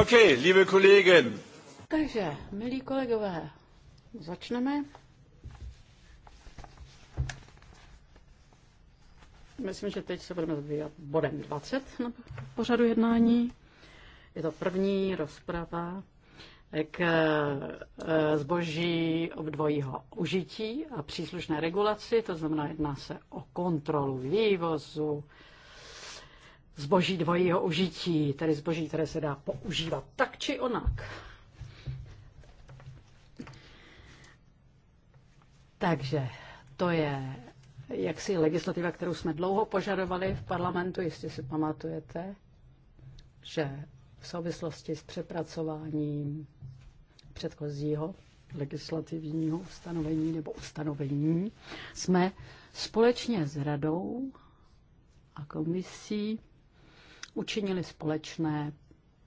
Okay, liebe Takže, milí kolegové, začneme. Myslím, že teď se budeme zabývat bodem 20 na pořadu jednání. Je to první rozprava k eh, zboží obdvojího užití a příslušné regulaci, to znamená, jedná se o kontrolu vývozu, zboží dvojího užití, tedy zboží, které se dá používat tak či onak. Takže to je jaksi legislativa, kterou jsme dlouho požadovali v parlamentu, jestli si pamatujete, že v souvislosti s přepracováním předchozího legislativního ustanovení nebo ustanovení jsme společně s radou a komisí učinili společné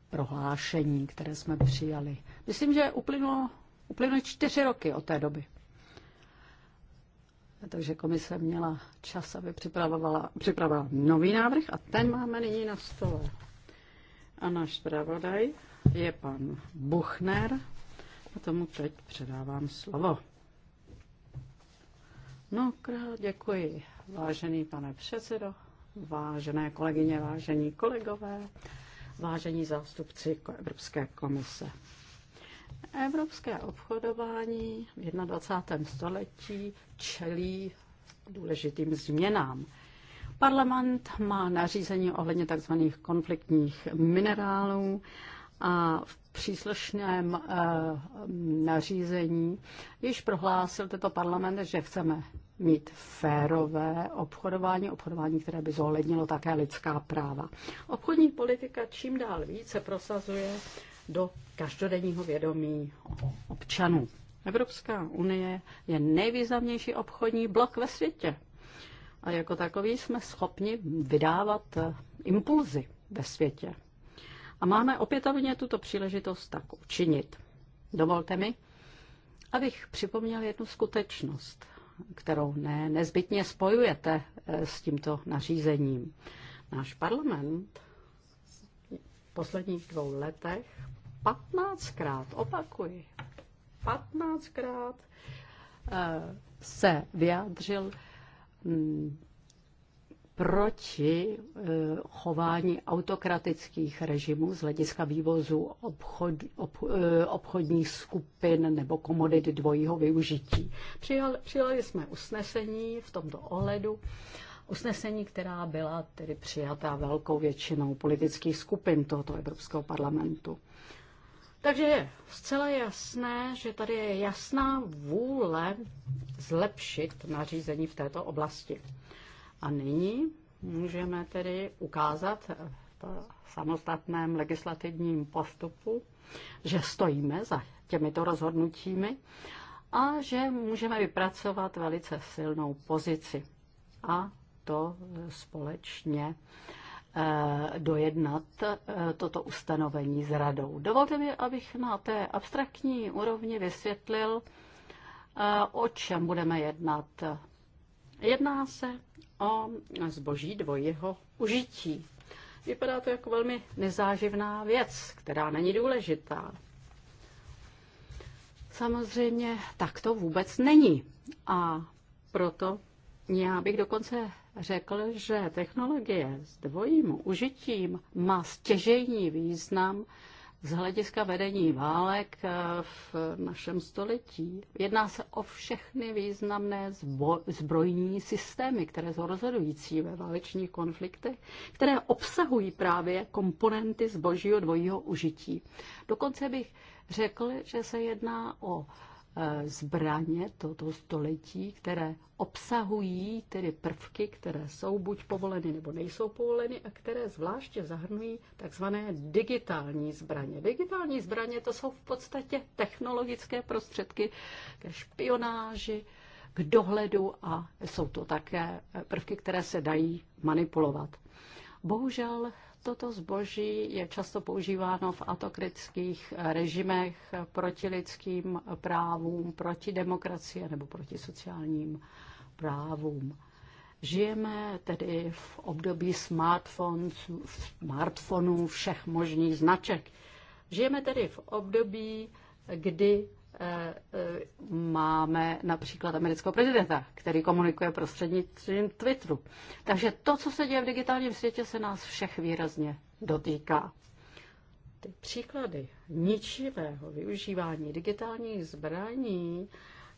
prohlášení, které jsme přijali. Myslím, že uplynulo, uplynulo čtyři roky od té doby. Takže komise měla čas, aby připravovala, připravila nový návrh a ten máme nyní na stole. A náš zpravodaj je pan Buchner a tomu teď předávám slovo. No, krát děkuji, vážený pane předsedo, vážené kolegyně, vážení kolegové, vážení zástupci Evropské komise. Evropské obchodování v 21. století čelí důležitým změnám. Parlament má nařízení ohledně tzv. konfliktních minerálů a v příslušném eh, nařízení již prohlásil tento parlament, že chceme mít férové obchodování, obchodování, které by zohlednilo také lidská práva. Obchodní politika čím dál více prosazuje do každodenního vědomí občanů. Evropská unie je nejvýznamnější obchodní blok ve světě. A jako takový jsme schopni vydávat eh, impulzy ve světě. A máme opětovně tuto příležitost tak učinit. Dovolte mi, abych připomněl jednu skutečnost kterou ne, nezbytně spojujete eh, s tímto nařízením. Náš parlament v posledních dvou letech 15krát, opakuji, 15krát eh, se vyjádřil mm, proti eh, chování autokratických režimů z hlediska vývozu obchod, ob, eh, obchodních skupin nebo komodit dvojího využití. Přijali, přijali jsme usnesení v tomto ohledu, usnesení, která byla tedy přijatá velkou většinou politických skupin tohoto Evropského parlamentu. Takže je zcela jasné, že tady je jasná vůle zlepšit nařízení v této oblasti. A nyní můžeme tedy ukázat v samostatném legislativním postupu, že stojíme za těmito rozhodnutími a že můžeme vypracovat velice silnou pozici a to společně eh, dojednat eh, toto ustanovení s radou. Dovolte mi, abych na té abstraktní úrovni vysvětlil, eh, o čem budeme jednat Jedná se o zboží dvojího užití. Vypadá to jako velmi nezáživná věc, která není důležitá. Samozřejmě tak to vůbec není. A proto já bych dokonce řekl, že technologie s dvojím užitím má stěžejní význam z hlediska vedení válek eh, v našem století. Jedná se o všechny významné zbrojní systémy, které jsou rozhodující ve válečních konfliktech, které obsahují právě komponenty zbožího dvojího užití. Dokonce bych řekl, že se jedná o Eh, zbraně tohoto století, které obsahují tedy prvky, které jsou buď povoleny nebo nejsou povoleny a které zvláště zahrnují takzvané digitální zbraně. Digitální zbraně to jsou v podstatě technologické prostředky ke špionáži, k dohledu a jsou to také prvky, které se dají manipulovat. Bohužel Toto zboží je často používáno v atokrických režimech proti lidským právům, proti demokracii nebo proti sociálním právům. Žijeme tedy v období smartphonů všech možných značek. Žijeme tedy v období, kdy Eh, eh, máme například amerického prezidenta, který komunikuje prostřednictvím Twitteru. Takže to, co se děje v digitálním světě, se nás všech výrazně dotýká. Ty příklady ničivého využívání digitálních zbraní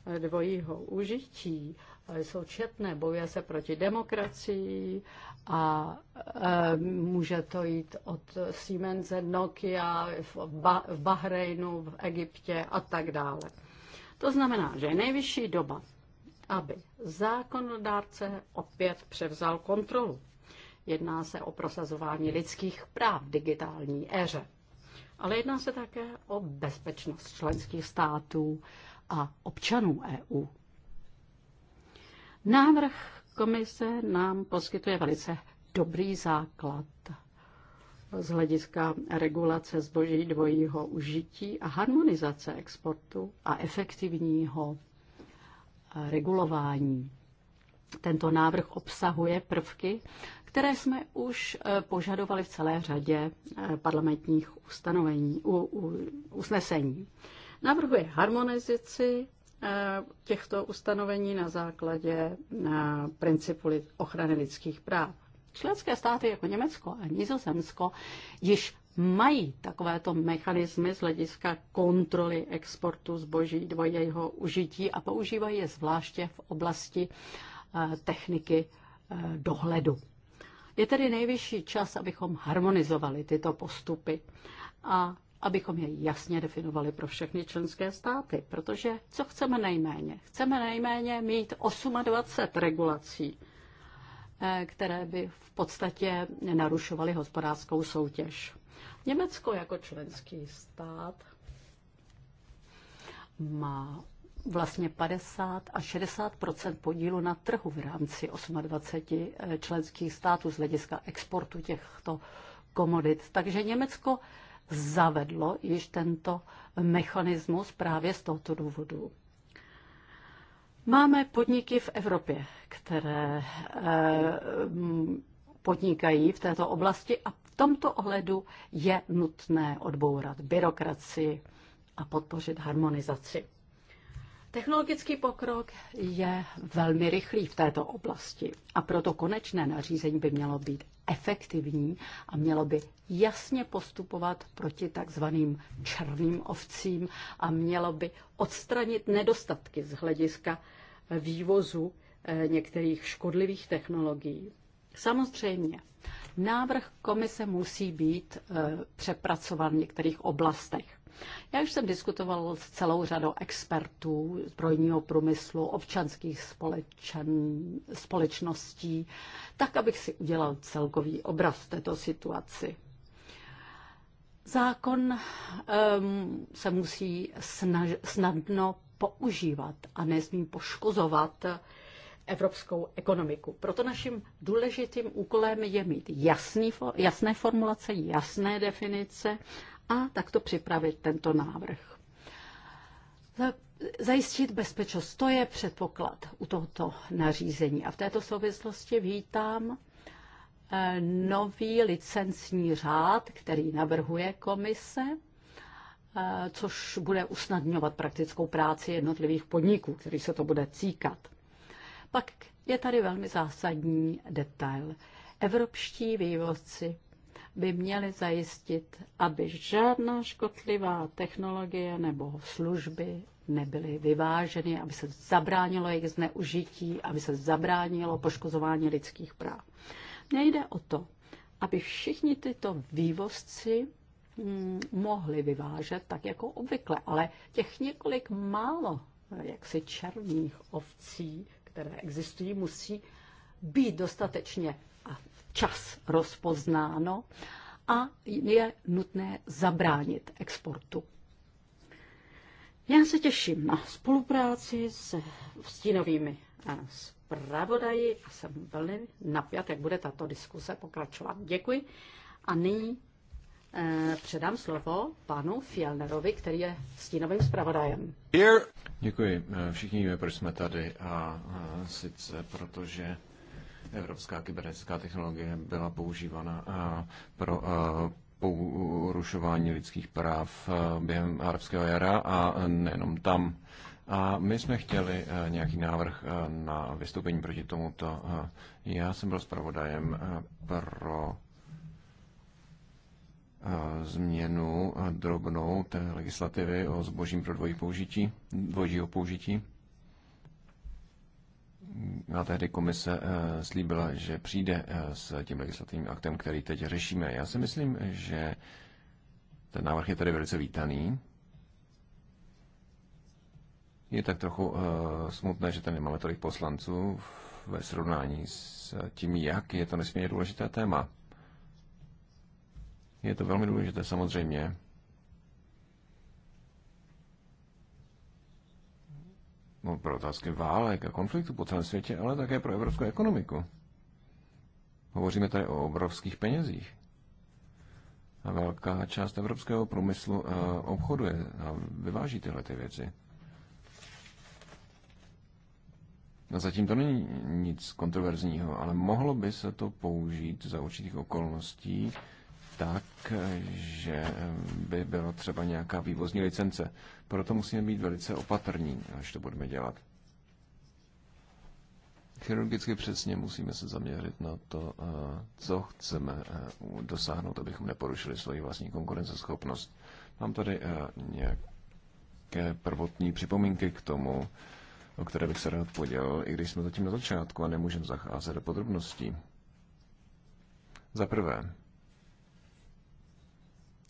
eh, dvojího užití jsou četné, bojuje se proti demokracii a e, může to jít od Siemens, Nokia v, ba- v Bahrejnu, v Egyptě a tak dále. To znamená, že je nejvyšší doba, aby zákonodárce opět převzal kontrolu. Jedná se o prosazování lidských práv v digitální éře. Ale jedná se také o bezpečnost členských států a občanů EU. Návrh komise nám poskytuje velice dobrý základ z hlediska regulace zboží dvojího užití a harmonizace exportu a efektivního eh, regulování. Tento návrh obsahuje prvky, které jsme už eh, požadovali v celé řadě eh, parlamentních ustanovení, u, u, usnesení. Navrhuje harmonizaci Eh, těchto ustanovení na základě na eh, principu ochrany lidských práv. Členské státy jako Německo a Nizozemsko již mají takovéto mechanismy z hlediska kontroly exportu zboží dvojího užití a používají je zvláště v oblasti eh, techniky dohledu. Je tedy nejvyšší čas, abychom harmonizovali tyto postupy. A abychom je jasně definovali pro všechny členské státy. Protože co chceme nejméně? Chceme nejméně mít 28 regulací, eh, které by v podstatě narušovaly hospodářskou soutěž. Německo jako členský stát má vlastně 50 a 60 podílu na trhu v rámci 28 eh, členských států z hlediska exportu těchto komodit. Takže Německo zavedlo již tento mechanismus právě z tohoto důvodu. Máme podniky v Evropě, které eh, podnikají v této oblasti a v tomto ohledu je nutné odbourat byrokracii a podpořit harmonizaci. Technologický pokrok je velmi rychlý v této oblasti a proto konečné nařízení by mělo být efektivní a mělo by jasně postupovat proti takzvaným černým ovcím a mělo by odstranit nedostatky z hlediska vývozu eh, některých škodlivých technologií. Samozřejmě, návrh komise musí být eh, přepracován v některých oblastech. Já už jsem diskutoval s celou řadou expertů zbrojního průmyslu, občanských společen, společností, tak, abych si udělal celkový obraz této situaci. Zákon um, se musí snaž, snadno používat a nesmí poškozovat evropskou ekonomiku. Proto naším důležitým úkolem je mít jasný, jasné formulace, jasné definice a takto připravit tento návrh. Zajistit bezpečnost, to je předpoklad u tohoto nařízení. A v této souvislosti vítám eh, nový licenční řád, který navrhuje komise, eh, což bude usnadňovat praktickou práci jednotlivých podniků, který se to bude cíkat. Pak je tady velmi zásadní detail. Evropští vývozci by měly zajistit, aby žádná škodlivá technologie nebo služby nebyly vyváženy, aby se zabránilo jejich zneužití, aby se zabránilo poškozování lidských práv. Mně jde o to, aby všichni tyto vývozci mm, mohli vyvážet tak jako obvykle, ale těch několik málo jaksi černých ovcí, které existují, musí být dostatečně a čas rozpoznáno a je nutné zabránit exportu. Já se těším na spolupráci s stínovými eh, zpravodaji a jsem velmi napjat, jak bude tato diskuse pokračovat. Děkuji. A nyní eh, Předám slovo panu Fielnerovi, který je stínovým zpravodajem. Děkuji. Eh, všichni víme, proč jsme tady a sice protože evropská kybernetická technologie byla používána eh, pro eh, porušování lidských práv eh, během arabského jara a nejenom tam. A my jsme chtěli nějaký návrh na vystoupení proti tomuto. Já jsem byl zpravodajem pro změnu drobnou té legislativy o zbožím pro dvojí použití, dvojího použití a tehdy komise eh, slíbila, že přijde eh, s tím legislativním aktem, který teď řešíme. Já si myslím, že ten návrh je tady velice vítaný. Je tak trochu eh, smutné, že tady nemáme tolik poslanců ve srovnání s tím, jak je to nesmírně důležité téma. Je to velmi důležité samozřejmě no, pro otázky válek a konfliktu po celém světě, ale také pro evropskou ekonomiku. Hovoříme tady o obrovských penězích. A velká část evropského průmyslu eh, obchoduje a vyváží tyhle ty věci. A zatím to není nic kontroverzního, ale mohlo by se to použít za určitých okolností tak, že by bylo třeba nějaká vývozní licence. Proto musíme být velice opatrní, až to budeme dělat. Chirurgicky přesně musíme se zaměřit na to, eh, co chceme eh, dosáhnout, abychom neporušili svoji vlastní konkurenceschopnost. Mám tady eh, nějaké prvotní připomínky k tomu, o které bych se rád podělil, i když jsme zatím na začátku a nemůžeme zacházet do podrobností. Za prvé,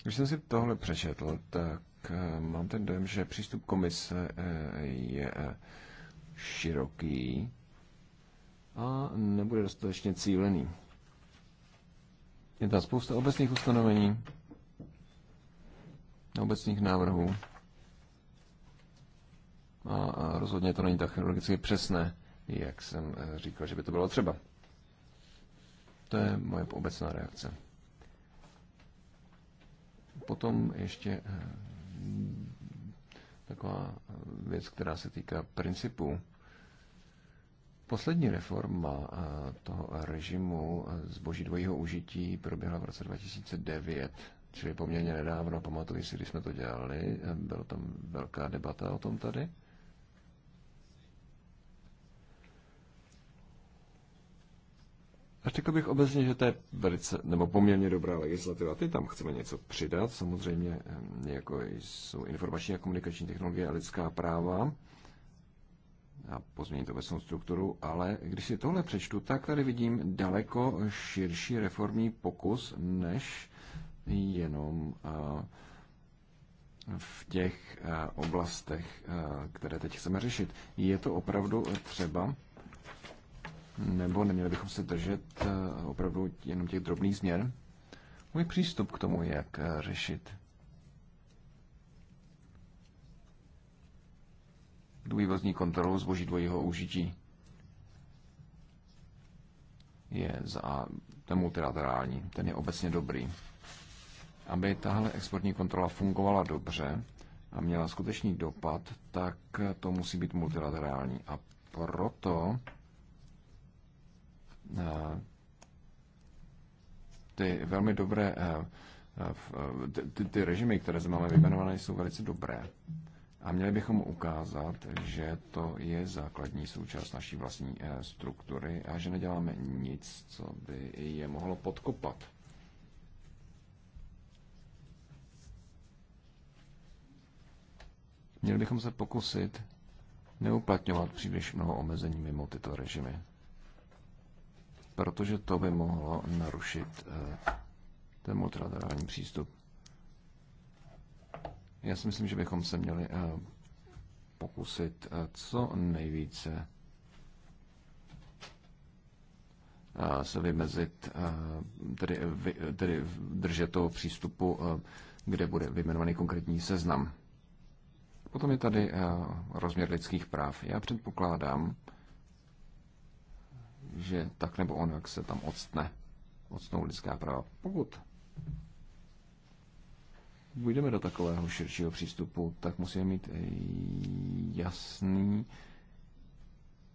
když jsem si tohle přečetl, tak eh, mám ten dojem, že přístup komise eh, je eh, široký a nebude dostatečně cílený. Je tam spousta obecných ustanovení, obecných návrhů a rozhodně to není tak chirurgicky přesné, jak jsem říkal, že by to bylo třeba. To je moje obecná reakce. Potom ještě eh, taková věc, která se týká principů. Poslední reforma eh, toho režimu eh, zboží dvojího užití proběhla v roce 2009, čili poměrně nedávno, pamatuji si, když jsme to dělali, byla tam velká debata o tom tady. Řekl bych obecně, že to je velice, nebo poměrně dobrá legislativa. Ty tam chceme něco přidat, samozřejmě, eh, jako jsou informační a komunikační technologie a lidská práva a pozměnit obecnou strukturu, ale když si tohle přečtu, tak tady vidím daleko širší reformní pokus, než jenom eh, v těch eh, oblastech, které teď chceme řešit. Je to opravdu třeba nebo neměli bychom se držet eh, opravdu jenom těch drobných změn? Můj přístup k tomu, jak eh, řešit vývozní kontrolu zboží dvojího užití, je za ten multilaterální, ten je obecně dobrý. Aby tahle exportní kontrola fungovala dobře a měla skutečný dopad, tak eh, to musí být multilaterální. A proto Eh, ty velmi dobré eh, eh, ty, ty režimy, které zde máme vyjmenované, jsou velice dobré. A měli bychom ukázat, že to je základní součást naší vlastní struktury a že neděláme nic, co by je mohlo podkopat. Měli bychom se pokusit neuplatňovat příliš mnoho omezení mimo tyto režimy protože to by mohlo narušit eh, ten multilaterální přístup. Já si myslím, že bychom se měli eh, pokusit eh, co nejvíce se vymezit, tedy, tedy držet toho přístupu, kde bude vyjmenovaný konkrétní seznam. Potom je tady rozměr lidských práv. Já předpokládám, že tak nebo jak se tam odstne, odstnou lidská práva. Pokud půjdeme do takového širšího přístupu, tak musíme mít jasný,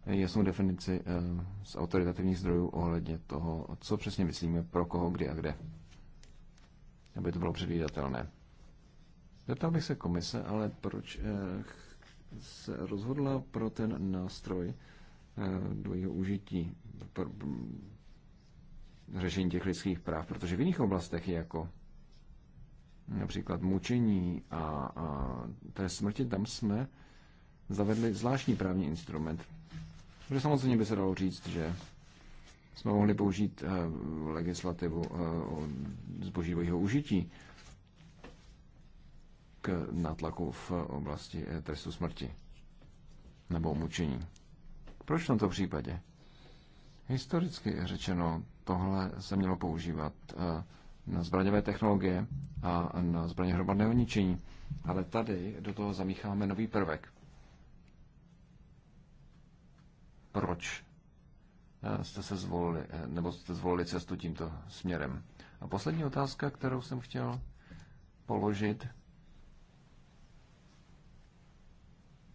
jasnou definici eh, z autoritativních zdrojů ohledně toho, co přesně myslíme, pro koho, kdy a kde. Aby to bylo předvídatelné. Zeptal bych se komise, ale proč eh, se rozhodla pro ten nástroj, Eh, dvojího užití, řešení těch lidských práv, protože v jiných oblastech, je jako například mučení a, a té smrti, tam jsme zavedli zvláštní právní instrument. Protože samozřejmě by se dalo říct, že jsme mohli použít uh, legislativu uh, o zboží dvojího užití k nátlaku v oblasti trestu smrti nebo mučení. Proč v tomto případě? Historicky řečeno, tohle se mělo používat eh, na zbraňové technologie a na zbraně hromadného ničení, ale tady do toho zamícháme nový prvek. Proč eh, jste se zvolili, eh, nebo jste zvolili cestu tímto směrem? A poslední otázka, kterou jsem chtěl položit,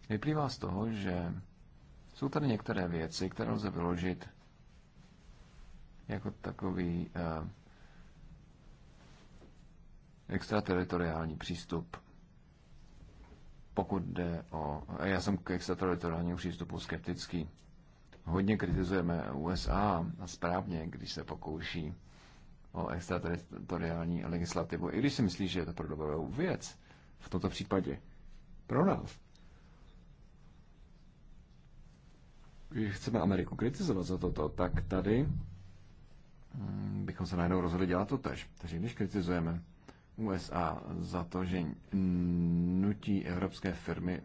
vyplývá z toho, že jsou tady některé věci, které lze vyložit jako takový eh, extrateritoriální přístup. Pokud jde o... Eh, já jsem k extrateritoriálnímu přístupu skeptický. Hodně kritizujeme USA a správně, když se pokouší o extrateritoriální legislativu, i když si myslí, že je to pro dobrou věc v tomto případě. Pro nás. že chceme Ameriku kritizovat za toto, tak tady mm, bychom se najednou rozhodli dělat to tež. Takže když kritizujeme USA za to, že nutí evropské firmy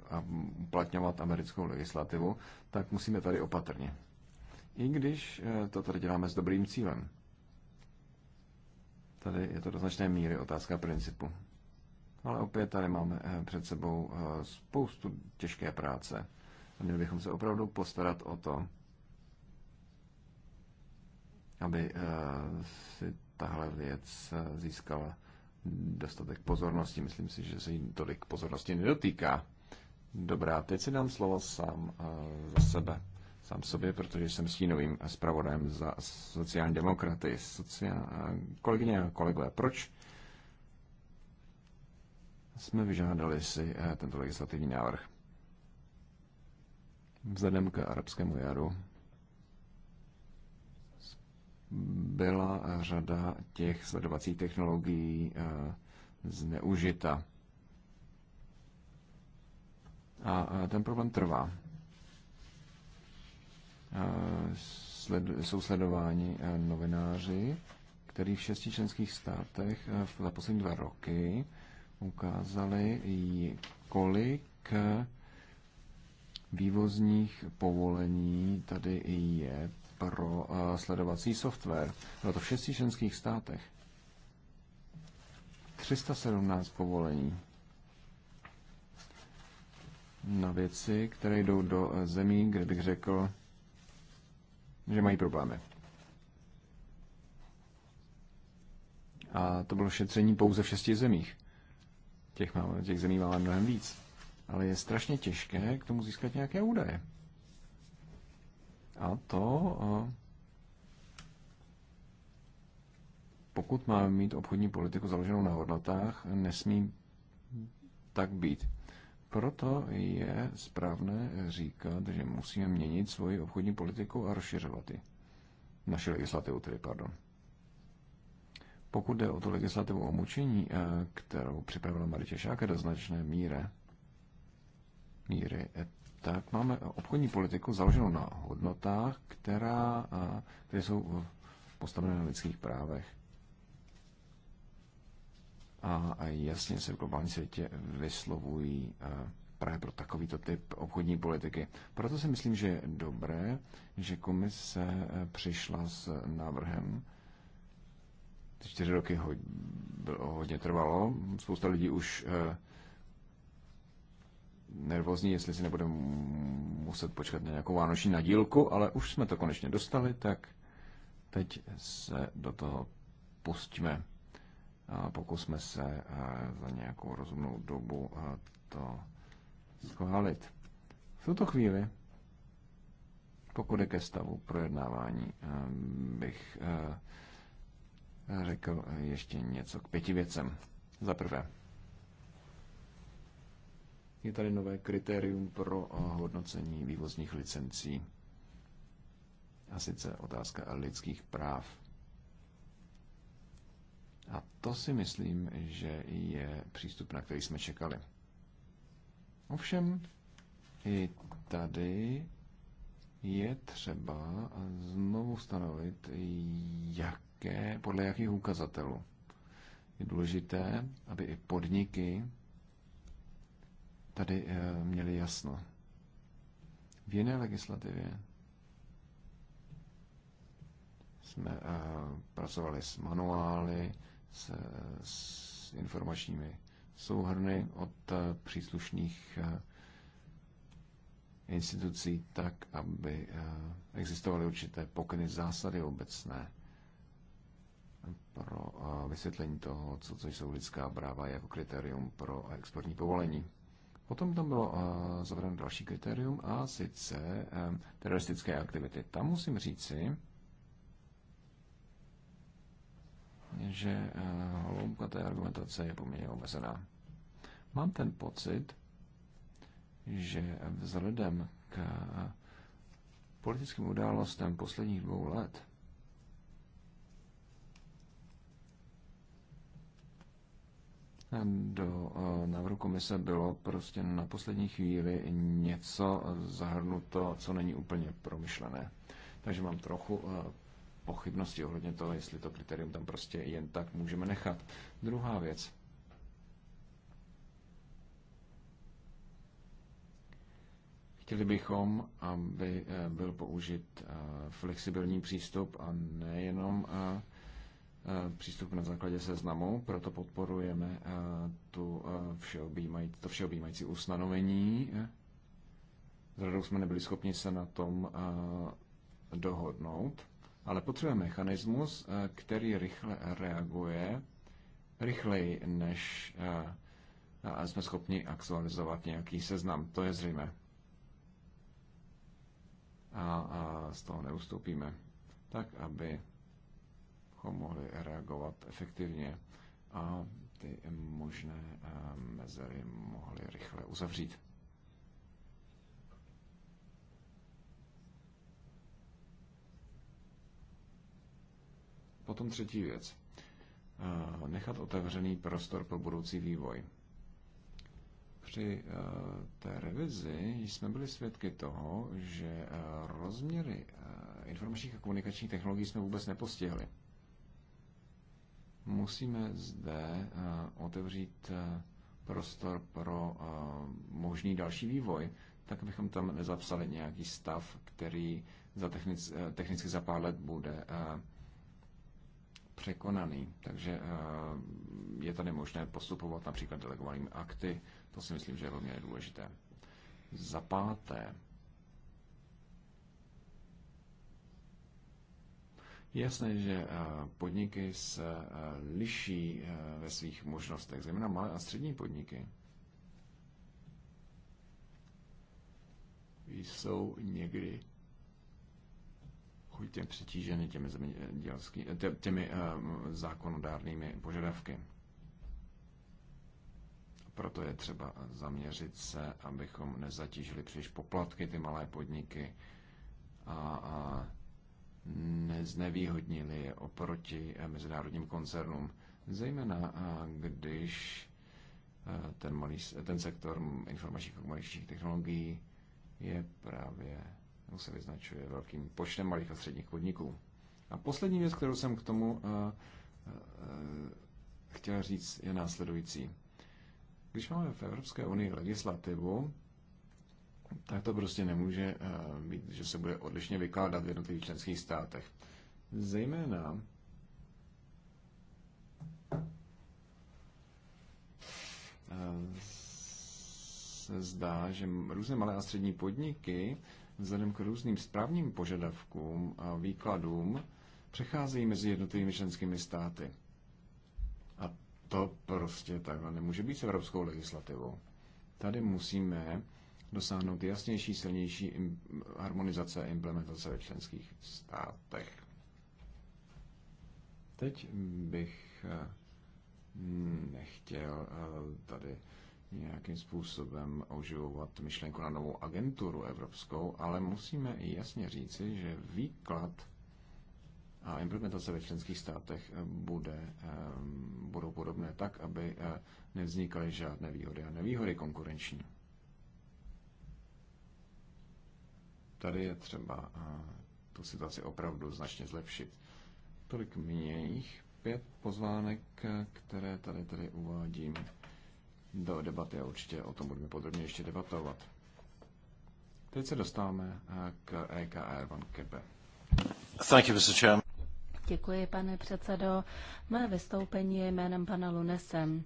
uplatňovat americkou legislativu, tak musíme tady opatrně. I když eh, to tady děláme s dobrým cílem. Tady je to do značné míry otázka principu. Ale opět tady máme eh, před sebou eh, spoustu těžké práce Měli bychom se opravdu postarat o to, aby eh, si tahle věc eh, získala dostatek pozornosti. Myslím si, že se jí tolik pozornosti nedotýká. Dobrá, teď si dám slovo sám eh, za sebe, sám sobě, protože jsem stínovým zpravodajem za sociální demokraty. Sociál... Kolegyně a kolegové, proč jsme vyžádali si tento legislativní návrh? vzhledem k arabskému jaru byla řada těch sledovacích technologií eh, zneužita. A ten problém trvá. Jsou sledováni eh, novináři, který v šesti členských státech eh, za poslední dva roky ukázali, kolik vývozních povolení tady je pro eh, sledovací software. Bylo to v šesti členských státech. 317 povolení na věci, které jdou do eh, zemí, kde bych řekl, že mají problémy. A to bylo šetření pouze v šesti zemích. Těch, máme, těch zemí máme mnohem víc ale je strašně těžké k tomu získat nějaké údaje. A to, pokud máme mít obchodní politiku založenou na hodnotách, nesmí tak být. Proto je správné říkat, že musíme měnit svoji obchodní politiku a rozšiřovat ji. Naši legislativu tedy, pardon. Pokud jde o tu legislativu o mučení, eh, kterou připravila Maritě Šáke do značné míry, míry, e, tak máme obchodní politiku založenou na hodnotách, která, které jsou postavené na lidských právech. A, jasně se v globálním světě vyslovují právě pro takovýto typ obchodní politiky. Proto si myslím, že je dobré, že komise e, přišla s návrhem, čtyři roky ho, bylo, hodně trvalo. Spousta lidí už eh, nervózní, jestli si nebudeme muset počkat na nějakou vánoční nadílku, ale už jsme to konečně dostali, tak teď se do toho pustíme a pokusme se eh, za nějakou rozumnou dobu eh, to schválit. V tuto chvíli, pokud je ke stavu projednávání, eh, bych řekl ještě něco k pěti věcem. Za prvé, je tady nové kritérium pro eh, hodnocení vývozních licencí. A sice otázka lidských práv. A to si myslím, že je přístup, na který jsme čekali. Ovšem, i tady je třeba znovu stanovit, jaké, podle jakých ukazatelů. Je důležité, aby i podniky tady eh, měli jasno. V jiné legislativě jsme eh, pracovali s manuály, s, s informačními souhrny od eh, příslušných institucí tak, aby existovaly určité pokyny zásady obecné pro vysvětlení toho, co, co jsou lidská práva jako kritérium pro exportní povolení. Potom tam bylo eh, zavedeno další kritérium a sice eh, teroristické aktivity. Tam musím říci, že eh, hloubka té argumentace je poměrně omezená. Mám ten pocit, že vzhledem k politickým událostem posledních dvou let do eh, návrhu komise bylo prostě na poslední chvíli něco zahrnuto, co není úplně promyšlené. Takže mám trochu eh, pochybnosti ohledně toho, jestli to kritérium tam prostě jen tak můžeme nechat. Druhá věc. Chtěli bychom, aby eh, byl použit flexibilní přístup a nejenom Eh, přístup na základě seznamu, proto podporujeme eh, tu eh, všeobjímající, to všeobjímající ustanovení. S radou jsme nebyli schopni se na tom dohodnout, ale potřebujeme mechanismus, který rychle reaguje, rychleji než a jsme schopni aktualizovat nějaký seznam. To je zřejmé. A, a z toho neustoupíme. Tak, aby mohli reagovat efektivně a ty možné eh, mezery mohli rychle uzavřít. Potom třetí věc. Eh, nechat otevřený prostor pro budoucí vývoj. Při eh, té revizi jsme byli svědky toho, že rozměry informačních a komunikačních technologií jsme vůbec nepostihli. Musíme zde eh, otevřít eh, prostor pro eh, možný další vývoj, tak abychom tam nezapsali nějaký stav, který za technic, technicky za pár let bude překonaný. Takže je tady možné postupovat například delegovanými akty. To si myslím, že je velmi důležité. Za páté, Je jasné, že eh, podniky se eh, liší eh, ve svých možnostech, zejména malé a střední podniky. Jsou někdy chutě přetíženy těmi, těmi zákonodárnými požadavky. Proto je třeba zaměřit se, abychom nezatížili příliš poplatky ty malé podniky a, a neznevýhodnili oproti mezinárodním koncernům, zejména když ten, malý, ten sektor informačních a komunikačních technologií je právě, nebo se vyznačuje velkým počtem malých a středních podniků. A poslední věc, kterou jsem k tomu chtěl říct, je následující. Když máme v Evropské unii legislativu, tak to prostě nemůže eh, být, že se bude odlišně vykládat v jednotlivých členských státech. Zejména eh, se zdá, že různé malé a střední podniky vzhledem k různým správním požadavkům a výkladům přecházejí mezi jednotlivými členskými státy. A to prostě takhle nemůže být s evropskou legislativou. Tady musíme dosáhnout jasnější, silnější harmonizace a implementace ve členských státech. Teď bych eh, nechtěl eh, tady nějakým způsobem oživovat myšlenku na novou agenturu evropskou, ale musíme i jasně říci, že výklad a implementace ve členských státech eh, bude, budou podobné tak, aby nevznikaly žádné výhody a nevýhody konkurenční. Tady je třeba eh, tu situaci opravdu značně zlepšit. Tolik mějích pět pozvánek, eh, které tady tady uvádím do debaty a určitě o tom budeme podrobně ještě debatovat. Teď se dostáváme eh, k EKR Van Kepe. Thank you, Mr. Chairman. Děkuji, pane předsedo. Mé vystoupení je jménem pana Lunesem,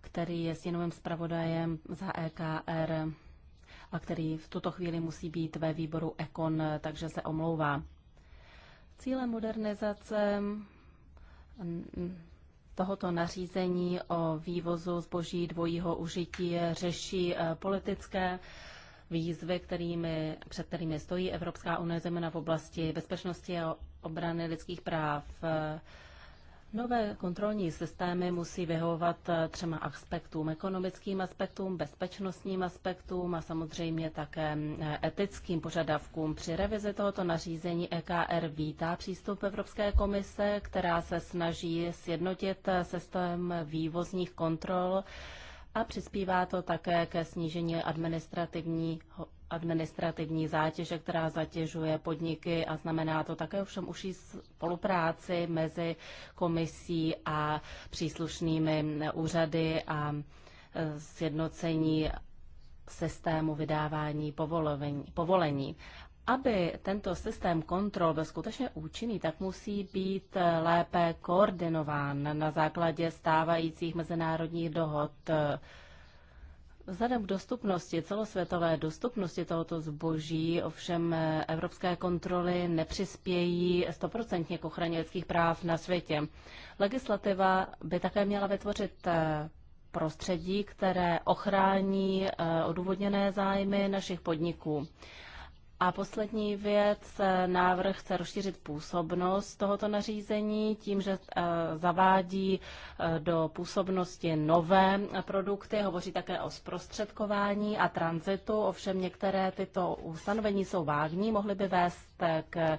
který je stínovým zpravodajem za EKR a který v tuto chvíli musí být ve výboru Ekon, takže se omlouvá. Cílem modernizace tohoto nařízení o vývozu zboží dvojího užití řeší eh, politické výzvy, kterými, před kterými stojí Evropská unie, zejména v oblasti bezpečnosti a obrany lidských práv. Eh, Nové kontrolní systémy musí vyhovovat eh, třema aspektům. Ekonomickým aspektům, bezpečnostním aspektům a samozřejmě také mm, eh, etickým požadavkům. Při revizi tohoto nařízení EKR vítá přístup Evropské komise, která se snaží sjednotit eh, systém vývozních kontrol a přispívá to také ke snížení administrativního administrativní zátěže, která zatěžuje podniky a znamená to také ovšem uší spolupráci mezi komisí a příslušnými úřady a e, sjednocení systému vydávání povolení. Aby tento systém kontrol byl skutečně účinný, tak musí být lépe koordinován na základě stávajících mezinárodních dohod e, Vzhledem k dostupnosti, celosvětové dostupnosti tohoto zboží, ovšem eh, evropské kontroly nepřispějí stoprocentně k ochraně lidských práv na světě. Legislativa by také měla vytvořit eh, prostředí, které ochrání eh, odůvodněné zájmy našich podniků. A poslední věc, eh, návrh chce rozšířit působnost tohoto nařízení tím, že eh, zavádí eh, do působnosti nové produkty, hovoří také o zprostředkování a tranzitu, ovšem některé tyto ustanovení jsou vágní, mohly by vést k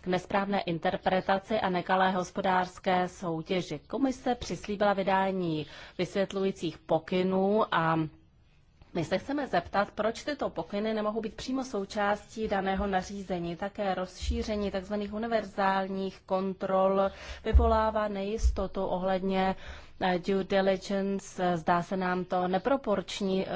k nesprávné interpretaci a nekalé hospodářské soutěži. Komise přislíbila vydání vysvětlujících pokynů a my se chceme zeptat, proč tyto pokyny nemohou být přímo součástí daného nařízení. Také rozšíření tzv. univerzálních kontrol vyvolává nejistotu ohledně eh, due diligence. Zdá se nám to neproporční eh,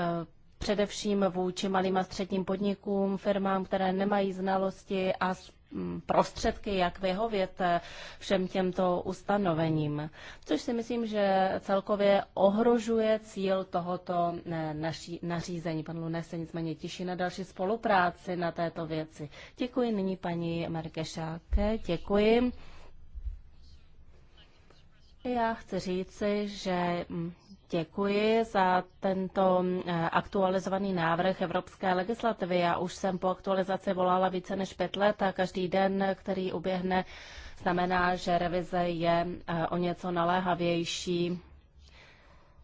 především vůči malým a středním podnikům, firmám, které nemají znalosti a Mm, prostředky, jak vyhovět eh, všem těmto ustanovením. Což si myslím, že celkově ohrožuje cíl tohoto eh, naší, nařízení. Pan Luné se nicméně těší na další spolupráci na této věci. Děkuji nyní paní Markešáke. Děkuji. Já chci říci, že mm, Děkuji za tento eh, aktualizovaný návrh evropské legislativy. Já už jsem po aktualizaci volala více než pět let a každý den, který uběhne, znamená, že revize je eh, o něco naléhavější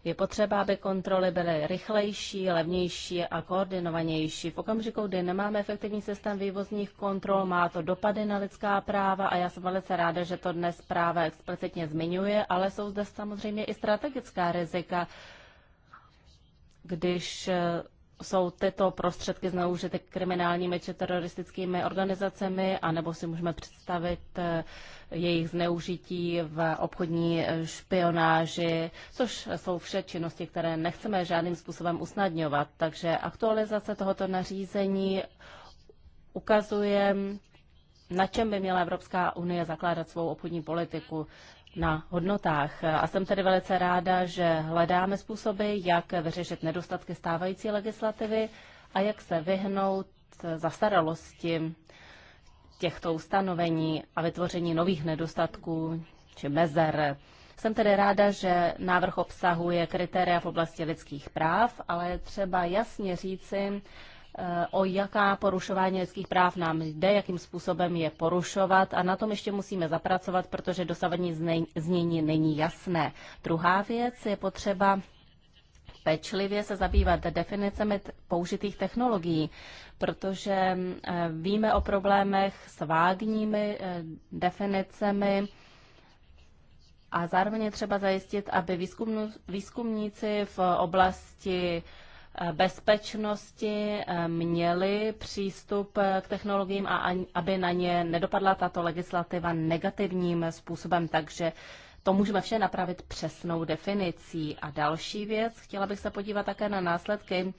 je potřeba, aby kontroly byly rychlejší, levnější a koordinovanější. V okamžiku, kdy nemáme efektivní systém vývozních kontrol, má to dopady na lidská práva a já jsem velice ráda, že to dnes práva explicitně zmiňuje, ale jsou zde samozřejmě i strategická rizika, když eh, jsou tyto prostředky zneužity kriminálními či teroristickými organizacemi, anebo si můžeme představit eh, jejich zneužití v obchodní špionáži, což jsou vše činnosti, které nechceme žádným způsobem usnadňovat. Takže aktualizace tohoto nařízení ukazuje, na čem by měla Evropská unie zakládat svou obchodní politiku na hodnotách. A jsem tedy velice ráda, že hledáme způsoby, jak vyřešit nedostatky stávající legislativy a jak se vyhnout zastaralosti těchto ustanovení a vytvoření nových nedostatků či mezer. Jsem tedy ráda, že návrh obsahuje kritéria v oblasti lidských práv, ale je třeba jasně říci, eh, o jaká porušování lidských práv nám jde, jakým způsobem je porušovat a na tom ještě musíme zapracovat, protože dosavadní znění není jasné. Druhá věc je potřeba pečlivě se zabývat definicemi použitých technologií, protože eh, víme o problémech s vágními eh, definicemi a zároveň je třeba zajistit, aby výzkumníci v oblasti eh, bezpečnosti měli přístup k technologiím a aby na ně nedopadla tato legislativa negativním způsobem, takže to můžeme vše napravit přesnou definicí. A další věc, chtěla bych se podívat také na následky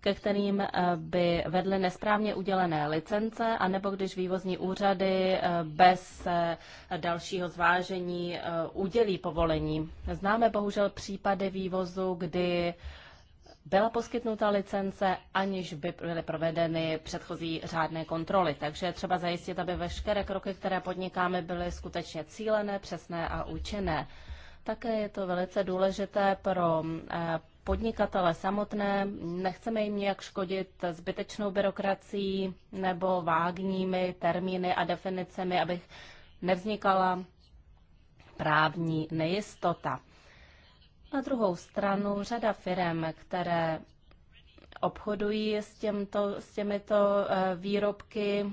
ke kterým eh, by vedly nesprávně udělené licence, anebo když vývozní úřady eh, bez eh, dalšího zvážení udělí povolení. Známe bohužel případy vývozu, kdy byla poskytnuta licence, aniž by byly provedeny předchozí řádné kontroly. Takže třeba zajistit, aby veškeré kroky, které podnikáme, byly skutečně cílené, přesné a účinné. Také je to velice důležité pro eh, podnikatele samotné. Nechceme jim nějak škodit zbytečnou byrokracií nebo vágními termíny a definicemi, abych nevznikala právní nejistota. Na druhou stranu řada firm, které obchodují s, těmto, s těmito eh, výrobky,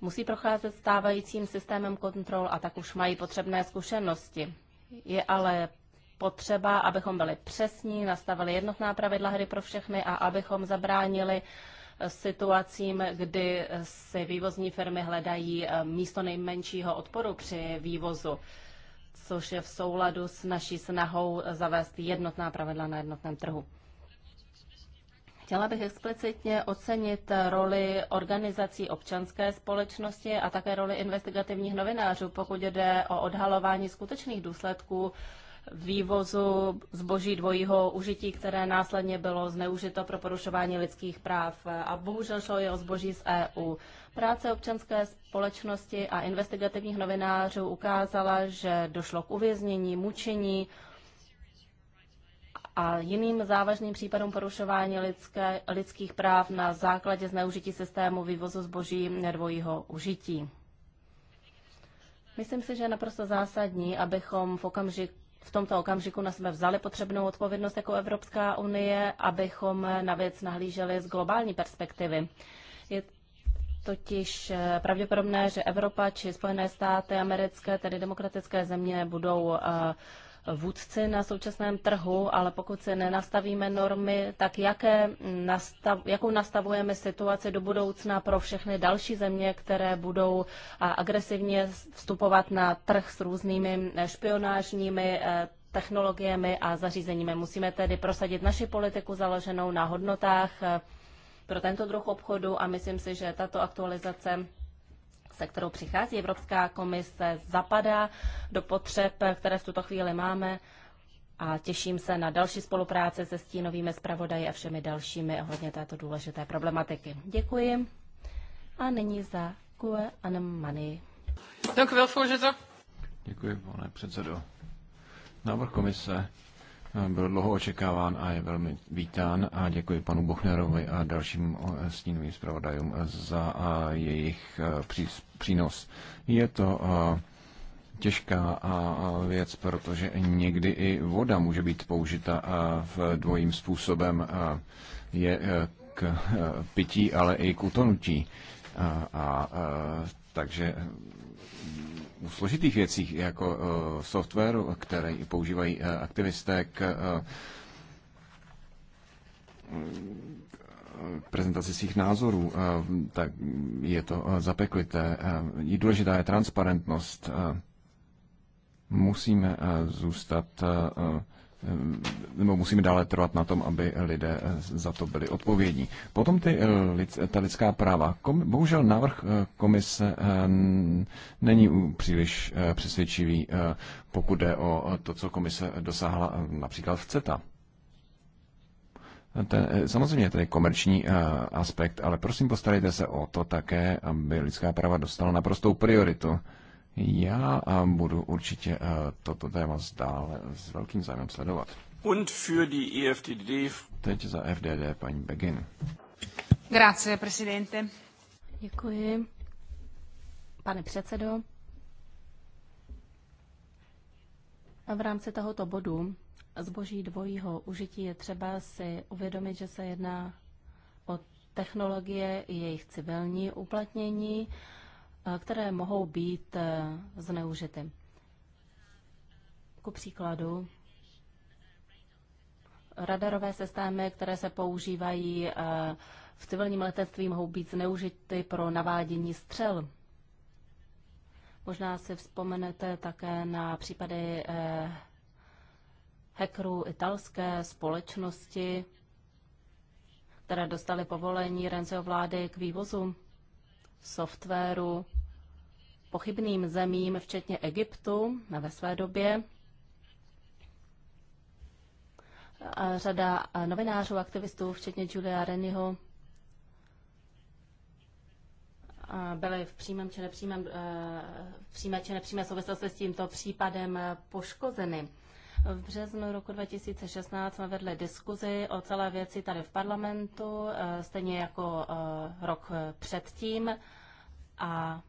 musí procházet stávajícím systémem kontrol a tak už mají potřebné zkušenosti. Je ale potřeba, abychom byli přesní, nastavili jednotná pravidla hry pro všechny a abychom zabránili eh, situacím, kdy si vývozní firmy hledají eh, místo nejmenšího odporu při vývozu což je v souladu s naší snahou zavést jednotná pravidla na jednotném trhu. Chtěla bych explicitně ocenit roli organizací občanské společnosti a také roli investigativních novinářů, pokud jde o odhalování skutečných důsledků vývozu zboží dvojího užití, které následně bylo zneužito pro porušování lidských práv. A bohužel šlo i o zboží z EU. Práce občanské společnosti a investigativních novinářů ukázala, že došlo k uvěznění, mučení a jiným závažným případům porušování lidské, lidských práv na základě zneužití systému vývozu zboží dvojího užití. Myslím si, že je naprosto zásadní, abychom v, okamžik, v tomto okamžiku na sebe vzali potřebnou odpovědnost jako Evropská unie, abychom na věc nahlíželi z globální perspektivy. Je totiž eh, pravděpodobné, že Evropa či Spojené státy americké, tedy demokratické země, budou eh, vůdci na současném trhu, ale pokud si nenastavíme normy, tak jaké nastav, jakou nastavujeme situaci do budoucna pro všechny další země, které budou eh, agresivně vstupovat na trh s různými špionážními technologiemi a zařízeními. Musíme tedy prosadit naši politiku založenou na hodnotách pro tento druh obchodu a myslím si, že tato aktualizace se kterou přichází Evropská komise, zapadá do potřeb, které v tuto chvíli máme a těším se na další spolupráce se stínovými zpravodaji a všemi dalšími ohledně této důležité problematiky. Děkuji. A nyní za Kue Anemani. Děkuji, pane předsedo. Návrh komise byl dlouho očekáván a je velmi vítán a děkuji panu Bochnerovi a dalším stínovým zpravodajům za jejich přínos. Je to těžká věc, protože někdy i voda může být použita v dvojím způsobem. Je e, k e, pití, ale i k utonutí. A, a, takže u složitých věcí, jako eh, softwaru, který používají eh, aktivisté k eh, prezentaci svých názorů, tak je to zapeklité. Je důležitá je transparentnost. Musíme zůstat nebo musíme dále trvat na tom, aby lidé za to byli odpovědní. Potom ty, ta lidská práva. bohužel návrh eh, komise eh, není příliš eh, přesvědčivý, pokud jde o to, co komise dosáhla například v CETA. Ten, samozřejmě to je komerční aspekt, ale prosím postarejte se o to také, aby lidská práva dostala naprostou prioritu já eh, budu určitě eh, toto téma dále s velkým zájmem sledovat. Und für die EFDD. Teď za FDD paní Begin. Grazie, presidente. Děkuji. Pane předsedo, v rámci tohoto bodu zboží dvojího užití je třeba si uvědomit, že se jedná o technologie, jejich civilní uplatnění Eh, které mohou být eh, zneužity. Ku příkladu, radarové systémy, které se používají eh, v civilním letectví, mohou být zneužity pro navádění střel. Možná si vzpomenete také na případy hackerů italské společnosti, které dostali povolení Renzeho vlády k vývozu softwaru pochybným zemím, včetně Egyptu ve své době. A řada novinářů, aktivistů, včetně Julia Rennyho, byly v, přímém či nepřímém, eh, v přímé či nepřímé souvislosti s tímto případem poškozeny. V březnu roku 2016 jsme vedli diskuzi o celé věci tady v parlamentu, eh, stejně jako eh, rok předtím. A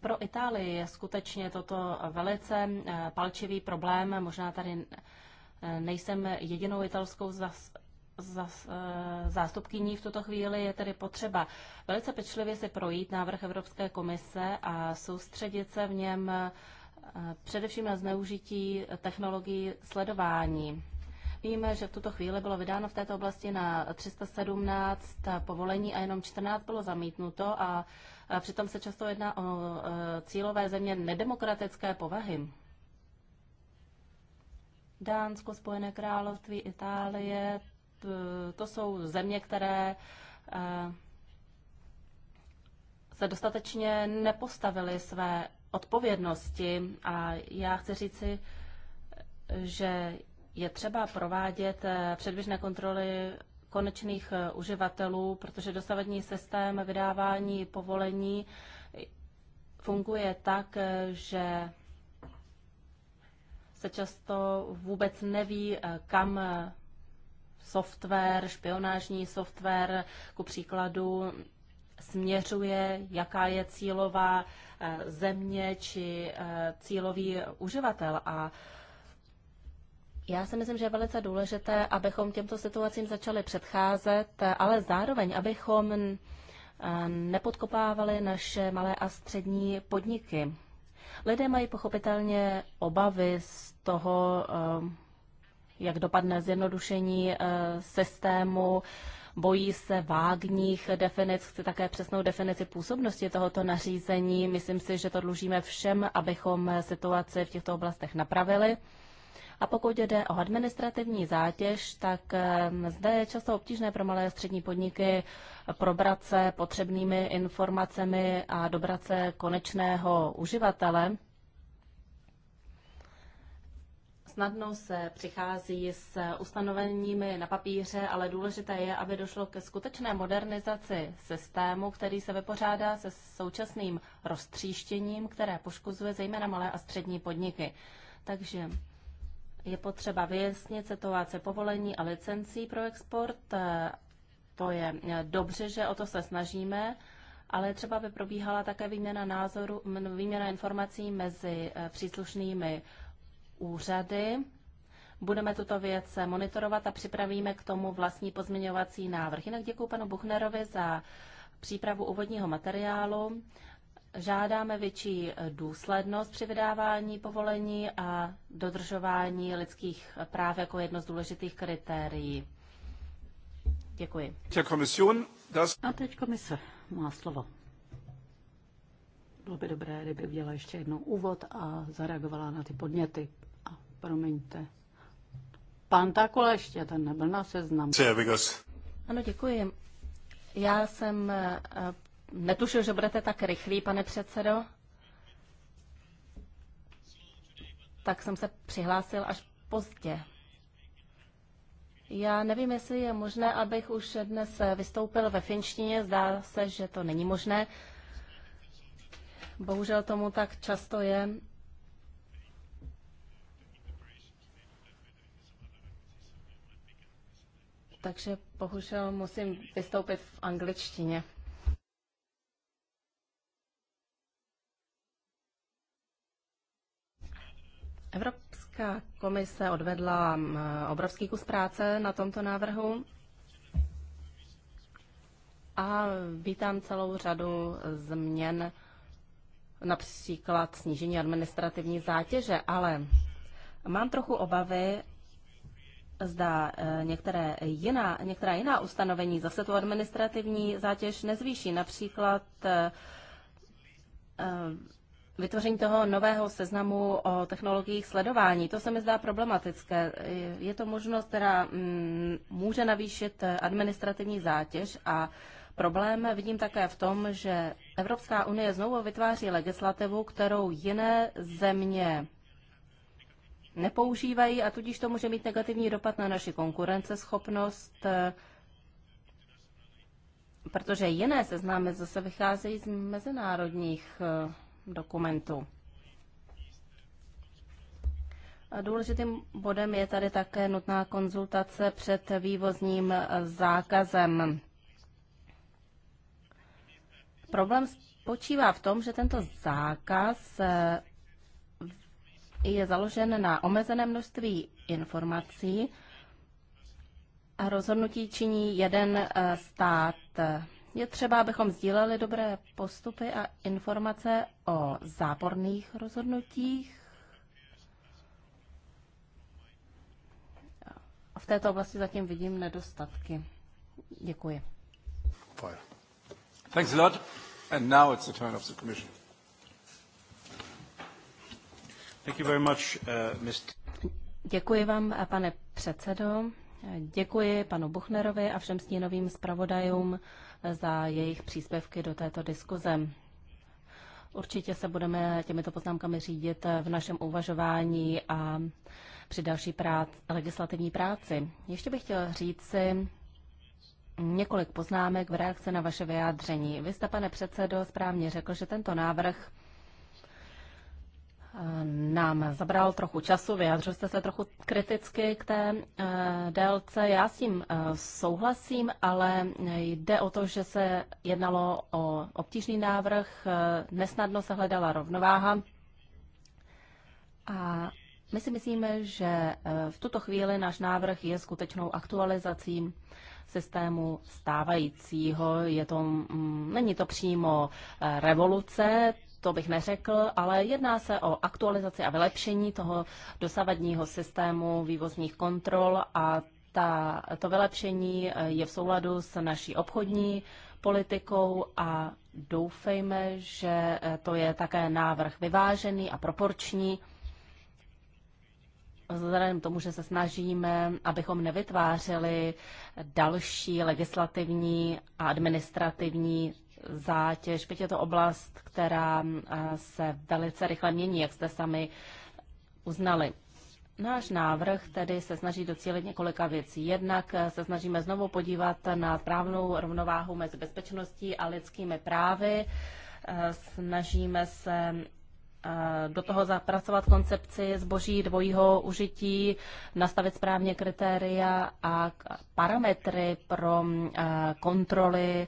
pro Itálii je skutečně toto velice eh, palčivý problém. Možná tady nejsem jedinou italskou zas, zástupkyní v tuto chvíli. Je tedy potřeba velice pečlivě si projít návrh Evropské komise a soustředit se v něm především na zneužití technologií sledování. Víme, že v tuto chvíli bylo vydáno v této oblasti na 317 povolení a jenom 14 bylo zamítnuto a přitom se často jedná o cílové země nedemokratické povahy. Dánsko, Spojené království, Itálie, to jsou země, které se dostatečně nepostavily své odpovědnosti a já chci říci, že je třeba provádět eh, předběžné kontroly konečných eh, uživatelů, protože dosavadní systém vydávání povolení funguje tak, eh, že se často vůbec neví, kam software, špionážní software, ku příkladu směřuje, jaká je cílová eh, země či eh, cílový uživatel. A já si myslím, že je velice důležité, abychom těmto situacím začali předcházet, eh, ale zároveň, abychom nepodkopávali naše malé a střední podniky. Lidé mají pochopitelně obavy z toho, jak dopadne zjednodušení systému, bojí se vágních definic, chci také přesnou definici působnosti tohoto nařízení. Myslím si, že to dlužíme všem, abychom situaci v těchto oblastech napravili. A pokud jde o administrativní zátěž, tak ehm, zde je často obtížné pro malé a střední podniky probrat se potřebnými informacemi a dobrat se konečného uživatele. snadno se přichází s ustanoveními na papíře, ale důležité je, aby došlo ke skutečné modernizaci systému, který se vypořádá se současným roztříštěním, které poškozuje zejména malé a střední podniky. Takže je potřeba vyjasnit situace povolení a licencí pro export. To je dobře, že o to se snažíme ale třeba by probíhala také výměna názoru, výměna informací mezi příslušnými úřady. Budeme tuto věc monitorovat a připravíme k tomu vlastní pozměňovací návrh. Jinak děkuji panu Buchnerovi za přípravu úvodního materiálu. Žádáme větší důslednost při vydávání povolení a dodržování lidských práv jako jedno z důležitých kritérií. Děkuji. A teď komise má slovo. Bylo by dobré, kdyby udělala ještě jednou úvod a zareagovala na ty podněty, Promiňte. Pan Takula ještě, ten nebyl na seznamu. Ano, děkuji. Já jsem eh, netušil, že budete tak rychlý, pane předsedo. Tak jsem se přihlásil až pozdě. Já nevím, jestli je možné, abych už dnes vystoupil ve finštině. Zdá se, že to není možné. Bohužel tomu tak často je. takže bohužel musím vystoupit v angličtině. Evropská komise odvedla obrovský kus práce na tomto návrhu a vítám celou řadu změn, například snížení administrativní zátěže, ale mám trochu obavy, zda eh, některé jiná, některá jiná ustanovení zase tu administrativní zátěž nezvýší. Například eh, eh, vytvoření toho nového seznamu o technologiích sledování. To se mi zdá problematické. Je to možnost, která mm, může navýšit administrativní zátěž a Problém vidím také v tom, že Evropská unie znovu vytváří legislativu, kterou jiné země nepoužívají a tudíž to může mít negativní dopad na naši konkurenceschopnost, eh, protože jiné seznámy zase vycházejí z mezinárodních eh, dokumentů. A důležitým bodem je tady také nutná konzultace před vývozním eh, zákazem. Problém spočívá v tom, že tento zákaz je založen na omezené množství informací a rozhodnutí činí jeden eh, stát. Je třeba, abychom sdíleli dobré postupy a informace o záporných rozhodnutích. V této oblasti zatím vidím nedostatky. Děkuji. Thanks a lot. And now it's the turn of the Commission. Uh, Děkuji vám, eh, pane předsedo. Děkuji panu Buchnerovi a všem stínovým zpravodajům eh, za jejich příspěvky do této diskuze. Určitě se budeme těmito poznámkami řídit eh, v našem uvažování a při další prác, legislativní práci. Ještě bych chtěl říct si několik poznámek v reakci na vaše vyjádření. Vy jste, pane předsedo, správně řekl, že tento návrh nám zabral trochu času, vyjádřil jste se trochu kriticky k té eh, délce. Já s tím eh, souhlasím, ale jde o to, že se jednalo o obtížný návrh, eh, nesnadno se hledala rovnováha. A my si myslíme, že v tuto chvíli náš návrh je skutečnou aktualizací systému stávajícího. Je to, mm, není to přímo revoluce, to bych neřekl, ale jedná se o aktualizaci a vylepšení toho dosavadního systému vývozních kontrol a ta, to vylepšení eh, je v souladu s naší obchodní politikou a doufejme, že eh, to je také návrh vyvážený a proporční. Vzhledem k tomu, že se snažíme, abychom nevytvářeli další legislativní a administrativní zátěž, byť je to oblast, která eh, se velice rychle mění, jak jste sami uznali. Náš návrh tedy se snaží docílit několika věcí. Jednak eh, se snažíme znovu podívat na správnou rovnováhu mezi bezpečností a lidskými právy. Eh, snažíme se do toho zapracovat koncepci zboží dvojího užití, nastavit správně kritéria a parametry pro kontroly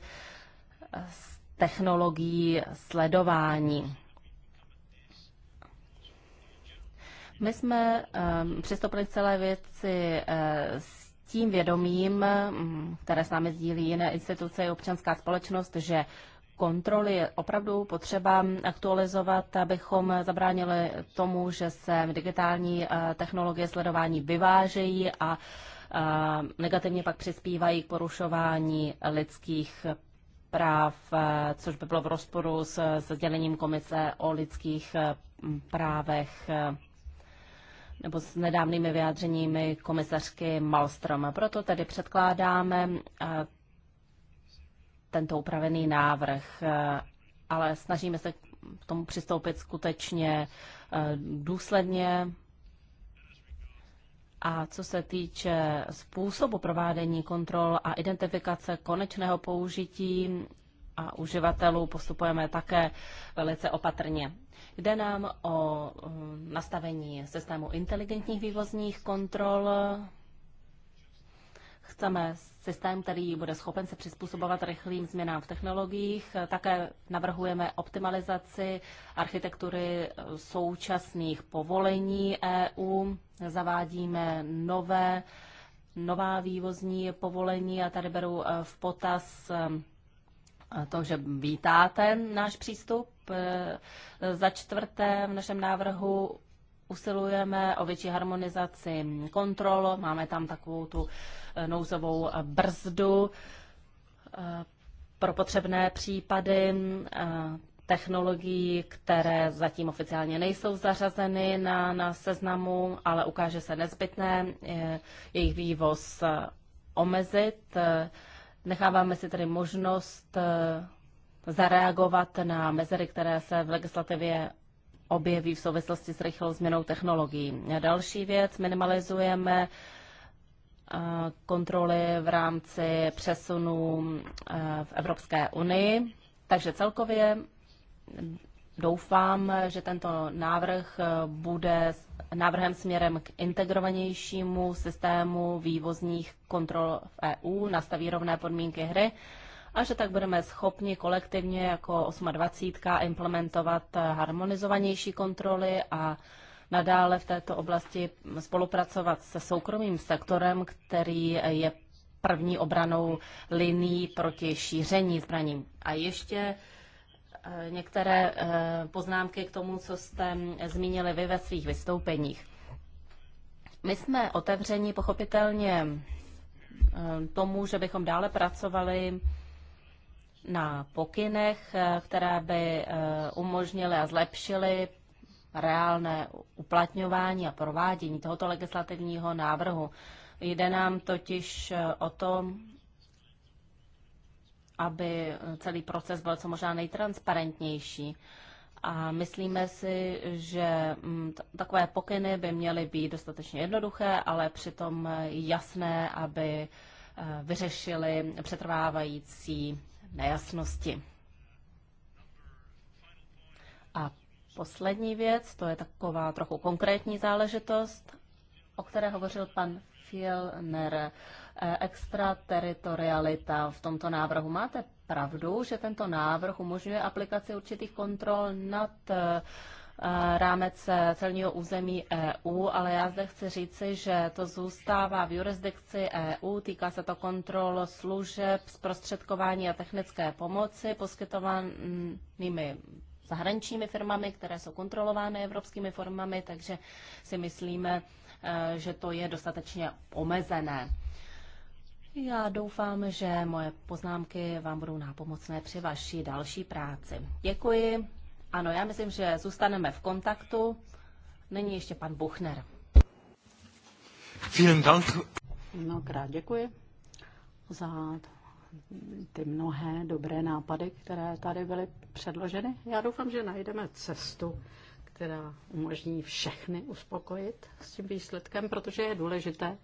s technologií sledování. My jsme um, přistoupili celé věci eh, s tím vědomím, mm, které s námi sdílí jiné instituce i občanská společnost, že kontroly je opravdu potřeba aktualizovat, abychom zabránili tomu, že se digitální eh, technologie sledování vyvážejí a eh, negativně pak přispívají k porušování lidských práv, eh, což by bylo v rozporu s, sdělením komise o lidských eh, právech eh, nebo s nedávnými vyjádřeními komisařky Malstrom. Proto tedy předkládáme tento upravený návrh, ale snažíme se k tomu přistoupit skutečně důsledně, a co se týče způsobu provádění kontrol a identifikace konečného použití a uživatelů, postupujeme také velice opatrně. Jde nám o um, nastavení systému inteligentních vývozních kontrol, Chceme systém, který bude schopen se přizpůsobovat rychlým změnám v technologiích. Také navrhujeme optimalizaci architektury eh, současných povolení EU. Zavádíme nové, nová vývozní povolení a tady beru eh, v potaz eh, to, že vítáte náš přístup. Za čtvrté v našem návrhu usilujeme o větší harmonizaci kontrol, máme tam takovou tu eh, nouzovou brzdu eh, pro potřebné případy eh, technologií, které zatím oficiálně nejsou zařazeny na, na seznamu, ale ukáže se nezbytné jejich vývoz omezit. Necháváme si tedy možnost zareagovat na mezery, které se v legislativě objeví v souvislosti s rychlou změnou technologií. Další věc, minimalizujeme eh, kontroly v rámci přesunu eh, v Evropské unii. Takže celkově doufám, že tento návrh eh, bude návrhem směrem k integrovanějšímu systému vývozních kontrol v EU, nastaví rovné podmínky hry a že tak budeme schopni kolektivně jako 28. implementovat eh, harmonizovanější kontroly a nadále v této oblasti spolupracovat se soukromým sektorem, který je první obranou linií proti šíření zbraní. A ještě eh, některé eh, poznámky k tomu, co jste zmínili vy ve svých vystoupeních. My jsme otevřeni pochopitelně tomu, že bychom dále pracovali na pokynech, eh, které by eh, umožnily a zlepšily reálné uplatňování a provádění tohoto legislativního návrhu. Jde nám totiž eh, o to, aby celý proces byl co možná nejtransparentnější. A myslíme si, že mm, takové pokyny by měly být dostatečně jednoduché, ale přitom jasné, aby vyřešili přetrvávající nejasnosti. A poslední věc, to je taková trochu konkrétní záležitost, o které hovořil pan Fielner. E, extrateritorialita v tomto návrhu. Máte pravdu, že tento návrh umožňuje aplikaci určitých kontrol nad e, Eh, rámec eh, celního území EU, ale já zde chci říci, že to zůstává v jurisdikci EU, týká se to kontrol služeb, zprostředkování a technické pomoci poskytovanými zahraničními firmami, které jsou kontrolovány evropskými firmami, takže si myslíme, eh, že to je dostatečně omezené. Já doufám, že moje poznámky vám budou nápomocné při vaší další práci. Děkuji. Ano, já myslím, že zůstaneme v kontaktu. Není ještě pan Buchner. Vielen Dank. Mnohokrát děkuji za ty mnohé dobré nápady, které tady byly předloženy. Já doufám, že najdeme cestu, která umožní všechny uspokojit s tím výsledkem, protože je důležité,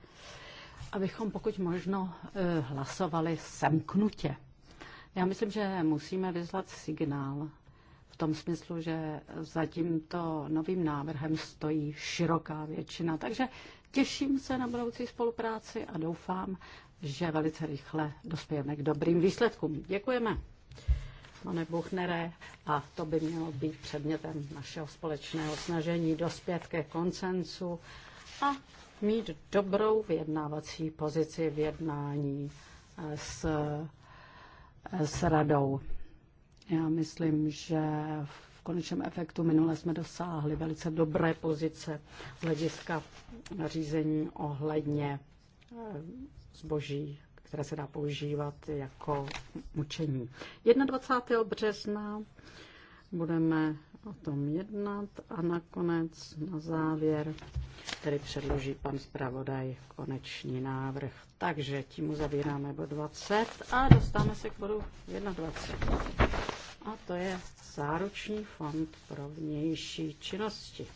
abychom pokud možno eh, hlasovali semknutě. Já myslím, že musíme vyzvat signál v tom smyslu, že za tímto novým návrhem stojí široká většina. Takže těším se na budoucí spolupráci a doufám, že velice rychle dospějeme k dobrým výsledkům. Děkujeme, pane Buchnere, a to by mělo být předmětem našeho společného snažení dospět ke koncensu a mít dobrou vyjednávací pozici v jednání s, s radou. Já myslím, že v konečném efektu minule jsme dosáhli velice dobré pozice z hlediska řízení ohledně eh, zboží, které se dá používat jako mučení. 21. března budeme o tom jednat a nakonec na závěr tedy předloží pan zpravodaj konečný návrh. Takže tím uzavíráme bod 20 a dostáme se k bodu 21 a to je Záruční fond pro vnější činnosti.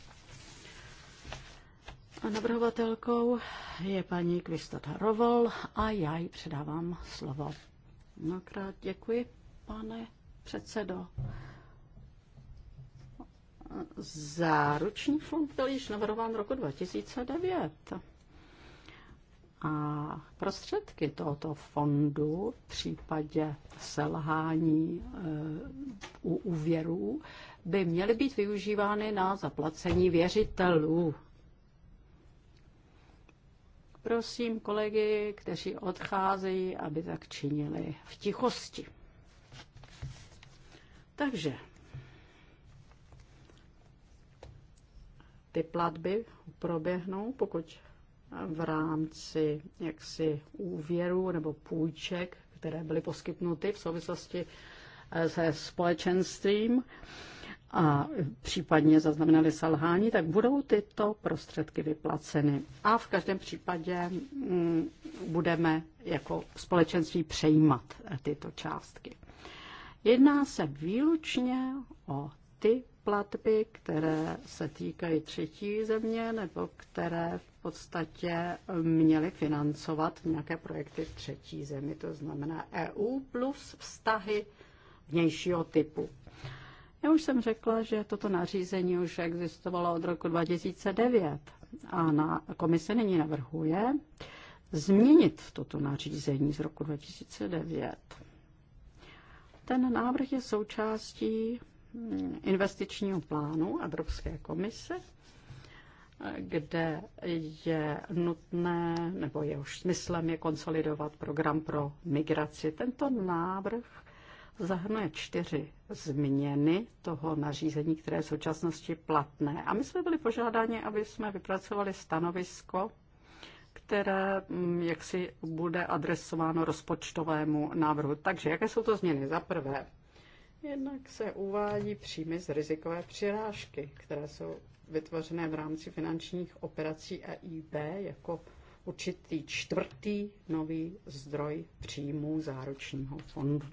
A navrhovatelkou je paní Kvistata Rovol a já jí předávám slovo. Mnohokrát děkuji, pane předsedo. Záruční fond byl již navrhován roku 2009 a prostředky tohoto fondu v případě selhání eh, u úvěrů by měly být využívány na zaplacení věřitelů. Prosím kolegy, kteří odcházejí, aby tak činili v tichosti. Takže ty platby proběhnou, pokud v rámci jaksi úvěru nebo půjček, které byly poskytnuty v souvislosti eh, se společenstvím a případně zaznamenali selhání, tak budou tyto prostředky vyplaceny. A v každém případě mm, budeme jako společenství přejímat eh, tyto částky. Jedná se výlučně o ty platby, které se týkají třetí země nebo které podstatě měli financovat nějaké projekty v třetí zemi, to znamená EU plus vztahy vnějšího typu. Já už jsem řekla, že toto nařízení už existovalo od roku 2009 a na komise nyní navrhuje změnit toto nařízení z roku 2009. Ten návrh je součástí investičního plánu Evropské komise kde je nutné, nebo jehož smyslem je konsolidovat program pro migraci. Tento návrh zahrnuje čtyři změny toho nařízení, které je v současnosti platné. A my jsme byli požádáni, aby jsme vypracovali stanovisko, které mm, jaksi bude adresováno rozpočtovému návrhu. Takže jaké jsou to změny? Za prvé, jednak se uvádí příjmy z rizikové přirážky, které jsou vytvořené v rámci finančních operací EIB jako určitý čtvrtý nový zdroj příjmů záručního fondu.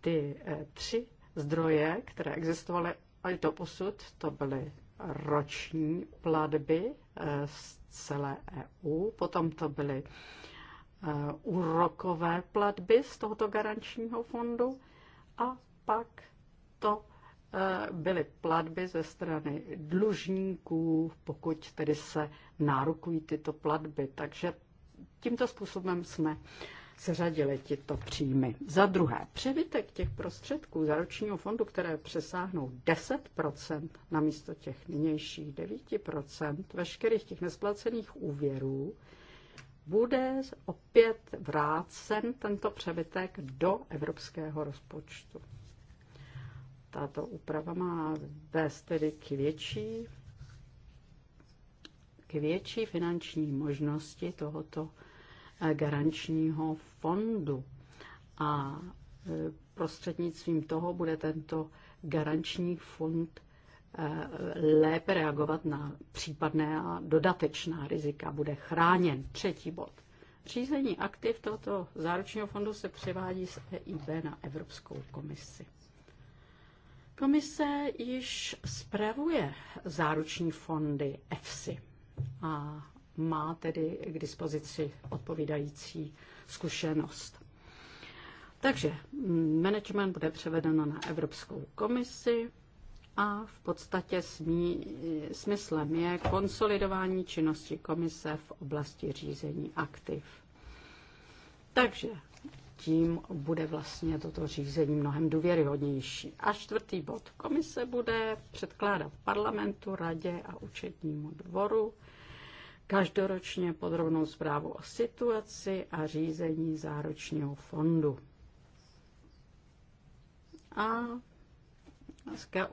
Ty eh, tři zdroje, které existovaly až do posud, to byly roční platby eh, z celé EU, potom to byly eh, úrokové platby z tohoto garančního fondu a pak to byly platby ze strany dlužníků, pokud tedy se nárokují tyto platby. Takže tímto způsobem jsme seřadili tyto příjmy. Za druhé, přebytek těch prostředků za ročního fondu, které přesáhnou 10% na místo těch nynějších 9% veškerých těch nesplacených úvěrů, bude opět vrácen tento přebytek do evropského rozpočtu. Tato úprava má vést tedy k větší, k větší finanční možnosti tohoto eh, garančního fondu. A eh, prostřednictvím toho bude tento garanční fond eh, lépe reagovat na případné a dodatečná rizika, bude chráněn. Třetí bod. Řízení aktiv tohoto záručního fondu se převádí z EIB na Evropskou komisi. Komise již spravuje záruční fondy EFSI a má tedy k dispozici odpovídající zkušenost. Takže management bude převedeno na Evropskou komisi a v podstatě smí, smyslem je konsolidování činnosti komise v oblasti řízení aktiv. Takže tím bude vlastně toto řízení mnohem důvěryhodnější. A čtvrtý bod. Komise bude předkládat parlamentu, radě a účetnímu dvoru každoročně podrobnou zprávu o situaci a řízení záročního fondu. A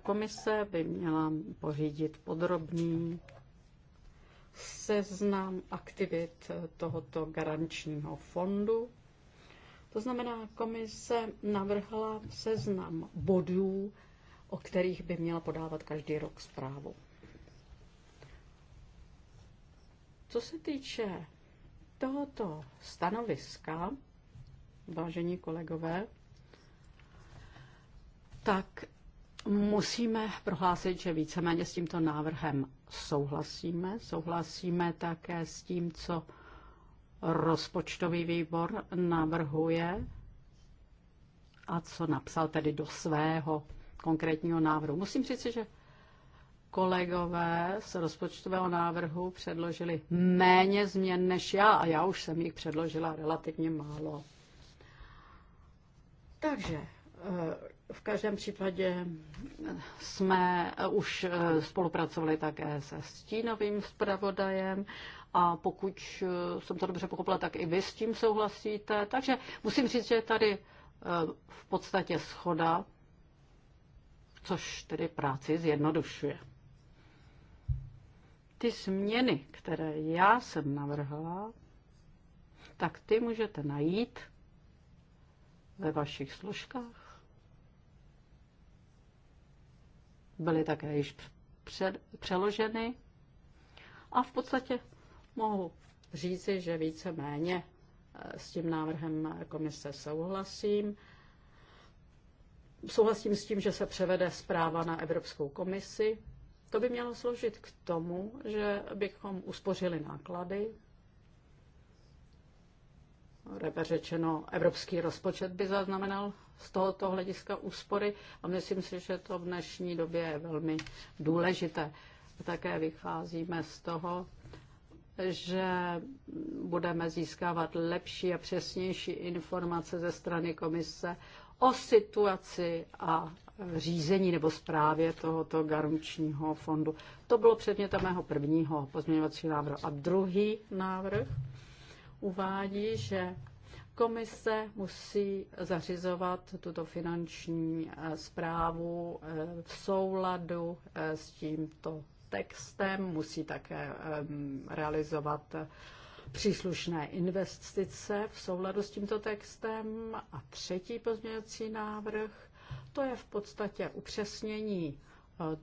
komise by měla pořídit podrobný seznam aktivit tohoto garančního fondu to znamená, komise navrhla seznam bodů, o kterých by měla podávat každý rok zprávu. Co se týče tohoto stanoviska, vážení kolegové, tak musíme prohlásit, že víceméně s tímto návrhem souhlasíme. Souhlasíme také s tím, co Rozpočtový výbor navrhuje a co napsal tedy do svého konkrétního návrhu. Musím říct, že kolegové z rozpočtového návrhu předložili méně změn než já a já už jsem jich předložila relativně málo. Takže eh, v každém případě eh, jsme eh, už spolupracovali také se stínovým zpravodajem a pokud eh, jsem to dobře pochopila, tak i vy s tím souhlasíte. Takže musím říct, že je tady eh, v podstatě schoda, což tedy práci zjednodušuje. Ty změny, které já jsem navrhla, tak ty můžete najít ve vašich složkách. Byly také již před, přeloženy a v podstatě Mohu říci, že více-méně eh, s tím návrhem komise souhlasím. Souhlasím s tím, že se převede zpráva na Evropskou komisi. To by mělo složit k tomu, že bychom uspořili náklady. Rebe řečeno, evropský rozpočet by zaznamenal z tohoto hlediska úspory a myslím si, že to v dnešní době je velmi důležité. Také vycházíme z toho, že budeme získávat lepší a přesnější informace ze strany komise o situaci a řízení nebo zprávě tohoto garančního fondu. To bylo předmětem mého prvního pozměňovacího návrhu. A druhý návrh uvádí, že komise musí zařizovat tuto finanční zprávu eh, eh, v souladu eh, s tímto textem, musí také realizovat příslušné investice v souladu s tímto textem. A třetí pozměňovací návrh, to je v podstatě upřesnění eh,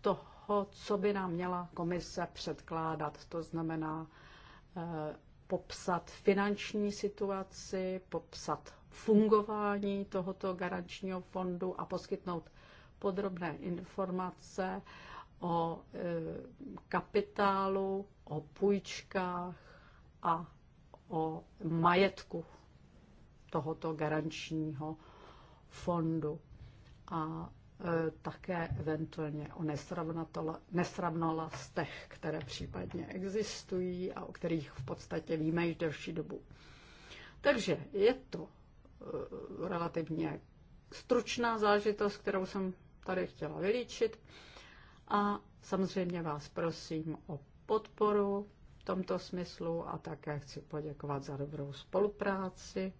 toho, co by nám měla komise předkládat. To znamená eh, popsat finanční situaci, popsat fungování tohoto garančního fondu a poskytnout podrobné informace o e, kapitálu, o půjčkách a o majetku tohoto garančního fondu a e, také eventuálně o nesrovnalostech, které případně existují a o kterých v podstatě víme již delší dobu. Takže je to e, relativně stručná zážitost, kterou jsem tady chtěla vylíčit a samozřejmě vás prosím o podporu v tomto smyslu a také chci poděkovat za dobrou spolupráci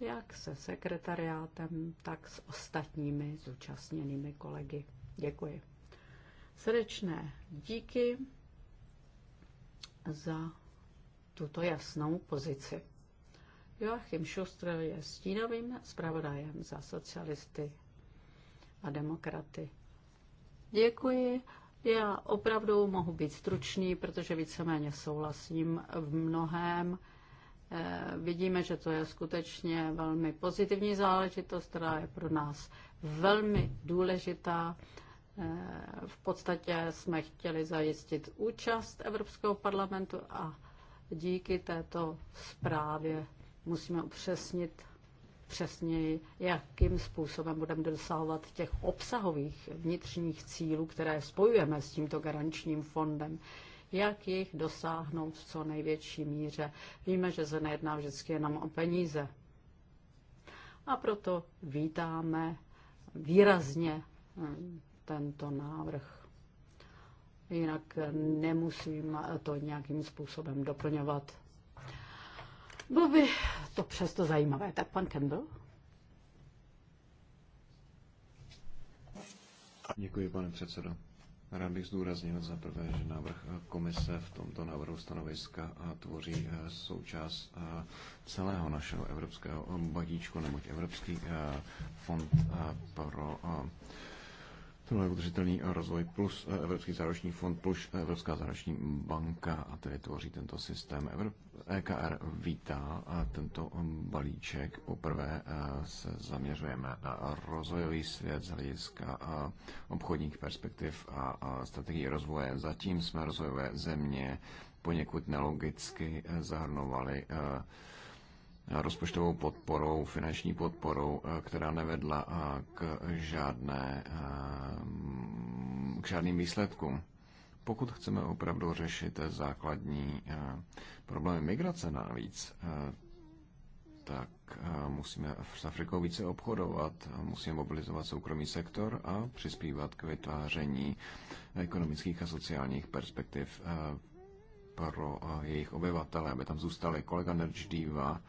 jak se sekretariátem, tak s ostatními zúčastněnými kolegy. Děkuji. Srdečné díky za tuto jasnou pozici. Joachim Schuster je stínovým zpravodajem za socialisty a demokraty. Děkuji. Já opravdu mohu být stručný, protože víceméně souhlasím v mnohem. Eh, vidíme, že to je skutečně velmi pozitivní záležitost, která je pro nás velmi důležitá. Eh, v podstatě jsme chtěli zajistit účast Evropského parlamentu a díky této zprávě musíme upřesnit přesněji, jakým způsobem budeme dosahovat těch obsahových vnitřních cílů, které spojujeme s tímto garančním fondem jak jich dosáhnout v co největší míře. Víme, že se nejedná vždycky jenom o peníze. A proto vítáme výrazně hm, tento návrh. Jinak nemusím to nějakým způsobem doplňovat. Bylo by to přesto zajímavé. Tak pan Campbell? Děkuji, pane předsedo. Rád bych zdůraznil za prvé, že návrh komise v tomto návrhu stanoviska tvoří eh, součást eh, celého našeho evropského balíčku, neboť Evropský eh, fond pro je udržitelný rozvoj plus eh, Evropský záruční fond plus eh, Evropská záruční banka a tedy tvoří tento systém. EKR e vítá a tento mm, balíček. Poprvé eh, se zaměřujeme na rozvojový svět z hlediska obchodních perspektiv a strategií rozvoje. Zatím jsme rozvojové země poněkud nelogicky zahrnovali rozpočtovou podporou, finanční podporou, eh, která nevedla eh, k, žádné, eh, k žádným výsledkům. Pokud chceme opravdu řešit základní problémy migrace navíc, tak musíme s Afrikou více obchodovat, musíme mobilizovat soukromý sektor a přispívat k vytváření ekonomických a sociálních perspektiv pro jejich obyvatele, aby tam zůstali. Kolega Nerčdýva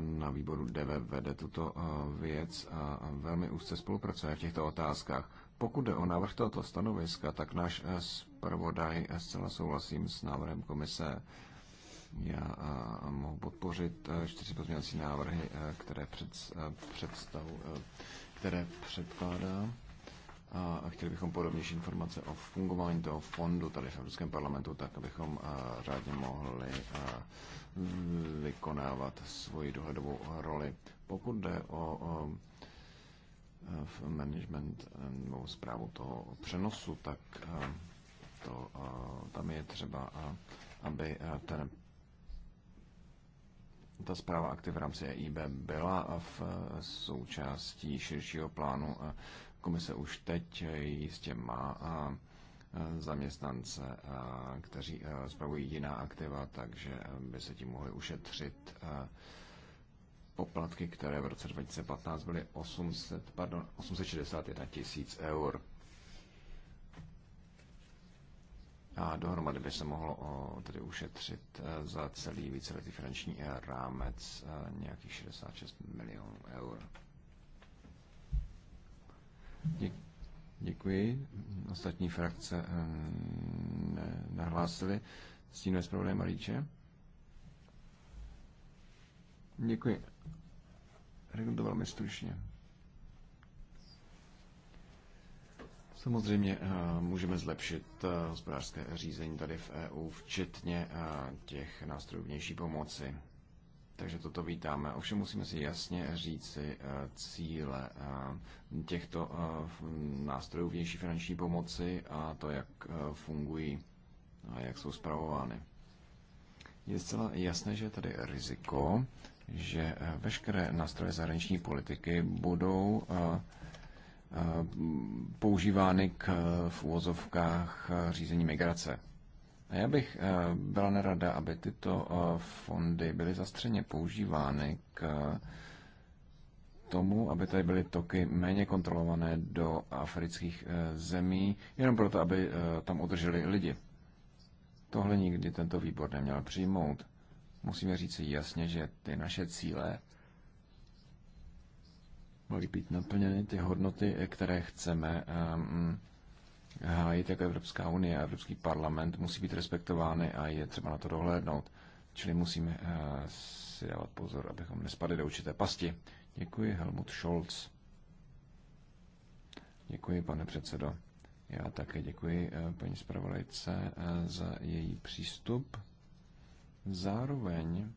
na výboru DV vede tuto eh, věc a velmi úzce spolupracuje v těchto otázkách. Pokud jde o návrh tohoto stanoviska, tak náš eh, zpravodaj eh, zcela souhlasím s návrhem komise. Já mohu podpořit čtyři pozměňovací návrhy, které, před, představu, které předkládá a chtěli bychom podobnější informace o fungování toho fondu tady v Evropském parlamentu, tak abychom řádně mohli vykonávat svoji dohledovou roli. Pokud jde o management nebo zprávu toho přenosu, tak e, to, e, tam je třeba, e, aby ten ta zpráva aktiv v rámci EIB byla v součástí širšího plánu. Komise už teď jistě má zaměstnance, kteří spravují jiná aktiva, takže by se tím mohli ušetřit poplatky, které v roce 2015 byly 800, pardon, 861 tisíc eur. A dohromady by se mohlo tedy ušetřit za celý víceletý finanční rámec nějakých 66 milionů eur. Děkuji. Děkuji. Ostatní frakce eh, nahlásily. Stínové zpravodaj Malíče. Děkuji. Řeknu to velmi stručně. Samozřejmě eh, můžeme zlepšit eh, hospodářské řízení tady v EU, včetně těch nástrojů vnější pomoci. Takže toto vítáme. Ovšem musíme si jasně říci eh, cíle eh, těchto eh, nástrojů vnější finanční pomoci a to, jak fungují a jak jsou zpravovány. Je zcela jasné, že je tady riziko, že veškeré nástroje zahraniční politiky budou používány k v úvozovkách řízení migrace. A já bych eh, byla nerada, aby tyto eh, fondy byly zastřeně používány k eh, tomu, aby tady byly toky méně kontrolované do afrických zemí, jenom proto, aby tam udrželi lidi. Tohle nikdy tento výbor neměl přijmout. Musíme říct si jasně, že ty naše cíle mají být naplněny, ty hodnoty, které chceme. Um, hájit jako Evropská unie a Evropský parlament, musí být respektovány a je třeba na to dohlédnout. Čili musíme eh, si dávat pozor, abychom nespadli do určité pasti. Děkuji, Helmut Scholz. Děkuji, pane předsedo. Já také děkuji eh, paní zpravodajce eh, za její přístup. Zároveň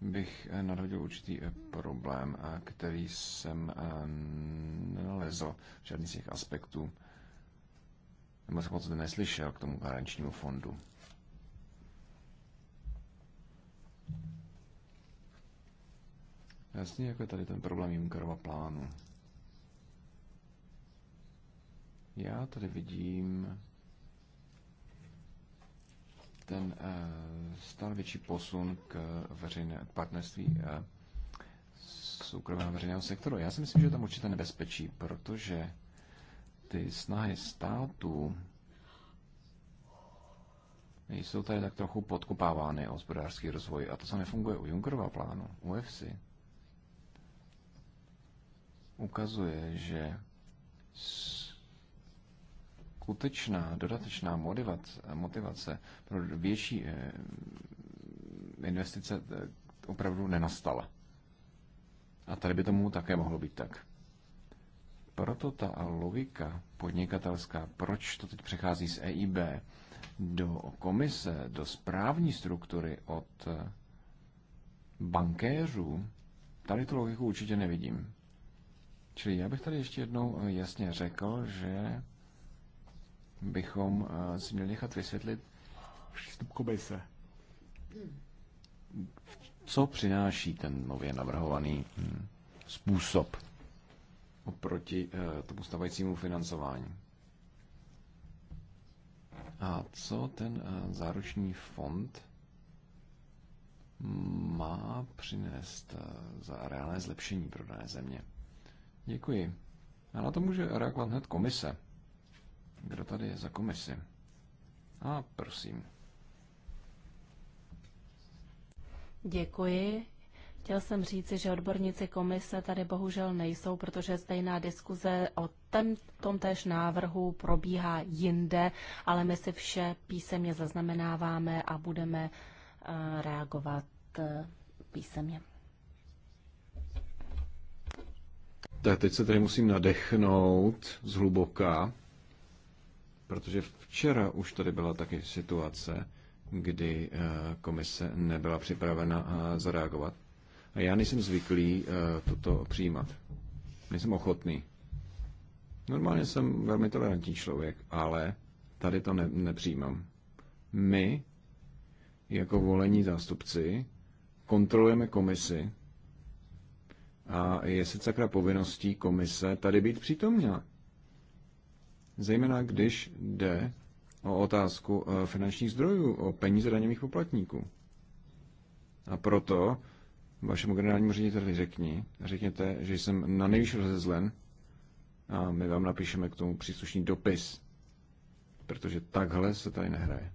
bych nadhodil určitý problém, který jsem nalezl v žádných z těch aspektů nebo jsem moc neslyšel k tomu garančnímu fondu. Jasně, jako je tady ten problém Junckerova plánu. Já tady vidím ten eh, stále větší posun k veřejné partnerství eh, soukromého veřejného sektoru. Já si myslím, že je tam určité nebezpečí, protože ty snahy států jsou tady tak trochu podkopávány o hospodářský rozvoj. A to se nefunguje u Junckerova plánu, u EFSI. Ukazuje, že skutečná dodatečná motivace, motivace pro větší eh, investice eh, opravdu nenastala. A tady by tomu také mohlo být tak proto ta logika podnikatelská, proč to teď přechází z EIB do komise, do správní struktury od eh, bankéřů, tady tu logiku určitě nevidím. Čili já bych tady ještě jednou eh, jasně řekl, že bychom eh, si měli nechat vysvětlit přístup komise. Co přináší ten nově navrhovaný hm, způsob oproti eh, tomu stávajícímu financování. A co ten eh, záruční fond má přinést eh, za reálné zlepšení pro dané země? Děkuji. A na to může reagovat hned komise. Kdo tady je za komisi? A prosím. Děkuji. Chtěl jsem říci, že odborníci komise tady bohužel nejsou, protože stejná diskuze o ten, tom též návrhu probíhá jinde, ale my si vše písemně zaznamenáváme a budeme eh, reagovat eh, písemně. Tak teď se tady musím nadechnout zhluboka, protože včera už tady byla taky situace, kdy eh, komise nebyla připravena zareagovat já nejsem zvyklý eh, toto přijímat. Nejsem ochotný. Normálně jsem velmi tolerantní člověk, ale tady to ne- nepřijímám. My, jako volení zástupci, kontrolujeme komisi a je se sakra povinností komise tady být přítomná. Zejména když jde o otázku eh, finančních zdrojů, o peníze daněvých poplatníků. A proto vašemu generálnímu řediteli řekni, řekněte, že jsem na nejvyšší rozezlen a my vám napíšeme k tomu příslušný dopis, protože takhle se tady nehraje.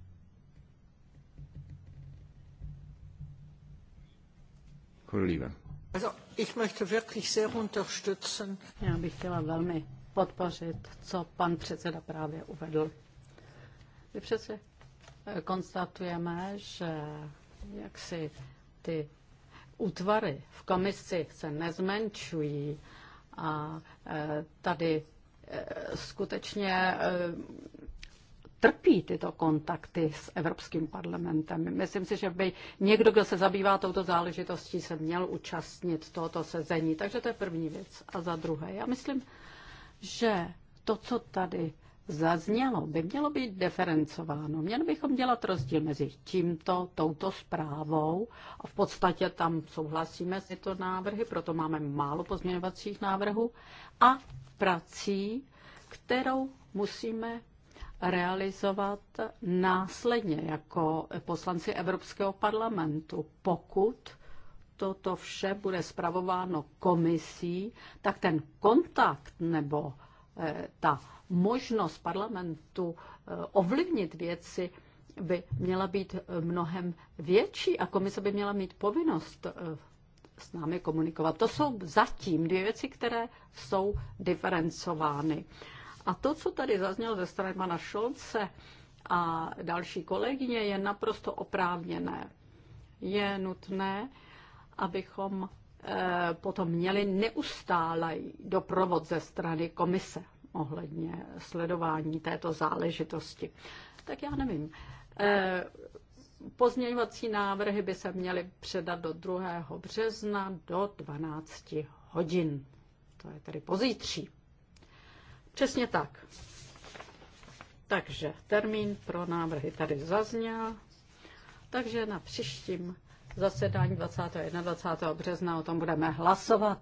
Kurlíve. Also, ich möchte wirklich sehr unterstützen. Já bych chtěla velmi podpořit, co pan předseda právě uvedl. My přece eh, konstatujeme, že jak si ty útvary v komisi se nezmenšují a e, tady e, skutečně e, trpí tyto kontakty s Evropským parlamentem. Myslím si, že by někdo, kdo se zabývá touto záležitostí, se měl účastnit tohoto sezení. Takže to je první věc. A za druhé, já myslím, že to, co tady zaznělo, by mělo být diferencováno. Měli bychom dělat rozdíl mezi tímto, touto zprávou a v podstatě tam souhlasíme s tyto návrhy, proto máme málo pozměňovacích návrhů a prací, kterou musíme realizovat následně jako poslanci Evropského parlamentu, pokud toto vše bude spravováno komisí, tak ten kontakt nebo Eh, ta možnost parlamentu eh, ovlivnit věci by měla být eh, mnohem větší a komise by měla mít povinnost s námi komunikovat. To jsou zatím dvě věci, které jsou diferencovány. A to, co tady zaznělo ze strany pana Šolce a další kolegyně, je naprosto oprávněné. Je nutné, abychom Eh, potom měli neustálý doprovod ze strany komise ohledně sledování této záležitosti. Tak já nevím. Eh, pozměňovací návrhy by se měly předat do 2. března do 12 hodin. To je tedy pozítří. Přesně tak. Takže termín pro návrhy tady zazněl. Takže na příštím zasedání 21. 20. března, o tom budeme hlasovat.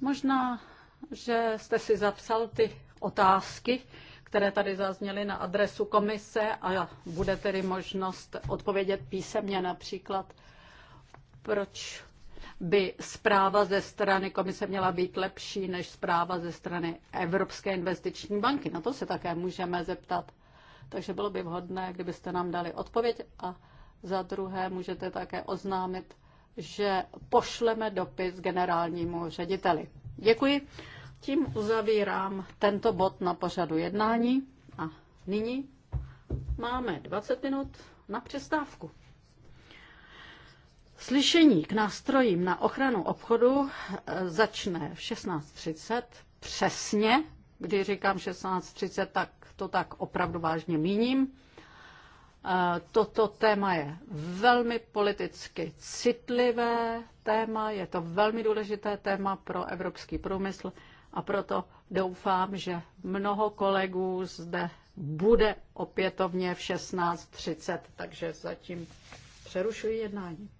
Možná, že jste si zapsal ty otázky, které tady zazněly na adresu komise a bude tedy možnost odpovědět písemně například, proč by zpráva ze strany komise měla být lepší než zpráva ze strany Evropské investiční banky. Na to se také můžeme zeptat. Takže bylo by vhodné, kdybyste nám dali odpověď a za druhé můžete také oznámit, že pošleme dopis generálnímu řediteli. Děkuji. Tím uzavírám tento bod na pořadu jednání a nyní máme 20 minut na přestávku. Slyšení k nástrojím na ochranu obchodu eh, začne v 16.30 přesně. Když říkám 16.30, tak to tak opravdu vážně míním. Eh, toto téma je velmi politicky citlivé téma, je to velmi důležité téma pro evropský průmysl a proto doufám, že mnoho kolegů zde bude opětovně v 16.30, takže zatím přerušuji jednání.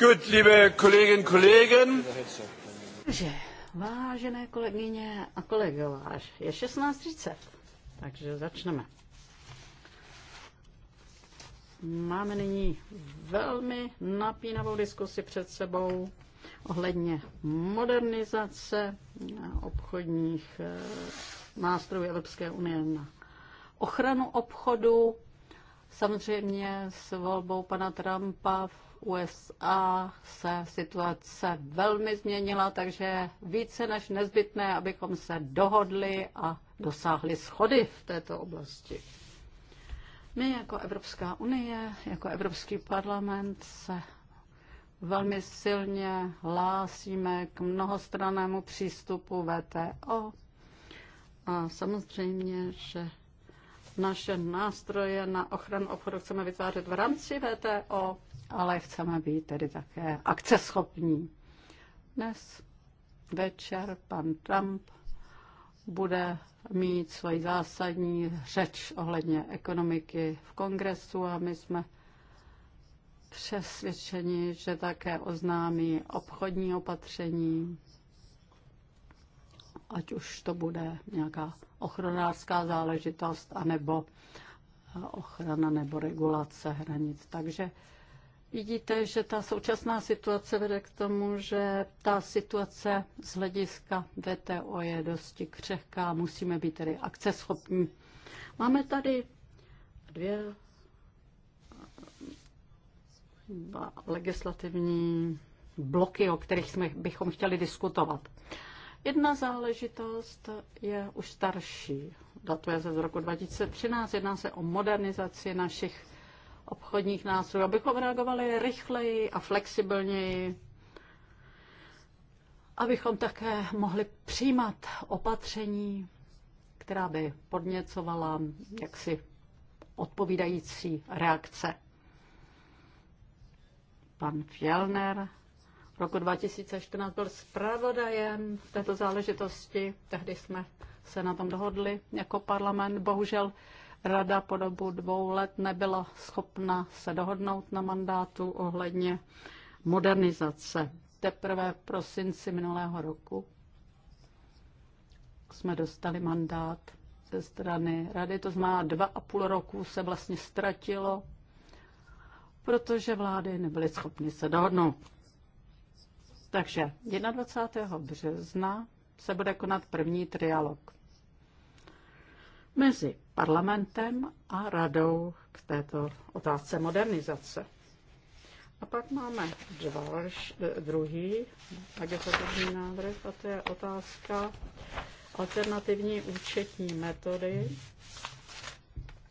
Gut, liebe Kolleginnen, Kollegen. Takže, vážené kolegyně a kolegové, je 16.30, takže začneme. Máme nyní velmi napínavou diskusi před sebou ohledně modernizace obchodních eh, nástrojů Evropské unie na ochranu obchodu. Samozřejmě s volbou pana Trumpa v USA se situace velmi změnila, takže je více než nezbytné, abychom se dohodli a dosáhli schody v této oblasti. My jako Evropská unie, jako Evropský parlament se velmi silně hlásíme k mnohostrannému přístupu VTO a samozřejmě, že naše nástroje na ochranu obchodu chceme vytvářet v rámci VTO ale chceme být tedy také akceschopní. Dnes večer pan Trump bude mít svoji zásadní řeč ohledně ekonomiky v kongresu a my jsme přesvědčeni, že také oznámí obchodní opatření, ať už to bude nějaká ochronářská záležitost, anebo ochrana nebo regulace hranic. Takže Vidíte, že ta současná situace vede k tomu, že ta situace z hlediska VTO je dosti křehká, musíme být tedy akceschopní. Máme tady dvě dva legislativní bloky, o kterých jsme, bychom chtěli diskutovat. Jedna záležitost je už starší, datuje se z roku 2013, jedná se o modernizaci našich obchodních nástrojů, abychom reagovali rychleji a flexibilněji, abychom také mohli přijímat opatření, která by podněcovala jaksi odpovídající reakce. Pan Fjellner roku 2014 byl zpravodajem v této záležitosti. Tehdy jsme se na tom dohodli jako parlament. Bohužel Rada po dobu dvou let nebyla schopna se dohodnout na mandátu ohledně modernizace. Teprve v prosinci minulého roku jsme dostali mandát ze strany rady. To znamená, dva a půl roku se vlastně ztratilo, protože vlády nebyly schopny se dohodnout. Takže 21. března se bude konat první trialog mezi parlamentem a radou k této otázce modernizace. A pak máme dva, e, druhý legislativní návrh, a to je otázka alternativní účetní metody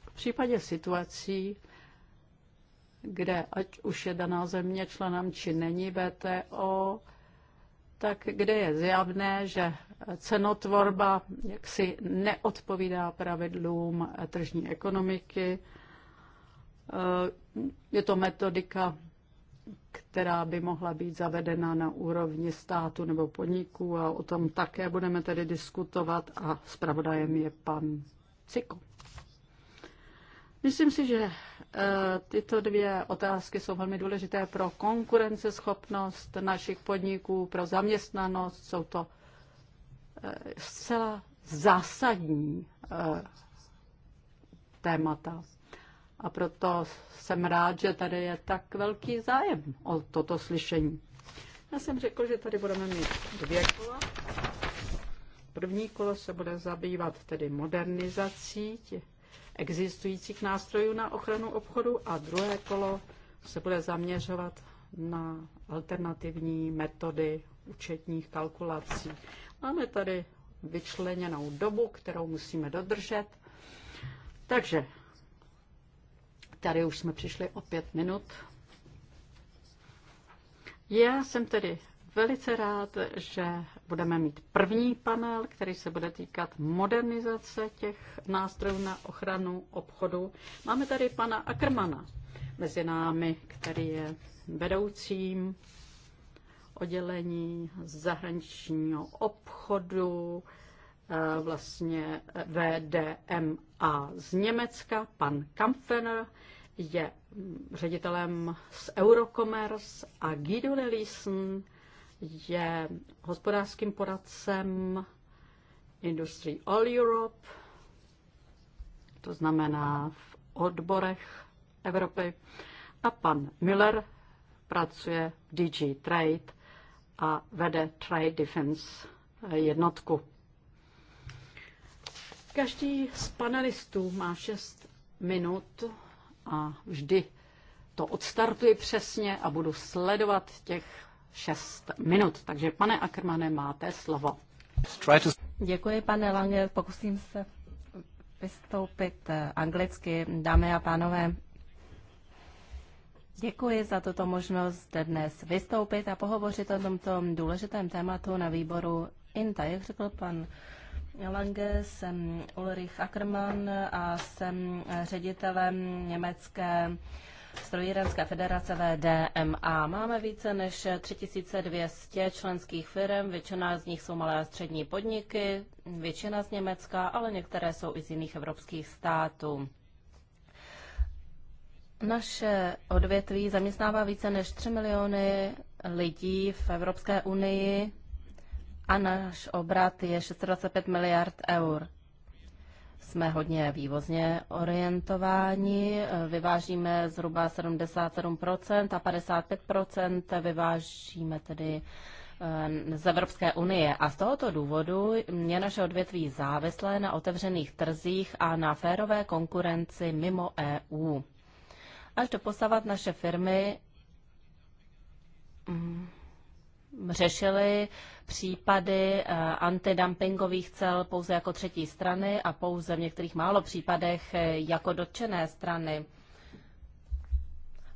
v případě situací, kde ať už je daná země členem či není VTO, tak kde je zjavné, že cenotvorba jaksi neodpovídá pravidlům tržní ekonomiky. Eh, je to metodika, která by mohla být zavedena na úrovni státu nebo podniků a o tom také budeme tedy diskutovat a zpravodajem je pan Ciko. Myslím si, že eh, tyto dvě otázky jsou velmi důležité pro konkurenceschopnost našich podniků, pro zaměstnanost. Jsou to eh, zcela zásadní eh, témata. A proto jsem rád, že tady je tak velký zájem o toto slyšení. Já jsem řekl, že tady budeme mít dvě kola. První kolo se bude zabývat tedy modernizací těch existujících nástrojů na ochranu obchodu a druhé kolo se bude zaměřovat na alternativní metody účetních kalkulací. Máme tady vyčleněnou dobu, kterou musíme dodržet. Takže tady už jsme přišli o pět minut. Já jsem tedy velice rád, že budeme mít první panel, který se bude týkat modernizace těch nástrojů na ochranu obchodu. Máme tady pana Ackermana mezi námi, který je vedoucím oddělení zahraničního obchodu, eh, vlastně VDMA z Německa. Pan Kampfener je ředitelem z Eurocommerce a Guido Lelisen je hospodářským poradcem Industry All Europe, to znamená v odborech Evropy. A pan Müller pracuje v DG Trade a vede Trade Defense jednotku. Každý z panelistů má 6 minut a vždy to odstartuji přesně a budu sledovat těch 6 minut. Takže pane Ackermane, máte slovo. Děkuji, pane Lange. Pokusím se vystoupit eh, anglicky. Dámy a pánové, děkuji za tuto možnost dnes vystoupit a pohovořit o tomto důležitém tématu na výboru INTA. Jak řekl pan Lange, jsem Ulrich Ackermann a jsem ředitelem německé Strojírenské federace VDMA. Máme více než 3200 členských firm, většina z nich jsou malé a střední podniky, většina z Německa, ale některé jsou i z jiných evropských států. Naše odvětví zaměstnává více než 3 miliony lidí v Evropské unii a náš obrat je 625 miliard eur jsme hodně vývozně orientováni, vyvážíme zhruba 77% a 55% vyvážíme tedy eh, z Evropské unie. A z tohoto důvodu je naše odvětví závislé na otevřených trzích a na férové konkurenci mimo EU. Až doposavat naše firmy mm, řešili případy eh, antidumpingových cel pouze jako třetí strany a pouze v některých málo případech eh, jako dotčené strany.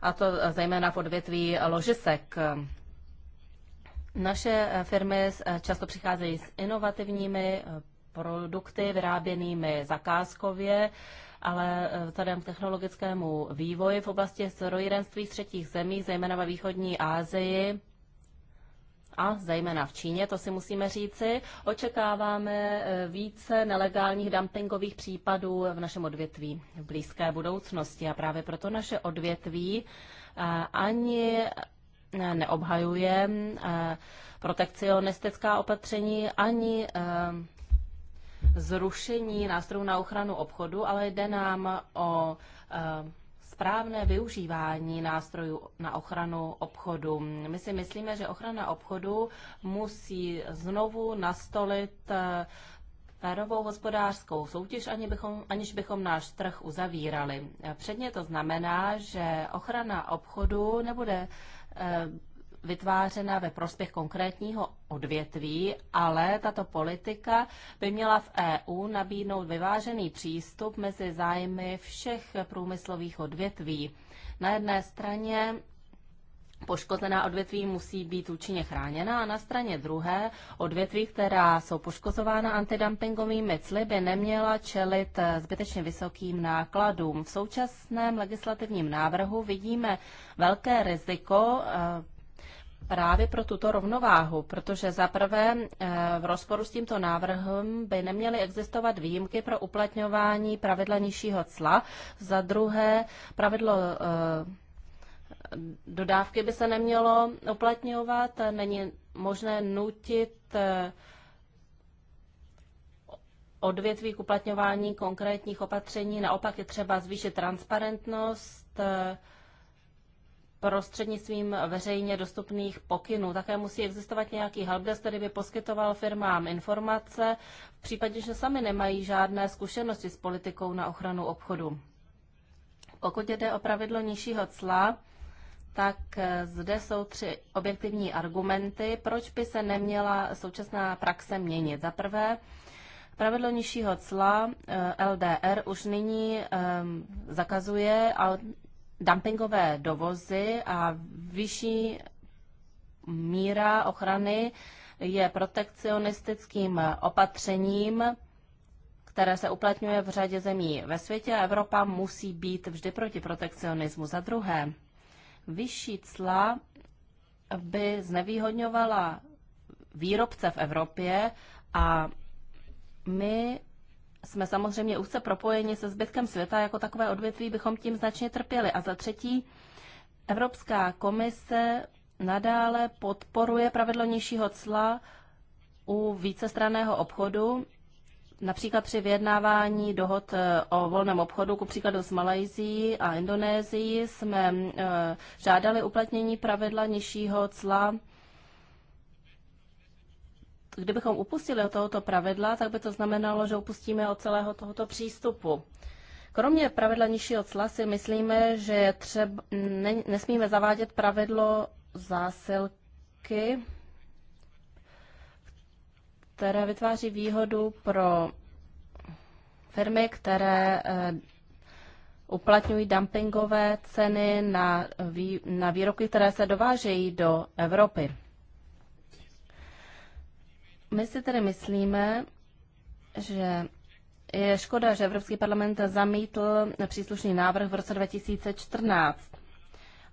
A to eh, zejména v odvětví ložisek. Naše firmy často přicházejí s inovativními produkty vyráběnými zakázkově, ale vzhledem k technologickému vývoji v oblasti strojírenství z třetích zemí, zejména ve východní Asii, a zejména v Číně, to si musíme říci, očekáváme eh, více nelegálních dumpingových případů v našem odvětví v blízké budoucnosti. A právě proto naše odvětví eh, ani eh, neobhajuje protekcionistická opatření ani zrušení nástrojů na ochranu obchodu, ale jde nám o správné využívání nástrojů na ochranu obchodu. My si myslíme, že ochrana obchodu musí znovu nastolit eh, férovou hospodářskou soutěž, ani bychom, aniž bychom náš trh uzavírali. Předně to znamená, že ochrana obchodu nebude eh, vytvářena ve prospěch konkrétního odvětví, ale tato politika by měla v EU nabídnout vyvážený přístup mezi zájmy všech průmyslových odvětví. Na jedné straně Poškozená odvětví musí být účinně chráněna a na straně druhé odvětví, která jsou poškozována antidumpingovými cly, by neměla čelit zbytečně vysokým nákladům. V současném legislativním návrhu vidíme velké riziko eh, právě pro tuto rovnováhu, protože zaprvé eh, v rozporu s tímto návrhem by neměly existovat výjimky pro uplatňování pravidla nižšího cla, za druhé pravidlo eh, dodávky by se nemělo uplatňovat, není možné nutit eh, odvětví k uplatňování konkrétních opatření, naopak je třeba zvýšit transparentnost, prostřednictvím veřejně dostupných pokynů. Také musí existovat nějaký helpdesk, který by poskytoval firmám informace v případě, že sami nemají žádné zkušenosti s politikou na ochranu obchodu. Pokud jde o pravidlo nižšího cla, tak eh, zde jsou tři objektivní argumenty, proč by se neměla současná praxe měnit. Za prvé, Pravidlo nižšího cla eh, LDR už nyní ehm, zakazuje dumpingové dovozy a vyšší míra ochrany je protekcionistickým opatřením, které se uplatňuje v řadě zemí ve světě a Evropa musí být vždy proti protekcionismu. Za druhé, vyšší cla by znevýhodňovala výrobce v Evropě a my jsme samozřejmě úzce propojeni se zbytkem světa, jako takové odvětví bychom tím značně trpěli. A za třetí, Evropská komise nadále podporuje pravidlo nižšího cla u vícestranného obchodu, například při vyjednávání dohod eh, o volném obchodu, ku příkladu s Malajzií a Indonésií, jsme eh, žádali uplatnění pravidla nižšího cla kdybychom upustili od tohoto pravidla, tak by to znamenalo, že upustíme od celého tohoto přístupu. Kromě pravidla nižšího cla si myslíme, že třeba, ne, nesmíme zavádět pravidlo zásilky, které vytváří výhodu pro firmy, které eh, uplatňují dumpingové ceny na, vý, na výroky, které se dovážejí do Evropy. My si tedy myslíme, že je škoda, že Evropský parlament zamítl příslušný návrh v roce 2014.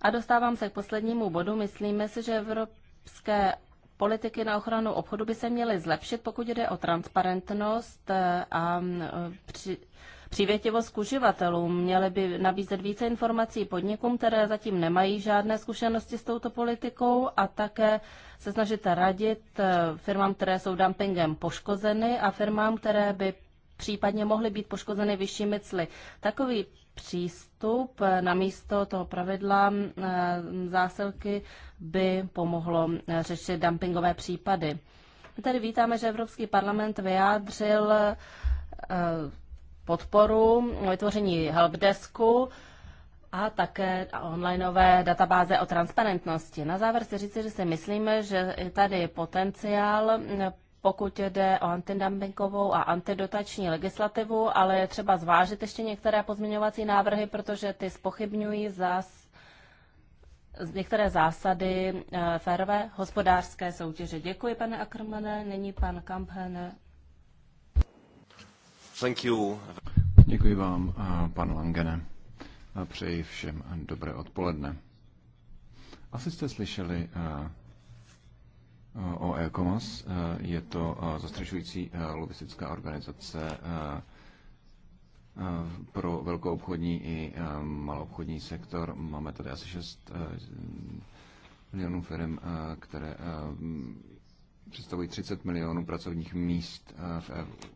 A dostávám se k poslednímu bodu. Myslíme si, že evropské politiky na ochranu obchodu by se měly zlepšit, pokud jde o transparentnost eh, a eh, při Přívětivost k uživatelům měly by nabízet více informací podnikům, které zatím nemají žádné zkušenosti s touto politikou a také se snažit radit eh, firmám, které jsou dumpingem poškozeny a firmám, které by případně mohly být poškozeny vyššími cly. Takový přístup eh, na místo toho pravidla eh, zásilky by pomohlo řešit dumpingové případy. Tady vítáme, že Evropský parlament vyjádřil podporu vytvoření helpdesku a také onlineové databáze o transparentnosti. Na závěr si říci, že si myslíme, že tady je potenciál pokud jde o antidumpingovou a antidotační legislativu, ale je třeba zvážit ještě některé pozměňovací návrhy, protože ty spochybňují zás některé zásady eh, férové hospodářské soutěže. Děkuji, pane Ackermane. Nyní pan Kampen Thank you. Děkuji vám, eh, pan Langene. A přeji všem dobré odpoledne. Asi jste slyšeli eh, o ECOMAS. Eh, je to zastřešující lobistická organizace pro velkou obchodní i malou obchodní sektor. Máme tady asi 6 milionů firm, které představují 30 milionů pracovních míst eh, v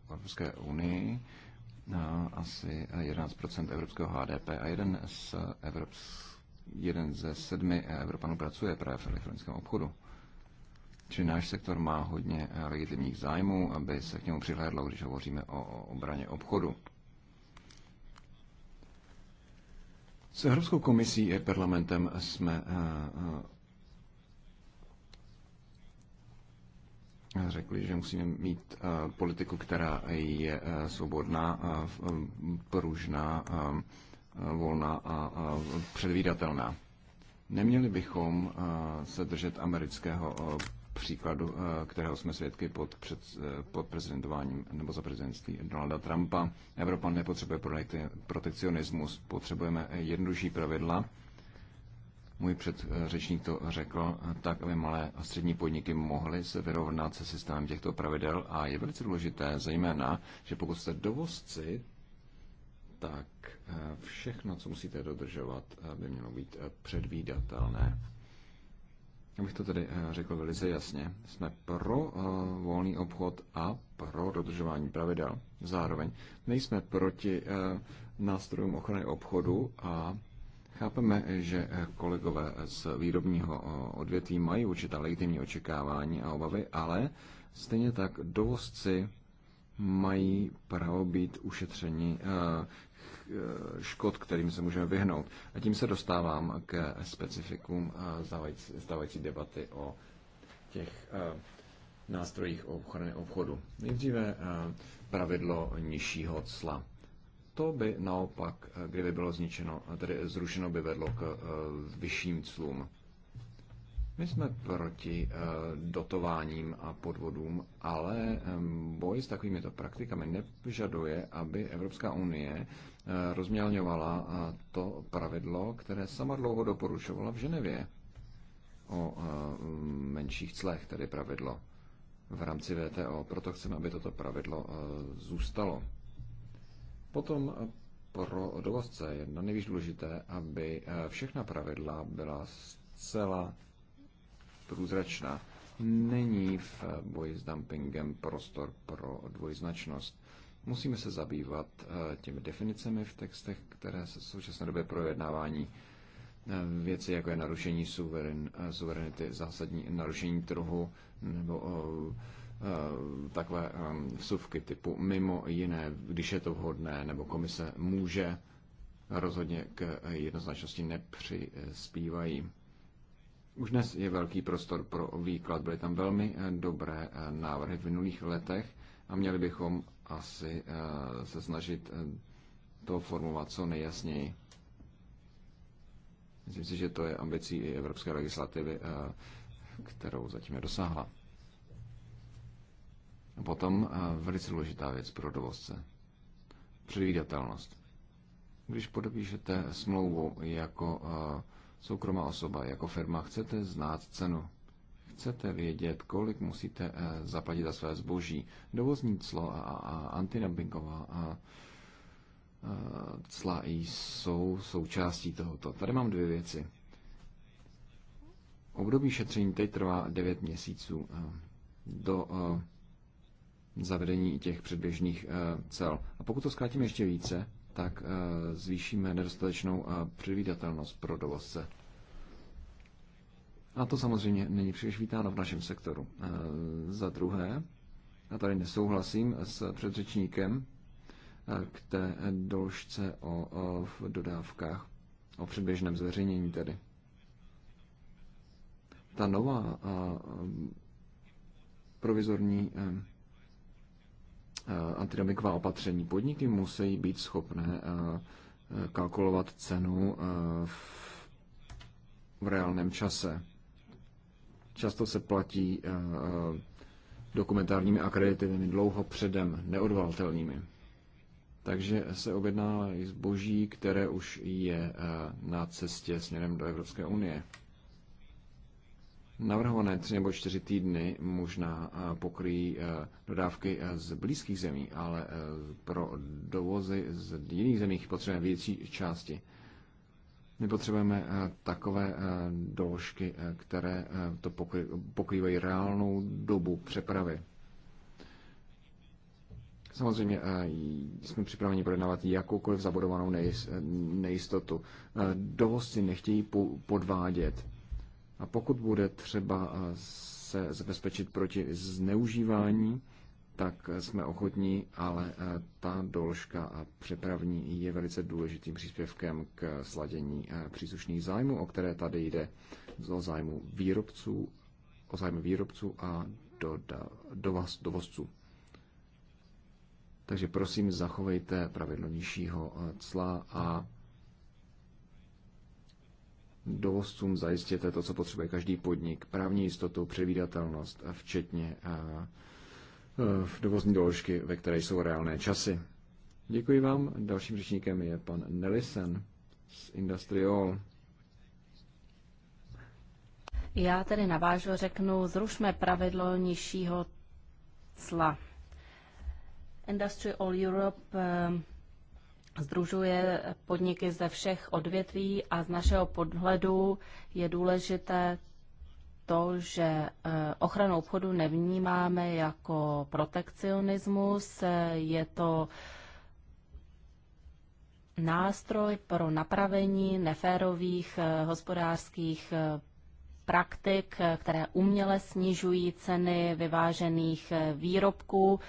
Evropské unii, eh, asi 11 evropského HDP a jeden z Evrops, jeden ze sedmi Evropanů pracuje právě v elektronickém obchodu. Či náš sektor má hodně eh, legitimních zájmů, aby se k němu přihlédlo, když hovoříme o obraně obchodu. S Evropskou komisí a parlamentem jsme řekli, že musíme mít eh, politiku, která je eh, svobodná, eh, pružná, volná a předvídatelná. Neměli bychom se držet amerického příkladu, kterého jsme svědky pod, před, pod prezidentováním nebo za prezidentství Donalda Trumpa. Evropa nepotřebuje protekcionismus, potřebujeme jednodušší pravidla, můj předřečník to řekl, tak aby malé a střední podniky mohly se vyrovnat se systémem těchto pravidel a je velice důležité zejména, že pokud jste dovozci, tak eh, všechno, co musíte dodržovat, eh, by mělo být eh, předvídatelné. Abych to tedy řekl velice jasně, jsme pro volný obchod a pro dodržování pravidel. Zároveň nejsme proti nástrojům ochrany obchodu a Chápeme, že eh, kolegové z výrobního eh, odvětví mají určitá legitimní očekávání a obavy, ale stejně tak dovozci mají právo být ušetřeni eh, škod, kterým se můžeme vyhnout. A tím se dostávám k specifikům stávající, stávající debaty o těch nástrojích ochrany obchodu. Nejdříve pravidlo nižšího cla to by naopak, eh, kdyby bylo zničeno, eh, tedy zrušeno, by vedlo k eh, vyšším clům. My jsme proti dotováním a podvodům, ale boj s takovýmito praktikami nevyžaduje, aby Evropská unie rozmělňovala to pravidlo, které sama dlouho doporučovala v Ženevě o menších clech, tedy pravidlo v rámci VTO. Proto chceme, aby toto pravidlo zůstalo. Potom pro dovozce je na nejvíc důležité, aby eh, všechna pravidla byla zcela průzračná. Není v eh, boji s dumpingem prostor pro dvojznačnost. Musíme se zabývat eh, těmi definicemi v textech, které se v současné době projednávání věci, jako je narušení suveren, suverenity, zásadní narušení trhu nebo Eh, takové eh, vsuvky typu mimo jiné, když je to vhodné, nebo komise může, rozhodně k jednoznačnosti nepřispívají. Už dnes je velký prostor pro výklad. Byly tam velmi eh, dobré návrhy v minulých letech a měli bychom asi se snažit to formovat co nejjasněji. Myslím si, že to je ambicí i evropské legislativy, kterou zatím dosáhla. Potom eh, velice důležitá věc pro dovozce. Předvídatelnost. Když podepíšete smlouvu jako eh, soukromá osoba, jako firma, chcete znát cenu. Chcete vědět, kolik musíte eh, zaplatit za své zboží. Dovozní clo a, a antidumpingová a, cla jsou součástí tohoto. Tady mám dvě věci. Období šetření teď trvá 9 měsíců. Do zavedení těch předběžných eh, cel. A pokud to zkrátíme ještě více, tak eh, zvýšíme nedostatečnou eh, předvídatelnost pro dovozce. A to samozřejmě není příliš vítáno v našem sektoru. Za druhé, a tady nesouhlasím s předřečníkem k té doložce o, o v dodávkách, o předběžném zveřejnění tedy. Ta nová a, provizorní a, Eh, antidemiková opatření. Podniky musí být schopné eh, kalkulovat cenu eh, v reálném čase. Často se platí dokumentárními akreditivami dlouho předem, neodvalitelnými. Takže se objedná i zboží, které už je na cestě směrem do Evropské unie. Navrhované tři nebo čtyři týdny možná eh, pokryjí eh, dodávky eh, z blízkých zemí, ale pro dovozy z jiných zemí potřebujeme větší části. My potřebujeme takové doložky, které to pokrývají reálnou dobu přepravy. Samozřejmě jsme připraveni projednávat jakoukoliv zabudovanou nejistotu. Dovozci nechtějí podvádět a pokud bude třeba eh, se zabezpečit proti zneužívání, tak jsme ochotní, ale eh, ta doložka přepravní je velice důležitým příspěvkem k sladění eh, příslušných zájmů, o které tady jde, o zájmu výrobců, o zájmu výrobců a do, do, dovozců. Takže prosím, zachovejte pravidlo nižšího cla a dovozcům zajistěte to, co potřebuje každý podnik, právní jistotu, předvídatelnost, včetně dovozní doložky, ve které jsou reálné časy. Děkuji vám. Dalším řečníkem je pan Nelisen z Industrial. Já tedy navážu, řeknu, zrušme pravidlo nižšího cla. Industry All Europe eh, združuje podniky ze všech odvětví a z našeho podhledu je důležité to, že e, ochranu obchodu nevnímáme jako protekcionismus, e, je to nástroj pro napravení neférových e, hospodářských praktik, které uměle snižují ceny vyvážených výrobků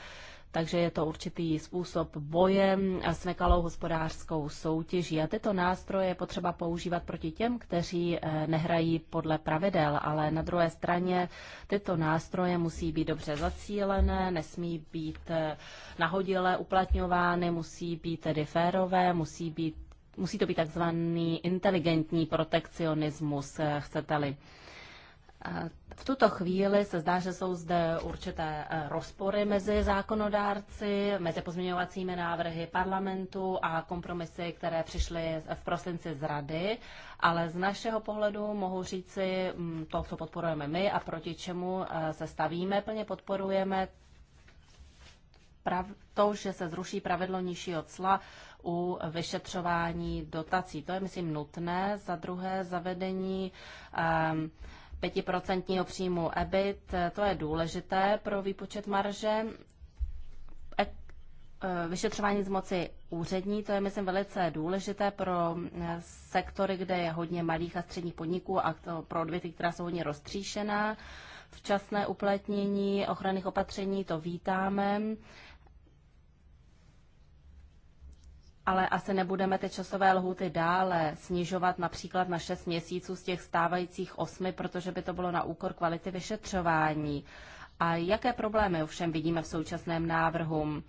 takže je to určitý způsob boje s nekalou hospodářskou soutěží. A tyto nástroje je potřeba používat proti těm, kteří eh, nehrají podle pravidel, ale na druhé straně tyto nástroje musí být dobře zacílené, nesmí být eh, nahodile uplatňovány, musí být tedy férové, musí být musí to být takzvaný inteligentní protekcionismus, eh, chcete-li. V tuto chvíli se zdá, že jsou zde určité eh, rozpory mezi zákonodárci, mezi pozměňovacími návrhy parlamentu a kompromisy, které přišly v prosinci z rady, ale z našeho pohledu mohu říci mm, to, co podporujeme my a proti čemu eh, se stavíme, plně podporujeme to, že se zruší pravidlo nižšího cla u vyšetřování dotací. To je, myslím, nutné. Za druhé, zavedení um, pětiprocentního příjmu EBIT, to je důležité pro výpočet marže. E- e, vyšetřování z moci úřední, to je, myslím, velice důležité pro e, sektory, kde je hodně malých a středních podniků a to pro odvěty, která jsou hodně roztříšená. Včasné uplatnění ochranných opatření, to vítáme. ale asi nebudeme ty časové lhuty dále snižovat například na 6 měsíců z těch stávajících 8, protože by to bylo na úkor kvality vyšetřování. A jaké problémy ovšem vidíme v současném návrhu?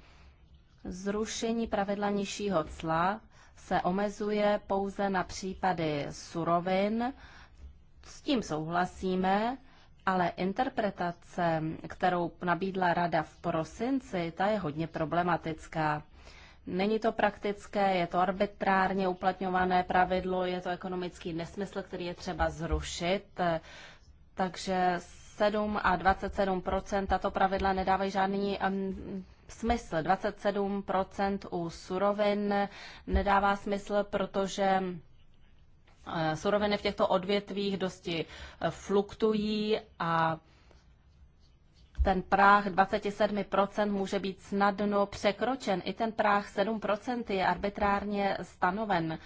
Zrušení pravidla nižšího cla se omezuje pouze na případy surovin, s tím souhlasíme, ale interpretace, kterou nabídla rada v prosinci, ta je hodně problematická. Není to praktické, je to arbitrárně uplatňované pravidlo, je to ekonomický nesmysl, který je třeba zrušit. Takže 7 a 27 tato pravidla nedávají žádný smysl. 27 u surovin nedává smysl, protože eh, suroviny v těchto odvětvích dosti eh, fluktují a ten práh 27% může být snadno překročen. I ten práh 7% je arbitrárně stanoven.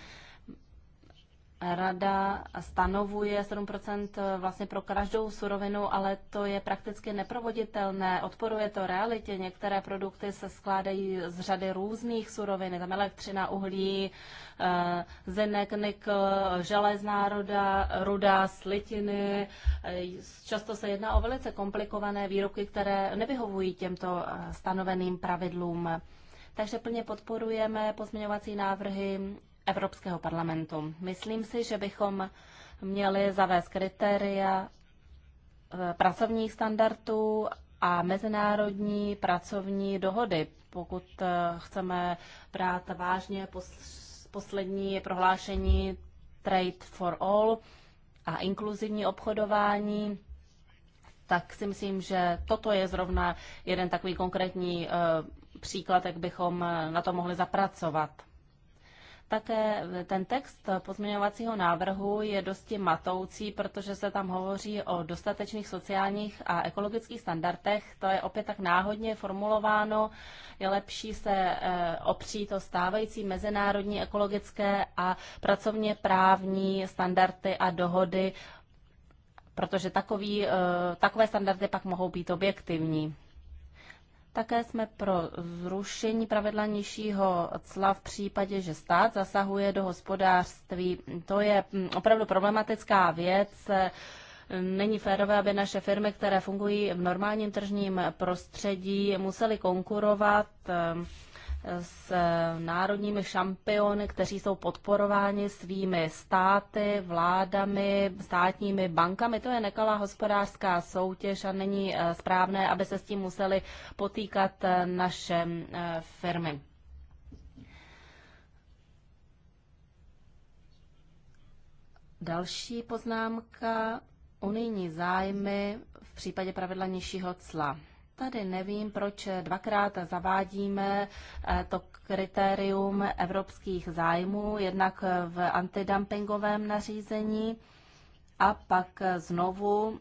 Rada stanovuje 7 eh, vlastně pro každou surovinu, ale to je prakticky neprovoditelné. Odporuje to realitě. Některé produkty se skládají z řady různých surovin, tam elektřina, uhlí, eh, zinek, nikl, železná ruda, ruda, slitiny. Eh, často se jedná o velice komplikované výroky, které nevyhovují těmto stanoveným pravidlům. Takže plně podporujeme pozměňovací návrhy Evropského parlamentu. Myslím si, že bychom měli zavést kritéria eh, pracovních standardů a mezinárodní pracovní dohody, pokud eh, chceme brát vážně poslední prohlášení Trade for All a inkluzivní obchodování, tak si myslím, že toto je zrovna jeden takový konkrétní eh, příklad, jak bychom na to mohli zapracovat. Také ten text pozměňovacího návrhu je dosti matoucí, protože se tam hovoří o dostatečných sociálních a ekologických standardech. To je opět tak náhodně formulováno. Je lepší se eh, opřít o stávající mezinárodní ekologické a pracovně právní standardy a dohody, protože takový, eh, takové standardy pak mohou být objektivní. Také jsme pro zrušení pravidla nižšího cla v případě, že stát zasahuje do hospodářství. To je mm, opravdu problematická věc. Není férové, aby naše firmy, které fungují v normálním tržním prostředí, musely konkurovat mm, s národními šampiony, kteří jsou podporováni svými státy, vládami, státními bankami. To je nekalá hospodářská soutěž a není eh, správné, aby se s tím museli potýkat eh, naše eh, firmy. Další poznámka. Unijní zájmy v případě pravidla nižšího cla tady nevím, proč dvakrát zavádíme eh, to kritérium evropských zájmů, jednak v antidumpingovém nařízení a pak znovu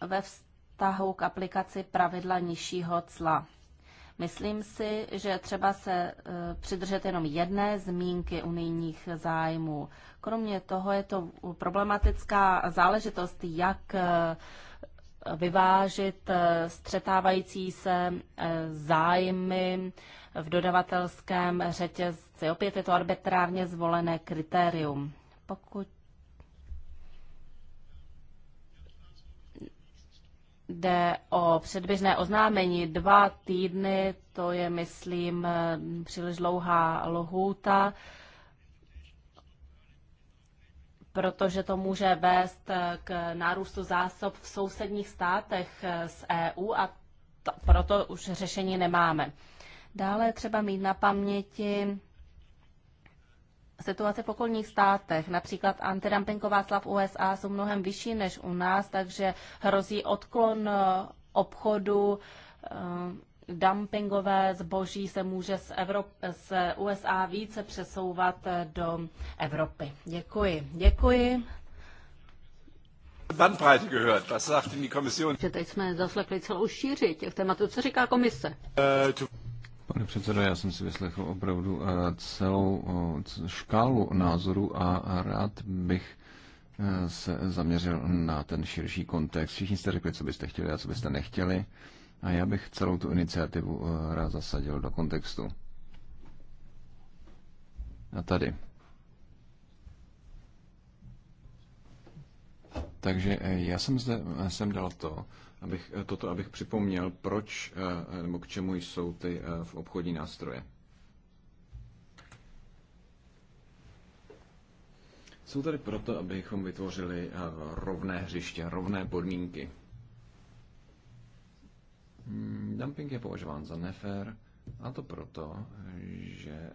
ve vztahu k aplikaci pravidla nižšího cla. Myslím si, že třeba se eh, přidržet jenom jedné zmínky unijních zájmů. Kromě toho je to problematická záležitost, jak eh, vyvážit eh, střetávající se eh, zájmy v dodavatelském řetězci. Opět je to arbitrárně zvolené kritérium. Pokud jde o předběžné oznámení dva týdny, to je, myslím, eh, příliš dlouhá lohůta protože to může vést eh, k nárůstu zásob v sousedních státech eh, z EU a to, proto už řešení nemáme. Dále třeba mít na paměti situace v okolních státech. Například antidumpingová slav USA jsou mnohem vyšší než u nás, takže hrozí odklon eh, obchodu dumpingové zboží se může z, Evrop- z USA více přesouvat do Evropy. Děkuji. Děkuji. Bandbreite gehört. Was sagt die Kommission? Teď jsme zaslechli celou šíři těch tématů. Co říká komise? Äh, Pane předsedo, já jsem si vyslechl opravdu eh, celou eh, škálu názorů a rád bych eh, se zaměřil na ten širší kontext. Všichni jste řekli, co byste chtěli a co byste nechtěli. A já bych celou tu iniciativu eh, rád zasadil do kontextu. A tady. Takže eh, já jsem zde eh, jsem dal to, abych, toto, abych připomněl, proč nebo k čemu jsou ty v obchodní nástroje. Jsou tady proto, abychom vytvořili rovné hřiště, rovné podmínky Mm, dumping je považován za nefér, a to proto, že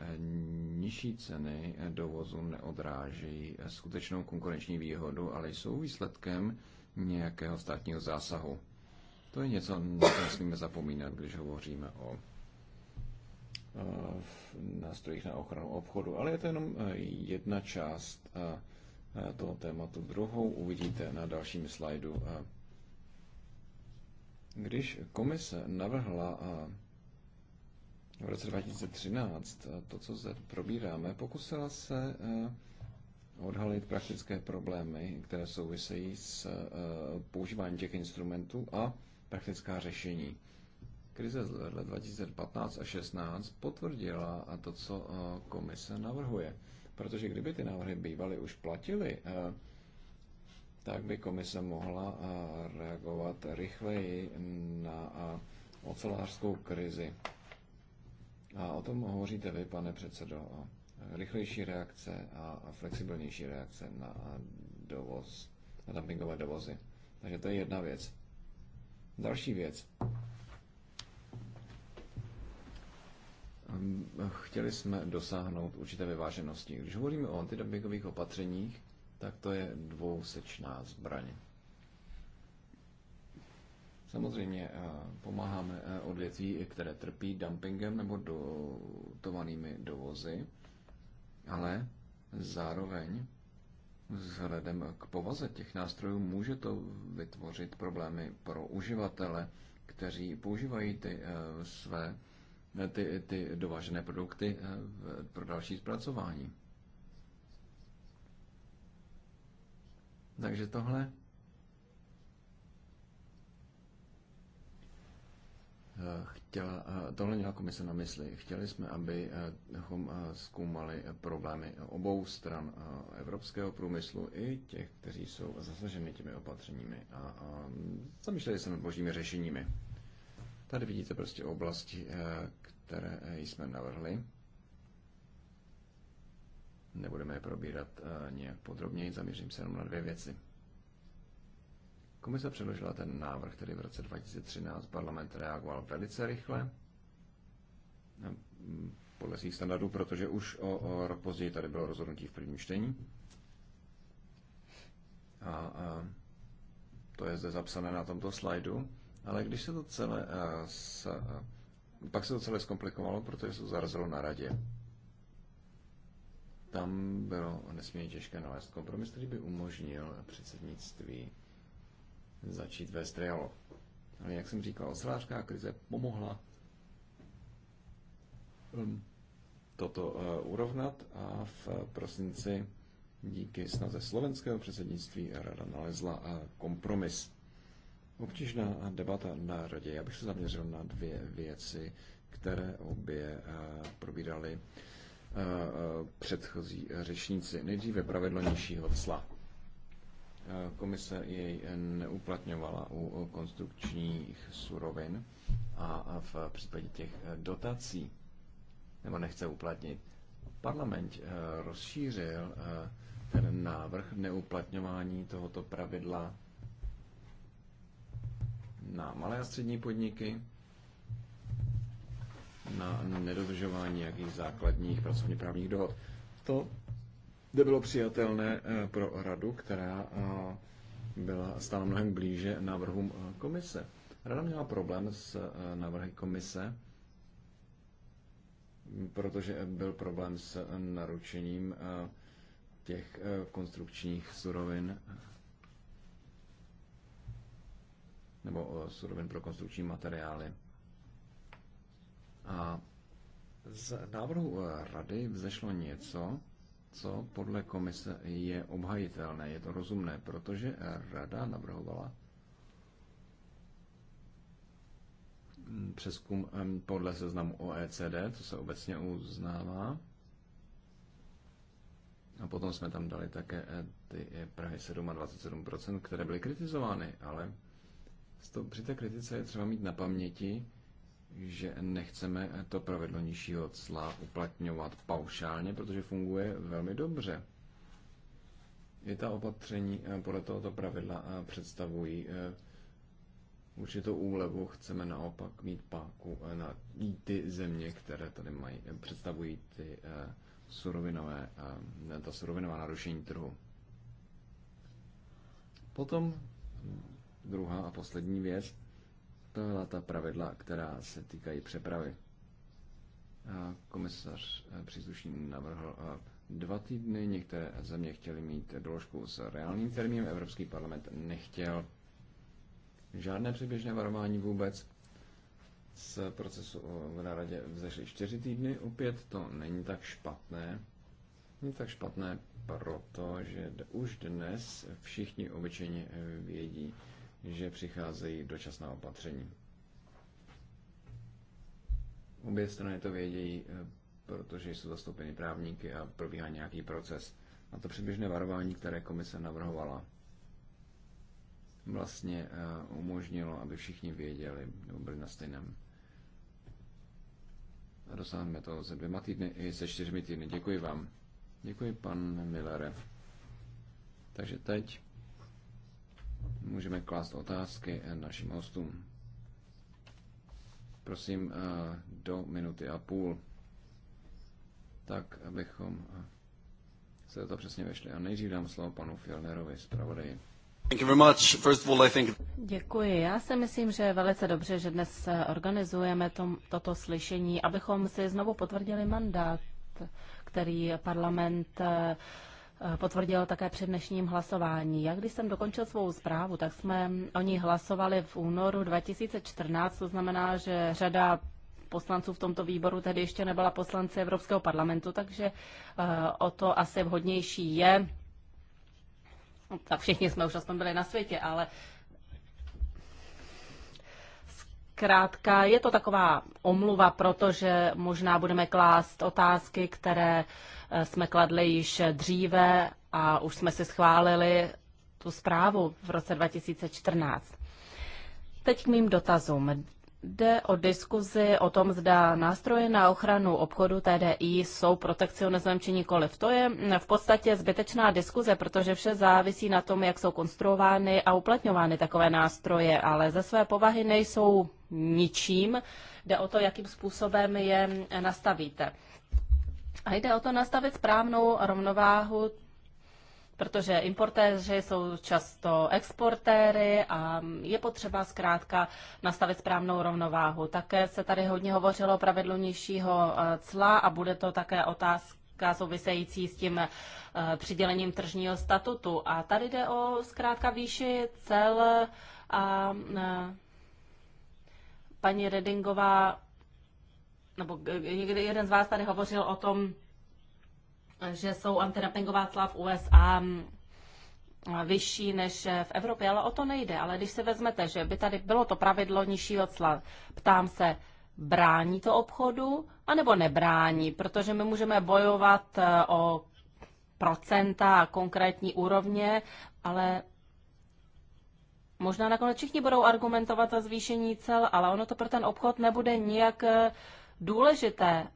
nižší ceny dovozu neodrážejí skutečnou konkurenční výhodu, ale jsou výsledkem nějakého státního zásahu. To je něco, na co nesmíme zapomínat, když hovoříme o eh, nástrojích na ochranu obchodu. Ale je to jenom eh, jedna část eh, toho tématu. Druhou uvidíte na dalším slajdu. Když komise navrhla v roce 2013 to, co zde probíráme, pokusila se e, odhalit praktické problémy, které souvisejí s e, používáním těch instrumentů a praktická řešení. Krize z 2015 a 16 potvrdila to, co e, komise navrhuje. Protože kdyby ty návrhy bývaly už platily, tak by komise mohla eh, reagovat rychleji na eh, ocelářskou krizi. A o tom hovoříte vy, pane předsedo, o rychlejší reakce a flexibilnější reakce na eh, dovoz, na dumpingové dovozy. Takže to je jedna věc. Další věc. Ehm, chtěli jsme dosáhnout určité vyváženosti. Když hovoříme o antidumpingových opatřeních, tak to je dvousečná zbraň. Samozřejmě eh, pomáháme eh, odvětví, které trpí dumpingem nebo dotovanými dovozy, ale zároveň vzhledem k povaze těch nástrojů může to vytvořit problémy pro uživatele, kteří používají ty eh, své ty, ty dovažené produkty pro další zpracování. Takže tohle eh, chtěla, eh, tohle měla komise na mysli. Chtěli jsme, eh, abychom zkoumali problémy obou stran evropského průmyslu i těch, kteří jsou zasaženi těmi opatřeními a zamýšleli se nad božími řešeními. Tady vidíte prostě oblasti, které jsme navrhli nebudeme je probírat eh, nějak podrobněji, zaměřím se jenom na dvě věci. Komise předložila ten návrh, který v roce 2013 parlament reagoval velice rychle eh, podle svých standardů, protože už o, o rok později tady bylo rozhodnutí v prvním čtení. A, a to je zde zapsané na tomto slajdu. Ale když se to celé, a, eh, s, a, pak se to celé zkomplikovalo, protože se to zarazilo na radě tam bylo nesmírně těžké nalézt kompromis, který by umožnil předsednictví začít vést trialog. Ale jak jsem říkal, ocelářská krize pomohla um, toto uh, urovnat a v prosinci díky snaze slovenského předsednictví rada nalezla uh, kompromis. Obtížná debata na radě. Já bych se zaměřil na dvě věci, které obě uh, probírali. Eh, eh, předchozí řečníci. Nejdříve pravidlo nižšího cla. Eh, komise jej neuplatňovala u konstrukčních surovin a v případě těch dotací, nebo nechce uplatnit. Parlament rozšířil ten návrh neuplatňování tohoto pravidla na malé a střední podniky, na nedodržování nějakých základních pracovně právních dohod. To nebylo přijatelné eh, pro radu, která eh, byla stále mnohem blíže návrhům eh, komise. Rada měla problém s návrhy komise, protože byl problém s naručením těch konstrukčních surovin nebo surovin pro konstrukční materiály. A z návrhu eh, rady vzešlo něco, co podle komise je obhajitelné, je to rozumné, protože rada navrhovala přeskum podle seznamu OECD, co se obecně uznává. A potom jsme tam dali také eh, ty eh, Prahy a 27%, které byly kritizovány, ale při té kritice je třeba mít na paměti, že nechceme to pravidlo nižšího cla uplatňovat paušálně, protože funguje velmi dobře. I ta opatření eh, podle tohoto pravidla eh, představují eh, určitou úlevu. Chceme naopak mít páku na ty země, které tady mají, představují ty surovinové, ta surovinová narušení trhu. Potom druhá a poslední věc, nastavila ta pravidla, která se týkají přepravy. A komisař eh, příslušný navrhl eh, dva týdny, některé země chtěly mít doložku s reálným termínem, Evropský parlament nechtěl žádné předběžné varování vůbec. Z procesu eh, v náradě vzešly čtyři týdny, opět to není tak špatné. Není tak špatné, protože už dnes všichni obyčejně vědí, že přicházejí dočasná opatření. Obě strany to vědějí, eh, protože jsou zastoupeny právníky a probíhá nějaký proces. A to předběžné varování, které komise navrhovala, vlastně eh, umožnilo, aby všichni věděli, nebo byli na stejném. dosáhneme to ze dvěma týdny i se čtyřmi týdny. Děkuji vám. Děkuji, pan Millere. Takže teď Můžeme klást otázky eh, našim hostům. Prosím eh, do minuty a půl, tak abychom eh, se to přesně vešli. A nejdřív dám slovo panu Fjellnerovi, zpravodaji. Děkuji. Já si myslím, že je velice dobře, že dnes organizujeme tom, toto slyšení, abychom si znovu potvrdili mandát, který parlament uh, potvrdil také při dnešním hlasování. Jak když jsem dokončil svou zprávu, tak jsme o ní hlasovali v únoru 2014, to znamená, že řada poslanců v tomto výboru tedy ještě nebyla poslanci Evropského parlamentu, takže eh, o to asi vhodnější je. Tak všichni jsme už aspoň byli na světě, ale Krátka, je to taková omluva, protože možná budeme klást otázky, které uh, jsme kladli již dříve a už jsme si schválili tu zprávu v roce 2014. Teď k mým dotazům. Jde o diskuzi o tom, zda nástroje na ochranu obchodu TDI jsou protekcionismem či nikoliv. To je v podstatě zbytečná diskuze, protože vše závisí na tom, jak jsou konstruovány a uplatňovány takové nástroje, ale ze své povahy nejsou ničím. Jde o to, jakým způsobem je nastavíte. A jde o to nastavit správnou rovnováhu, protože importéři jsou často exportéry a je potřeba zkrátka nastavit správnou rovnováhu. Také se tady hodně hovořilo o pravidlu nižšího eh, cla a bude to také otázka související s tím eh, přidělením tržního statutu. A tady jde o zkrátka výši cel a eh, paní Redingová nebo někdy jeden z vás tady hovořil o tom, že jsou antidumpingová cla v USA mm, vyšší než v Evropě, ale o to nejde. Ale když si vezmete, že by tady bylo to pravidlo nižšího cla, ptám se, brání to obchodu, anebo nebrání, protože my můžeme bojovat eh, o procenta a konkrétní úrovně, ale možná nakonec všichni budou argumentovat za zvýšení cel, ale ono to pro ten obchod nebude nijak eh, důležité,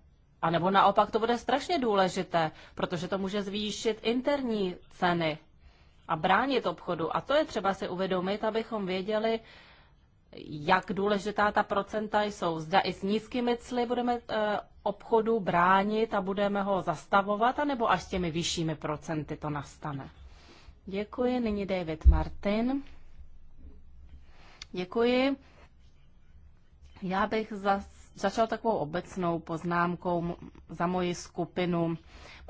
anebo naopak to bude strašně důležité, protože to může zvýšit interní ceny a bránit obchodu. A to je třeba si uvědomit, abychom věděli, jak důležitá ta procenta jsou. Zda i s nízkými cly budeme eh, obchodu bránit a budeme ho zastavovat, anebo až s těmi vyššími procenty to nastane. Děkuji. Nyní David Martin. Děkuji. Já bych zase začal takovou obecnou poznámkou za moji skupinu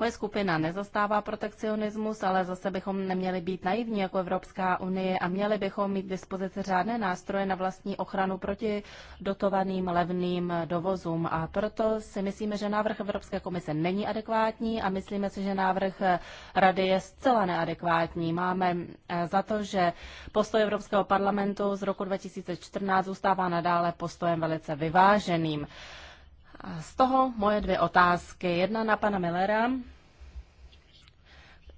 Moje skupina nezastává protekcionismus, ale zase bychom neměli být naivní jako Evropská unie a měli bychom mít k dispozici řádné nástroje na vlastní ochranu proti dotovaným levným dovozům. A proto si myslíme, že návrh Evropské komise není adekvátní a myslíme si, že návrh Rady je zcela neadekvátní. Máme eh, za to, že postoj Evropského parlamentu z roku 2014 zůstává nadále postojem velice vyváženým. Z toho moje dvě otázky. Jedna na pana Millera.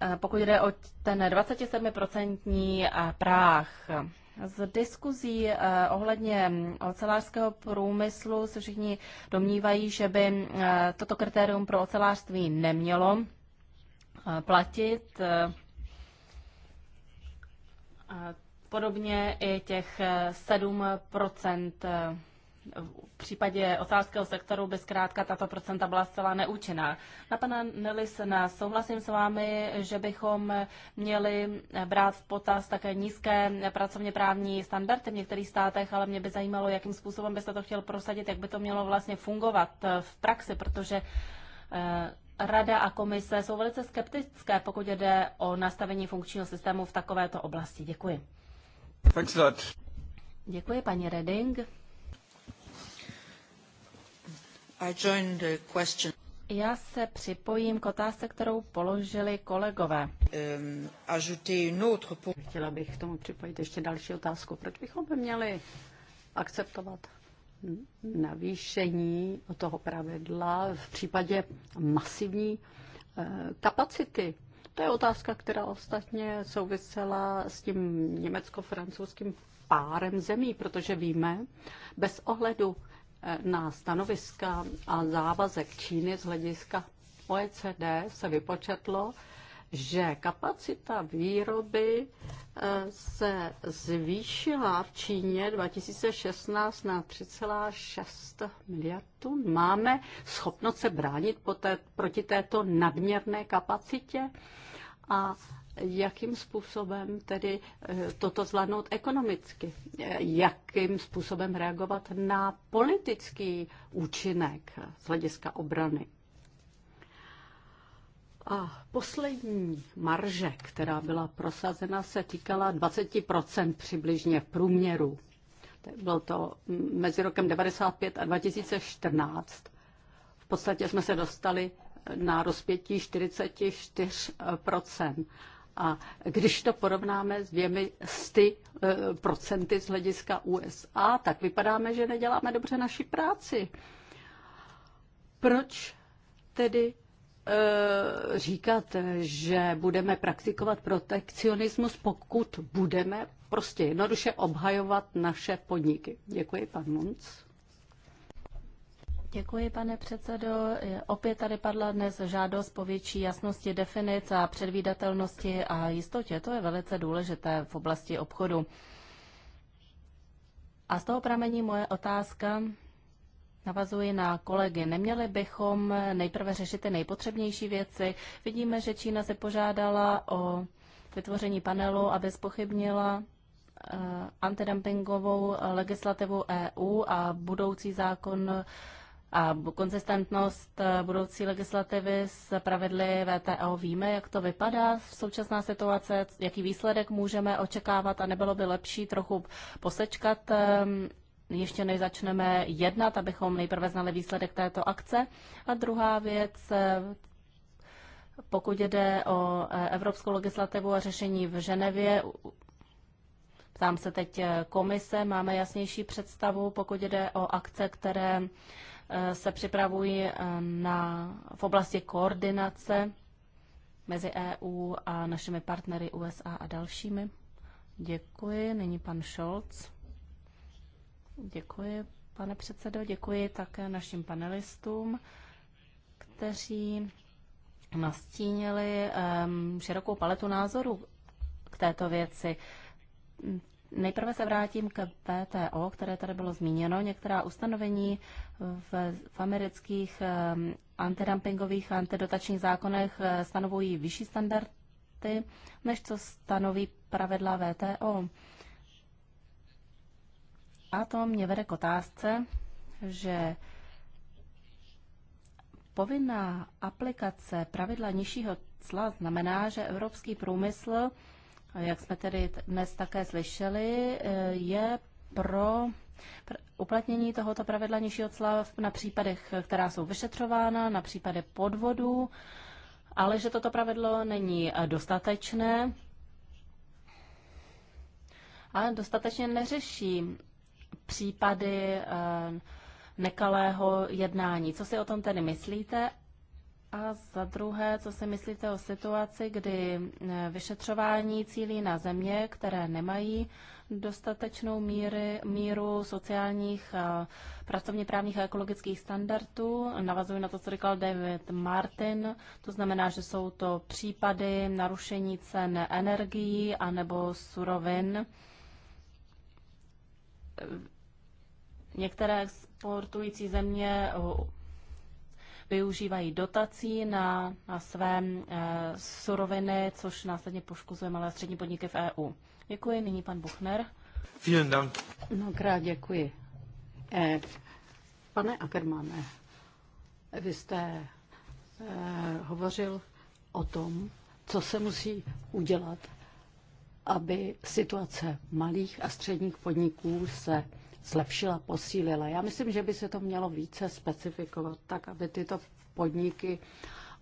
Eh, pokud jde o ten 27% eh, práh. Z diskuzí eh, ohledně ocelářského průmyslu se všichni domnívají, že by toto kritérium pro ocelářství nemělo platit. Podobně i těch 7 v případě otázkého sektoru by zkrátka tato procenta byla zcela neúčinná. Na pana Nelisena, souhlasím s vámi, že bychom měli brát v potaz také nízké pracovně právní standardy v některých státech, ale mě by zajímalo, jakým způsobem byste to chtěl prosadit, jak by to mělo vlastně fungovat eh, v praxi, protože eh, Rada a komise jsou velice skeptické, pokud jde o nastavení funkčního systému v takovéto oblasti. Děkuji. Thanks a lot. Děkuji, paní Reding. Já se připojím k otázce, kterou položili kolegové. Um, Chtěla bych k tomu připojit ještě další otázku. Proč bychom by měli akceptovat navýšení toho pravidla v případě masivní eh, kapacity? To je otázka, která ostatně souvisela s tím německo-francouzským párem zemí, protože víme, bez ohledu na stanoviska a závazek Číny z hlediska OECD se vypočetlo, že kapacita výroby e, se zvýšila v Číně 2016 na 3,6 miliardů. tun. Máme schopnost se bránit poté, proti této nadměrné kapacitě a jakým způsobem tedy eh, toto zvládnout ekonomicky, jakým způsobem reagovat na politický účinek z hlediska obrany. A poslední marže, která byla prosazena, se týkala 20% přibližně v průměru. Bylo to mezi rokem 95 a 2014. V podstatě jsme se dostali na rozpětí 44%. A když to porovnáme s dvěmi sty e, procenty z hlediska USA, tak vypadáme, že neděláme dobře naši práci. Proč tedy e, říkat, že budeme praktikovat protekcionismus, pokud budeme prostě jednoduše obhajovat naše podniky. Děkuji, pan Munc. Děkuji, pane předsedo. Opět tady padla dnes žádost po větší jasnosti definic a předvídatelnosti a jistotě. To je velice důležité v oblasti obchodu. A z toho pramení moje otázka. Navazuji na kolegy. Neměli bychom nejprve řešit ty nejpotřebnější věci. Vidíme, že Čína se požádala o vytvoření panelu, aby spochybnila eh, antidumpingovou legislativu EU a budoucí zákon a konzistentnost eh, budoucí legislativy s pravidly VTO. Víme, jak to vypadá v současná situace, jaký výsledek můžeme očekávat a nebylo by lepší trochu posečkat ehm, ještě než začneme jednat, abychom nejprve znali výsledek této akce. A druhá věc, eh, pokud jde o eh, evropskou legislativu a řešení v Ženevě, ptám se teď komise, máme jasnější představu, pokud jde o akce, které Eh, se připravují eh, na, v oblasti koordinace mezi EU a našimi partnery USA a dalšími. Děkuji. Nyní pan Scholz. Děkuji, pane předsedo. Děkuji také našim panelistům, kteří nastínili um, širokou paletu názorů k této věci. Nejprve se vrátím k VTO, které tady bylo zmíněno. Některá ustanovení v, v amerických antidumpingových a antidotačních zákonech eh, stanovují vyšší standardy, než co stanoví pravidla VTO. A to mě vede k otázce, že povinná aplikace pravidla nižšího cla znamená, že evropský průmysl jak jsme tedy dnes také slyšeli, eh, je pro uplatnění tohoto pravidla nižšího cla na případech, která jsou vyšetřována, na případy podvodů, ale že toto pravidlo není eh, dostatečné a dostatečně neřeší případy eh, nekalého jednání. Co si o tom tedy myslíte a za druhé, co si myslíte o situaci, kdy eh, vyšetřování cílí na země, které nemají dostatečnou míry, míru sociálních, pracovně právních a ekologických standardů. Navazuji na to, co říkal David Martin. To znamená, že jsou to případy narušení cen energií anebo surovin. Eh, některé exportující země eh, využívají dotací na, na své eh, suroviny, což následně poškozuje malé a střední podniky v EU. Děkuji, nyní pan Buchner. Vielen Dank. krát děkuji. Eh, pane Ackermane, vy jste eh, hovořil o tom, co se musí udělat, aby situace malých a středních podniků se zlepšila, posílila. Já myslím, že by se to mělo více specifikovat, tak aby tyto podniky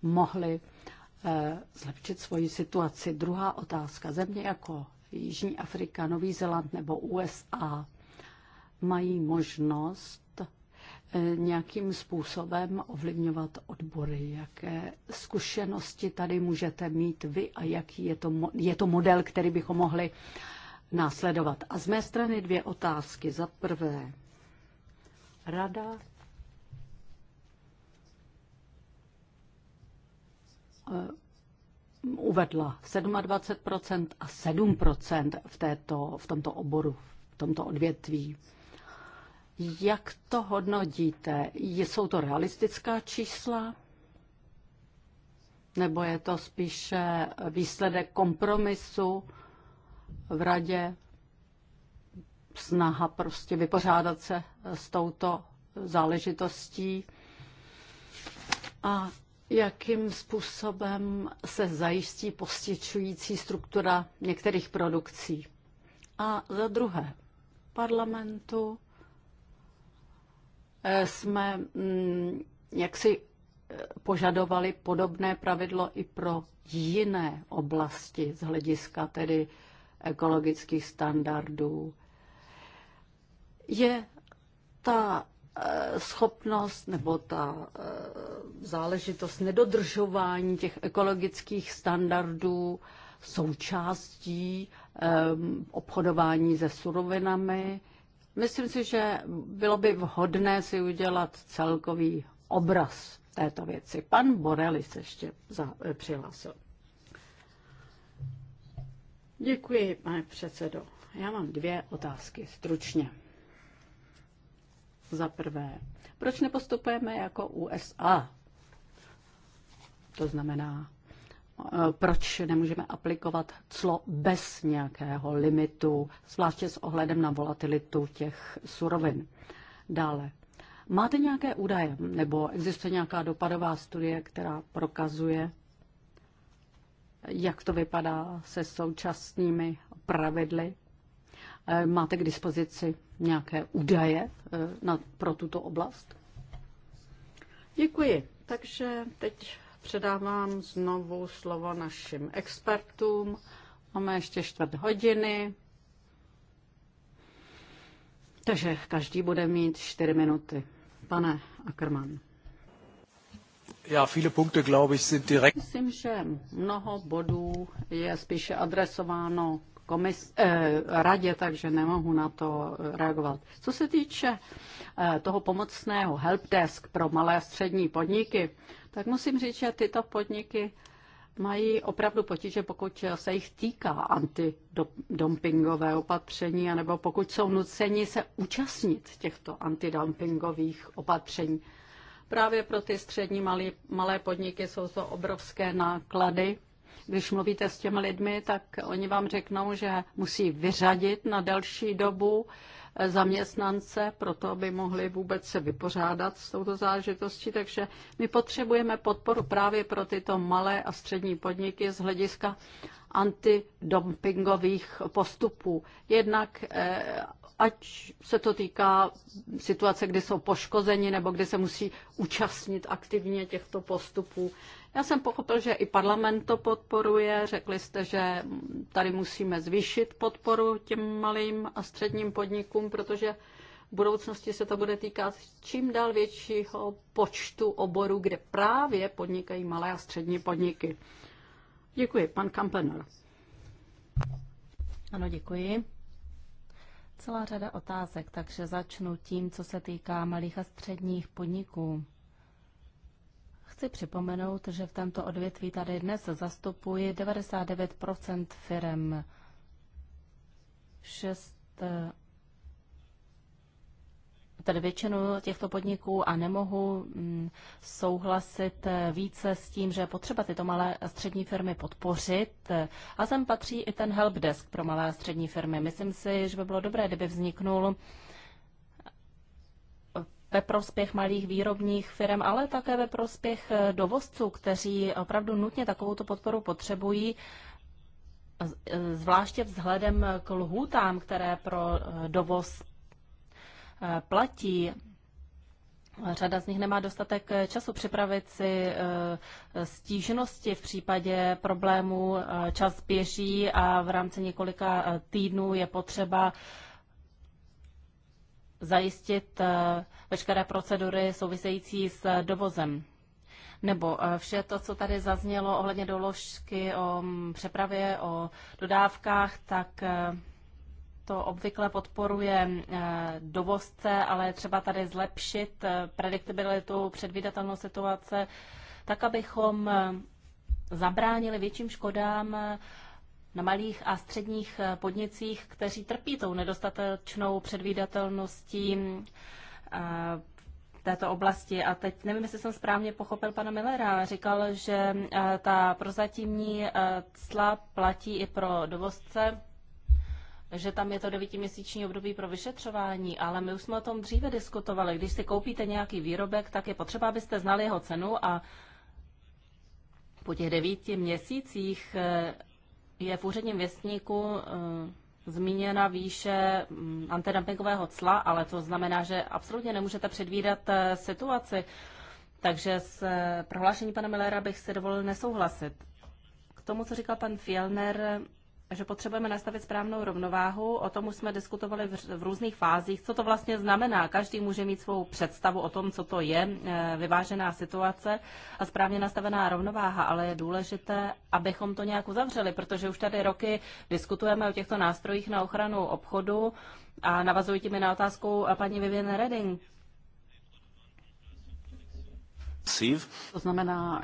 mohly eh, zlepšit svoji situaci. Druhá otázka. Země jako Jižní Afrika, Nový Zéland nebo USA mají možnost eh, nějakým způsobem ovlivňovat odbory. Jaké zkušenosti tady můžete mít vy a jaký je to, je to model, který bychom mohli uh, následovat. A z mé strany dvě otázky. Za prvé, rada eh, uvedla 27% a 7% v, této, v tomto oboru, v tomto odvětví. Jak to hodnotíte? Jsou to realistická čísla? Nebo je to spíše výsledek kompromisu v radě snaha prostě vypořádat se s touto záležitostí a jakým způsobem se zajistí postičující struktura některých produkcí. A za druhé, parlamentu eh, jsme mm, jaksi eh, požadovali podobné pravidlo i pro jiné oblasti z hlediska tedy ekologických standardů, je ta eh, schopnost nebo ta eh, záležitost nedodržování těch ekologických standardů součástí eh, obchodování se surovinami. Myslím si, že bylo by vhodné si udělat celkový obraz této věci. Pan Borelis ještě přihlásil. Děkuji, pane předsedo. Já mám dvě otázky, stručně. Za prvé, proč nepostupujeme jako USA? To znamená, eh, proč nemůžeme aplikovat clo bez nějakého limitu, zvláště s ohledem na volatilitu těch surovin. Dále, máte nějaké údaje nebo existuje nějaká dopadová studie, která prokazuje, jak to vypadá se současnými pravidly. Eh, máte k dispozici nějaké údaje eh, na, pro tuto oblast? Děkuji. Takže teď předávám znovu slovo našim expertům. Máme ještě čtvrt hodiny. Takže každý bude mít čtyři minuty. Pane Ackermann. Já, viele glaube ich, sind direkt. Myslím, že mnoho bodů je spíše adresováno komis, eh, radě, takže nemohu na to reagovat. Co se týče eh, toho pomocného helpdesk pro malé a střední podniky, tak musím říct, že tyto podniky mají opravdu potíže, pokud se jich týká antidumpingové opatření, anebo pokud jsou nuceni se účastnit těchto antidumpingových opatření. Právě pro ty střední malý, malé podniky jsou to obrovské náklady. Když mluvíte s těmi lidmi, tak oni vám řeknou, že musí vyřadit na delší dobu eh, zaměstnance, proto aby mohli vůbec se vypořádat s touto zážitostí. Takže my potřebujeme podporu právě pro tyto malé a střední podniky z hlediska antidumpingových postupů. Jednak eh, ať se to týká situace, kdy jsou poškozeni nebo kdy se musí účastnit aktivně těchto postupů. Já jsem pochopil, že i parlament to podporuje. Řekli jste, že tady musíme zvýšit podporu těm malým a středním podnikům, protože v budoucnosti se to bude týkat čím dál většího počtu oborů, kde právě podnikají malé a střední podniky. Děkuji, pan Kampenor. Ano, děkuji celá řada otázek, takže začnu tím, co se týká malých a středních podniků. Chci připomenout, že v tomto odvětví tady dnes zastupuji 99 firm. 6 tedy většinu těchto podniků a nemohu mm, souhlasit eh, více s tím, že je potřeba tyto malé a střední firmy podpořit. A sem patří i ten helpdesk pro malé a střední firmy. Myslím si, že by bylo dobré, kdyby vzniknul ve prospěch malých výrobních firm, ale také ve prospěch eh, dovozců, kteří opravdu nutně takovou podporu potřebují, eh, zvláště vzhledem k lhůtám, které pro dovoz platí. Řada z nich nemá dostatek času připravit si eh, stížnosti v případě problémů. Eh, čas běží a v rámci několika eh, týdnů je potřeba zajistit veškeré procedury související s dovozem. Nebo vše to, co tady zaznělo ohledně doložky o mm, přepravě, o dodávkách, tak to obvykle podporuje eh, dovozce, ale je třeba tady zlepšit eh, prediktibilitu, předvídatelnou situace, tak abychom eh, zabránili větším škodám na malých a středních podnicích, kteří trpí tou nedostatečnou předvídatelností této oblasti. A teď nevím, jestli jsem správně pochopil pana Millera. Říkal, že ta prozatímní cla platí i pro dovozce že tam je to devítiměsíční období pro vyšetřování, ale my už jsme o tom dříve diskutovali. Když si koupíte nějaký výrobek, tak je potřeba, abyste znali jeho cenu a po těch devíti měsících eh, je v úředním věstníku eh, zmíněna výše mm, antidumpingového cla, ale to znamená, že absolutně nemůžete předvídat eh, situaci. Takže s prohlášení pana Millera bych si dovolil nesouhlasit. K tomu, co říkal pan Fielner, že potřebujeme nastavit správnou rovnováhu. O tom už jsme diskutovali v, v různých fázích, co to vlastně znamená. Každý může mít svou představu o tom, co to je eh, vyvážená situace a správně nastavená rovnováha, ale je důležité, abychom to nějak uzavřeli, protože už tady roky diskutujeme o těchto nástrojích na ochranu obchodu a navazují tím na otázku eh, paní Vivian Redding. To znamená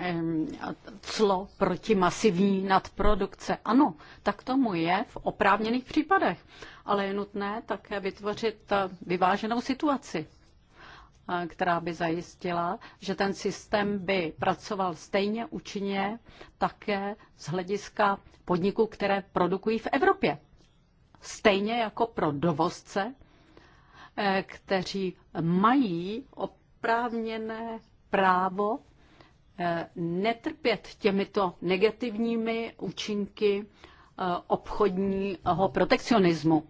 clo proti masivní nadprodukce. Ano, tak tomu je v oprávněných případech, ale je nutné také vytvořit eh, vyváženou situaci eh, která by zajistila, že ten systém by pracoval stejně účinně také z hlediska podniků, které produkují v Evropě. Stejně jako pro dovozce, eh, kteří mají oprávněné právo eh, netrpět těmito negativními účinky eh, obchodního protekcionismu.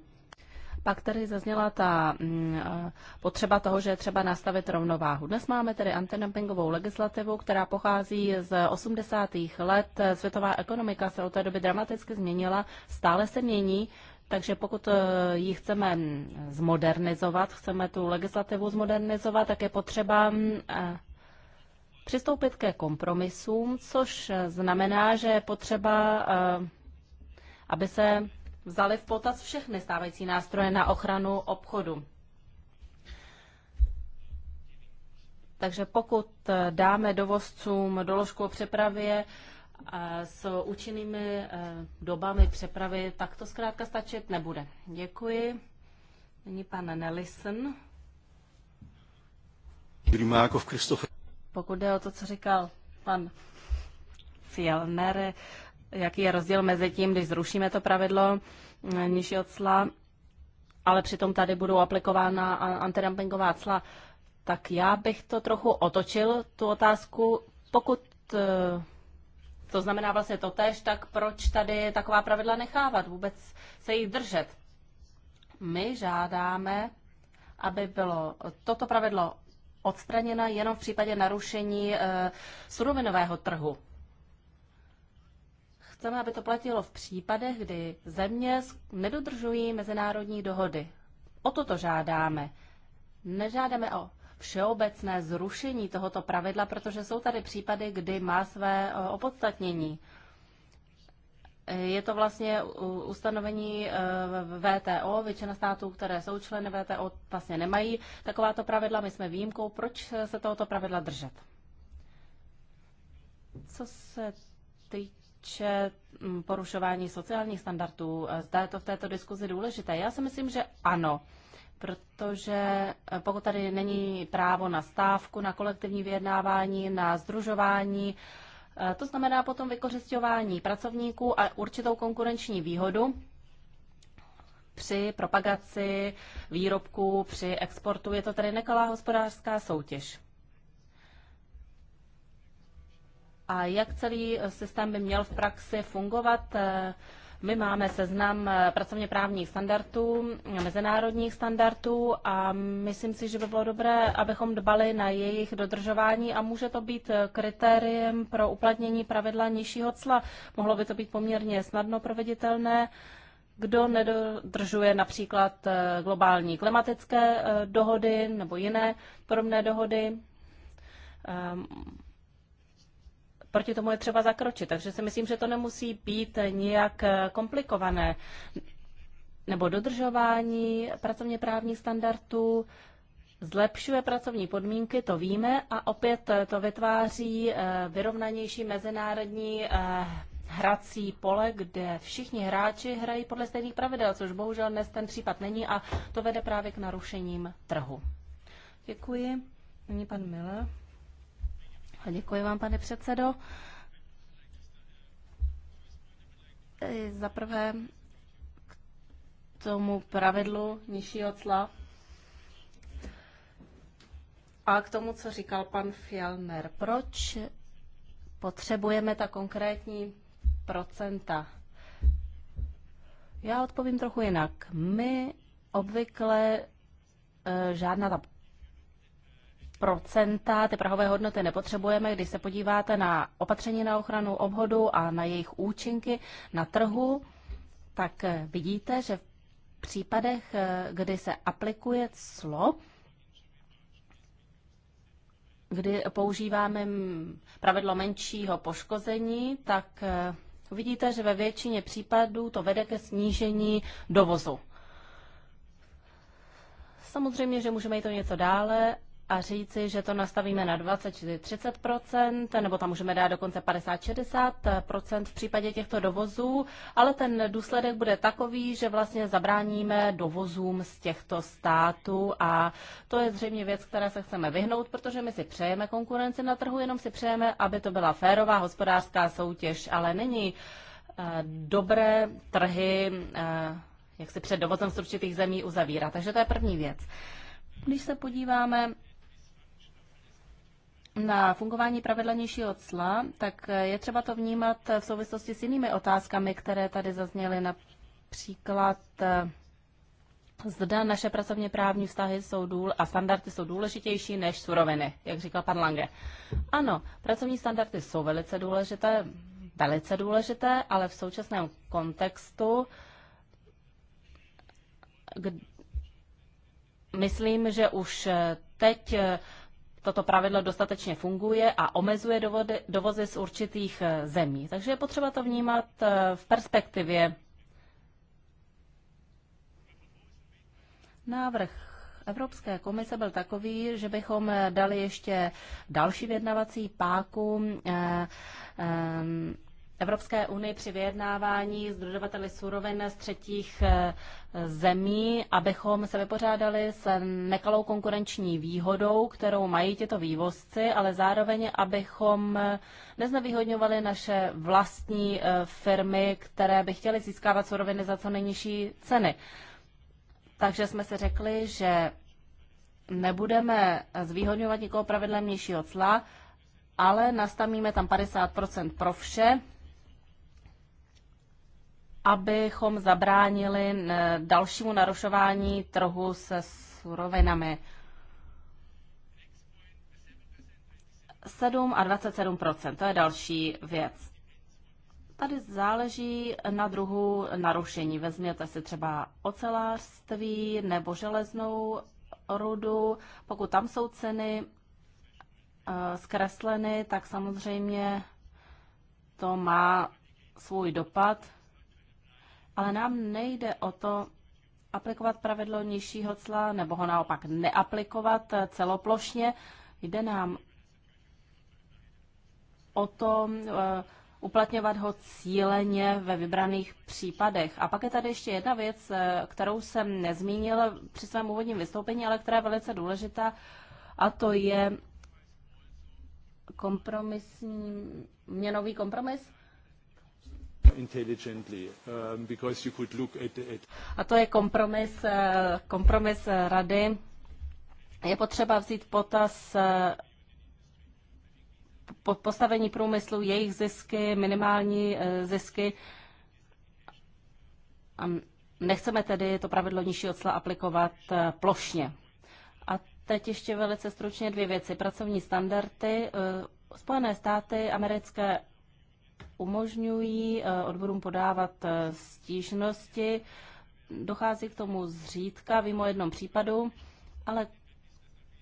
Pak tady zazněla ta mm, eh, potřeba toho, že je třeba nastavit rovnováhu. Dnes máme tedy antidumpingovou legislativu, která pochází z 80. let. Světová ekonomika se od té doby dramaticky změnila, stále se mění. Takže pokud ji chceme mm, zmodernizovat, chceme tu legislativu zmodernizovat, tak je potřeba mm, přistoupit ke kompromisům, což znamená, že je potřeba, eh, aby se vzali v potaz všechny stávající nástroje na ochranu obchodu. Takže pokud eh, dáme dovozcům doložku o přepravě eh, s účinnými dobami přepravy, tak to zkrátka stačit nebude. Děkuji. Nyní pan Nelison. Grimákov jako Kristofer. Pokud jde o to, co říkal pan Fjellner, jaký je rozdíl mezi tím, když zrušíme to pravidlo eh, nižšího cla, ale přitom tady budou aplikována antidumpingová cla, tak já bych to trochu otočil, tu otázku. Pokud eh, to znamená vlastně to tež, tak proč tady taková pravidla nechávat, vůbec se jich držet? My žádáme, aby bylo toto pravidlo odstraněna jenom v případě narušení eh, surovinového trhu. Chceme, aby to platilo v případech, kdy země nedodržují mezinárodní dohody. O toto žádáme. Nežádáme o všeobecné zrušení tohoto pravidla, protože jsou tady případy, kdy má své eh, opodstatnění. Je to vlastně ustanovení eh, VTO, většina států, které jsou členy VTO, vlastně nemají takováto pravidla, my jsme výjimkou. Proč se tohoto pravidla držet? Co se týče mm, porušování sociálních standardů, eh, zda je to v této diskuzi důležité? Já si myslím, že ano protože eh, pokud tady není právo na stávku, na kolektivní vyjednávání, na združování, E, to znamená potom vykořišťování pracovníků a určitou konkurenční výhodu při propagaci výrobků, při exportu. Je to tedy nekalá hospodářská soutěž. A jak celý systém by měl v praxi fungovat, e, my máme seznam eh, pracovně právních standardů, mezinárodních standardů a myslím si, že by bylo dobré, abychom dbali na jejich dodržování a může to být eh, kritériem pro uplatnění pravidla nižšího cla. Mohlo by to být poměrně snadno proveditelné kdo nedodržuje například eh, globální klimatické dohody nebo jiné podobné dohody. Ehm, proti tomu je třeba zakročit. Takže si myslím, že to nemusí být nijak eh, komplikované. Nebo dodržování pracovně právních standardů zlepšuje pracovní podmínky, to víme, a opět eh, to vytváří eh, vyrovnanější mezinárodní hrací pole, kde všichni hráči hrají podle stejných pravidel, což bohužel dnes ten případ není a to vede právě k narušením trhu. Děkuji. Nyní pan Miller. Děkuji vám, pane předsedo. E, za prvé k tomu pravidlu nižšího cla a k tomu, co říkal pan Fjellner. Proč potřebujeme ta konkrétní procenta? Já odpovím trochu jinak. My obvykle e, žádná ta procenta, ty prahové hodnoty nepotřebujeme. Když se podíváte na opatření na ochranu obhodu a na jejich účinky na trhu, tak eh, vidíte, že v případech, eh, kdy se aplikuje clo, kdy používáme pravidlo menšího poškození, tak eh, vidíte, že ve většině případů to vede ke snížení dovozu. Samozřejmě, že můžeme jít to něco dále, a říci, že to nastavíme na 20-30%, nebo tam můžeme dát dokonce 50-60% v případě těchto dovozů, ale ten důsledek bude takový, že vlastně zabráníme dovozům z těchto států a to je zřejmě věc, které se chceme vyhnout, protože my si přejeme konkurenci na trhu, jenom si přejeme, aby to byla férová hospodářská soutěž, ale není eh, dobré trhy eh, jak si před dovozem z určitých zemí uzavírá. Takže to je první věc. Když se podíváme na fungování pravidelnějšího cla, tak je třeba to vnímat v souvislosti s jinými otázkami, které tady zazněly, například eh, Zda naše pracovně právní vztahy jsou důl a standardy jsou důležitější než suroviny, jak říkal pan Lange. Ano, pracovní standardy jsou velice důležité, velice důležité, ale v současném kontextu myslím, že už eh, teď eh, toto pravidlo dostatečně funguje a omezuje dovody, dovozy z určitých eh, zemí. Takže je potřeba to vnímat eh, v perspektivě. Návrh Evropské komise byl takový, že bychom eh, dali ještě další vědnavací páku Evropské unii při vyjednávání s dodavateli surovin z třetích eh, zemí, abychom se vypořádali s nekalou konkurenční výhodou, kterou mají těto vývozci, ale zároveň, abychom eh, neznevýhodňovali naše vlastní eh, firmy, které by chtěly získávat suroviny za co nejnižší ceny. Takže jsme se řekli, že nebudeme zvýhodňovat nikoho pravidlem nižšího cla, ale nastavíme tam 50% pro vše, abychom zabránili eh, dalšímu narušování trhu se surovinami. 7 a 27 to je další věc. Tady záleží na druhu narušení. Vezměte si třeba ocelářství nebo železnou rudu. Pokud tam jsou ceny eh, zkresleny, tak samozřejmě to má svůj dopad ale nám nejde o to aplikovat pravidlo nižšího cla nebo ho naopak neaplikovat celoplošně. Jde nám o to eh, uplatňovat ho cíleně ve vybraných případech. A pak je tady ještě jedna věc, eh, kterou jsem nezmínil při svém úvodním vystoupení, ale která je velice důležitá, a to je kompromisní, měnový kompromis. Um, A to je kompromis, eh, kompromis rady. Je potřeba vzít potaz eh, postavení průmyslu, jejich zisky, minimální eh, zisky. A nechceme tedy to pravidlo nižšího odsla aplikovat plošně. A teď ještě velice stručně dvě věci. Pracovní standardy. Spojené státy americké umožňují eh, odborům podávat eh, stížnosti. Dochází k tomu zřídka, vím o jednom případu, ale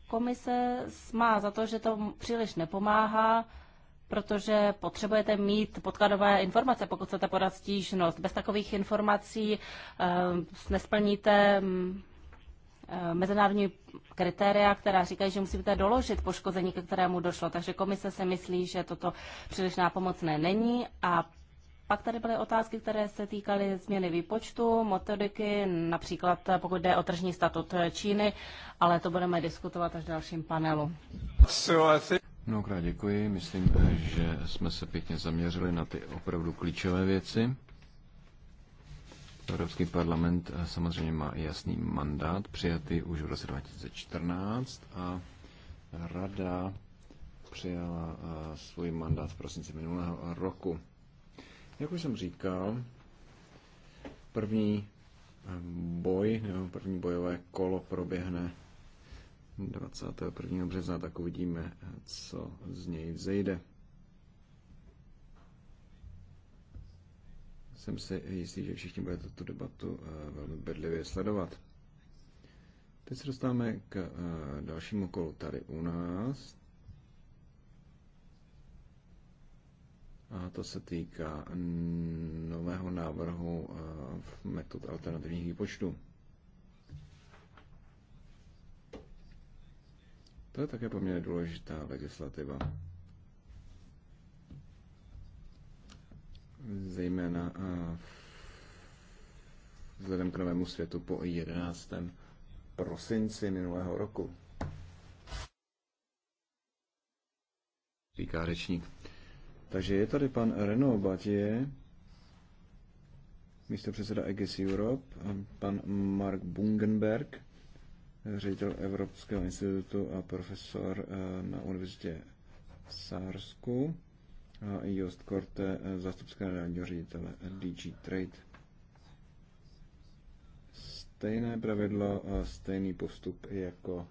komise má za to, že to příliš nepomáhá, protože potřebujete mít podkladové informace, pokud chcete podat stížnost. Bez takových informací eh, nesplníte mm, Eh, mezinárodní kritéria, která říkají, že musíte doložit poškození, ke kterému došlo. Takže komise se myslí, že toto příliš nápomocné není a pak tady byly otázky, které se týkaly změny výpočtu, metodiky, například pokud jde o tržní statut Číny, ale to budeme diskutovat až v dalším panelu. Mnohokrát děkuji. Myslím, že jsme se pěkně zaměřili na ty opravdu klíčové věci. Evropský parlament eh, samozřejmě má jasný mandát, přijatý už v roce 2014 a rada přijala eh, svůj mandát v prosinci minulého roku. Jak už jsem říkal, první eh, boj, nebo první bojové kolo proběhne 21. března, tak uvidíme, co z něj vzejde. Jsem si jistý, že všichni budete tu debatu eh, velmi bedlivě sledovat. Teď se dostáváme k eh, dalšímu kolu tady u nás. A to se týká nového návrhu eh, metod alternativních výpočtů. To je také poměrně důležitá legislativa. zejména vzhledem k novému světu po 11. prosinci minulého roku. Říká řečník. Takže je tady pan Renaud Batie, místo předseda EGIS Europe, pan Mark Bungenberg, ředitel Evropského institutu a profesor na univerzitě v Sársku a Jost Korte, eh, zástupce generálního ředitele DG Trade. Stejné pravidlo a stejný postup jako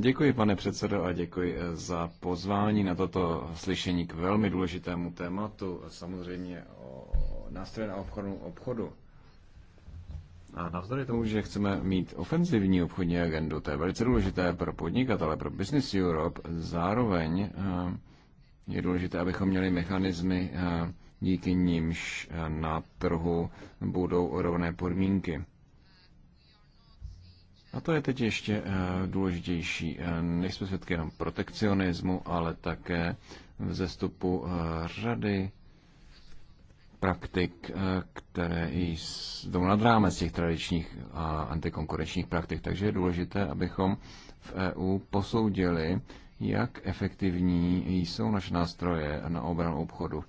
Děkuji, pane předsedo, a děkuji eh, za pozvání na toto slyšení k velmi důležitému tématu, samozřejmě o nástroje na obchodu, obchodu a navzdory tomu, že chceme mít ofenzivní obchodní agendu, to je velice důležité pro podnikatele, pro Business Europe, zároveň eh, je důležité, abychom měli mechanismy, eh, díky nímž eh, na trhu budou rovné podmínky. A to je teď ještě důležitější. Nejsme svědky jenom protekcionismu, ale také vzestupu řady praktik, eh, které jdou nad rámec těch tradičních a antikonkurenčních praktik. Takže je důležité, abychom v EU posoudili, jak efektivní jsou naše nástroje na obranu obchodu,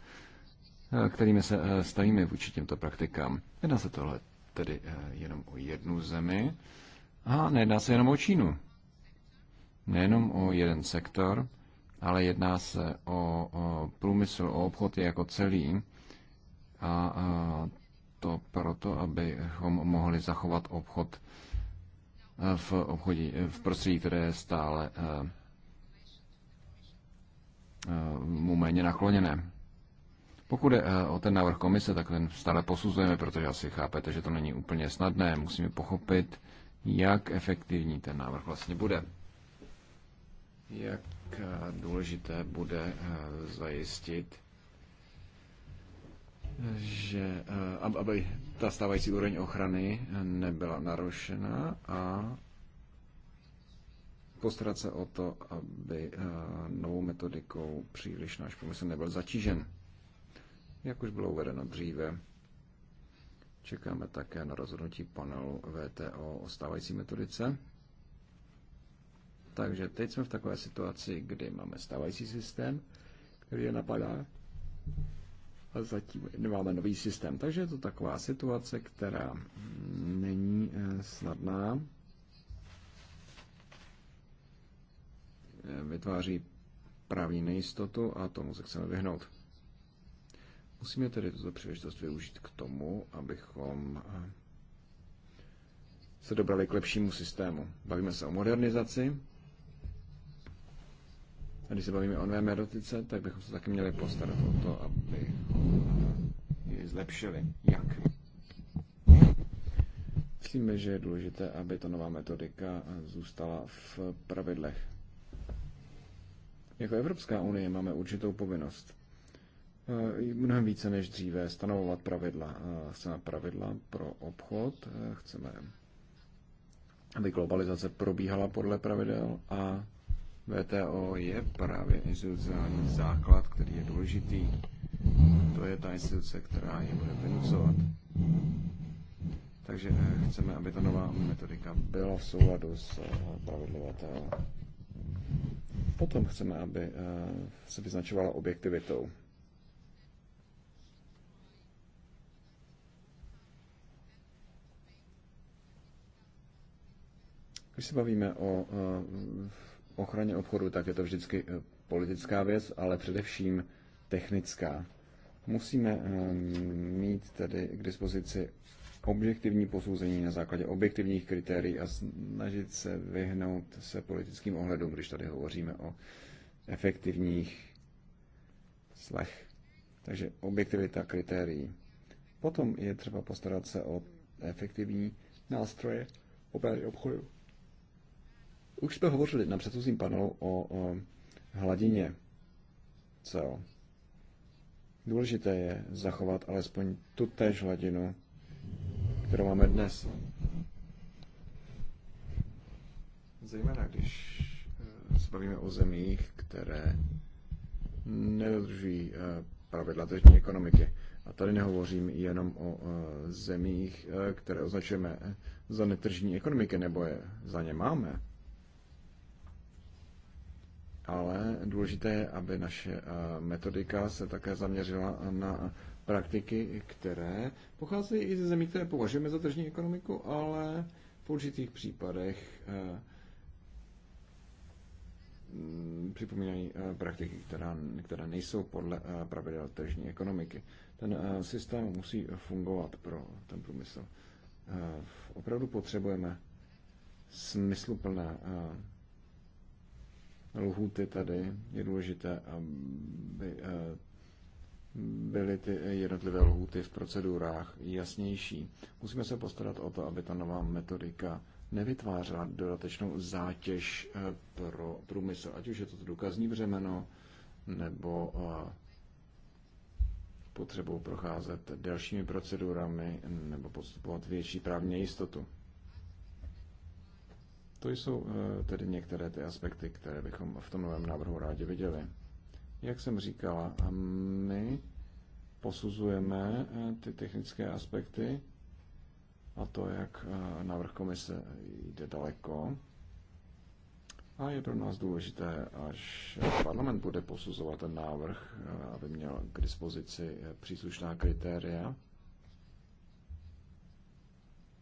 eh, kterými se eh, stavíme vůči těmto praktikám. Jedná se tohle tedy jenom o jednu zemi a nejedná se jenom o Čínu. Nejenom o jeden sektor, ale jedná se o, o průmysl, o obchod jako celý a to proto, abychom mohli zachovat obchod e, v, obchodí, e, v prostředí, které je stále e, mu méně nakloněné. Pokud je o ten návrh komise, tak ten stále posuzujeme, protože asi chápete, že to není úplně snadné. Musíme pochopit, jak efektivní ten návrh vlastně bude. Jak důležité bude zajistit, že eh, aby ta stávající úroveň ochrany eh, nebyla narušena a postarat se o to, aby eh, novou metodikou příliš náš průmysl nebyl zatížen. Jak už bylo uvedeno dříve, čekáme také na rozhodnutí panelu VTO o stávající metodice. Takže teď jsme v takové situaci, kdy máme stávající systém, který je napadá zatím nemáme nový systém. Takže je to taková situace, která není eh, snadná. Eh, vytváří právní nejistotu a tomu se chceme vyhnout. Musíme tedy tuto příležitost využít k tomu, abychom eh, se dobrali k lepšímu systému. Bavíme se o modernizaci, když se bavíme o nové erotice, tak bychom se taky měli postarat o to, aby ji zlepšili. Jak? Myslíme, že je důležité, aby ta nová metodika zůstala v pravidlech. Jako Evropská unie máme určitou povinnost eh, mnohem více než dříve stanovovat pravidla. Eh, chceme pravidla pro obchod, eh, chceme, aby globalizace probíhala podle pravidel a VTO je právě institucionální základ, který je důležitý. To je ta instituce, která je bude vynucovat. Takže eh, chceme, aby ta nová metodika byla v souladu s eh, pravidly VTO. Potom chceme, aby eh, se vyznačovala objektivitou. Když se bavíme o ochraně obchodu, tak je to vždycky eh, politická věc, ale především technická. Musíme eh, mít tedy k dispozici objektivní posouzení na základě objektivních kritérií a snažit se vyhnout se politickým ohledům, když tady hovoříme o efektivních slech. Takže objektivita kritérií. Potom je třeba postarat se o efektivní nástroje obchodu. Už jsme hovořili na předchozím panelu o, o hladině CO. Důležité je zachovat alespoň tu též hladinu, kterou máme dnes. Zejména když eh, se bavíme o zemích, které nedodržují eh, pravidla tržní ekonomiky. A tady nehovořím jenom o eh, zemích, které označujeme za netržní ekonomiky, nebo je za ně máme ale důležité je, aby naše eh, metodika se také zaměřila na praktiky, které pocházejí i ze zemí, které považujeme za tržní ekonomiku, ale v určitých případech eh, připomínají eh, praktiky, která, které nejsou podle pravidel tržní ekonomiky. Ten systém musí fungovat pro ten průmysl. Opravdu potřebujeme smysluplné lhůty tady. Je důležité, aby eh, byly ty jednotlivé lhůty v procedurách jasnější. Musíme se postarat o to, aby ta nová metodika nevytvářela dodatečnou zátěž eh, pro průmysl, ať už je to důkazní břemeno nebo eh, potřebou procházet delšími procedurami nebo postupovat větší právní jistotu. To jsou eh, tedy některé ty aspekty, které bychom v tom novém návrhu rádi viděli. Jak jsem říkala, my posuzujeme eh, ty technické aspekty a to, jak eh, návrh komise jde daleko. A je pro nás důležité, až parlament bude posuzovat ten návrh, aby měl k dispozici příslušná kritéria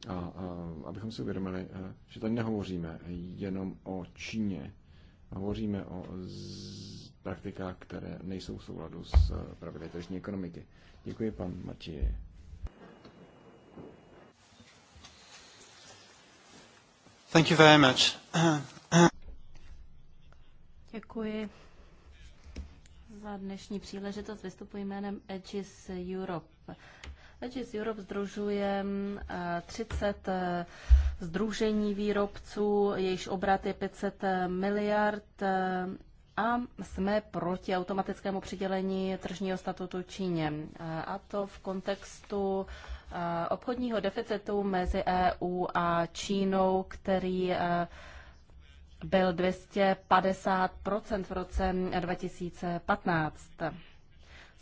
a, a abychom si uvědomili, eh, že tady nehovoříme jenom o Číně, hovoříme o z... praktikách, které nejsou v souladu s eh, pravidly tržní ekonomiky. Děkuji, pan Matěj. Thank you very much. Děkuji za dnešní příležitost. Vystupuji jménem Edges Europe. Veggies Europe združuje 30 eh, eh, združení výrobců, jejichž obrat je 500 eh, miliard a jsme proti automatickému přidělení tržního statutu Číně. A to v kontextu obchodního deficitu mezi EU a Čínou, který byl 250 v roce 2015.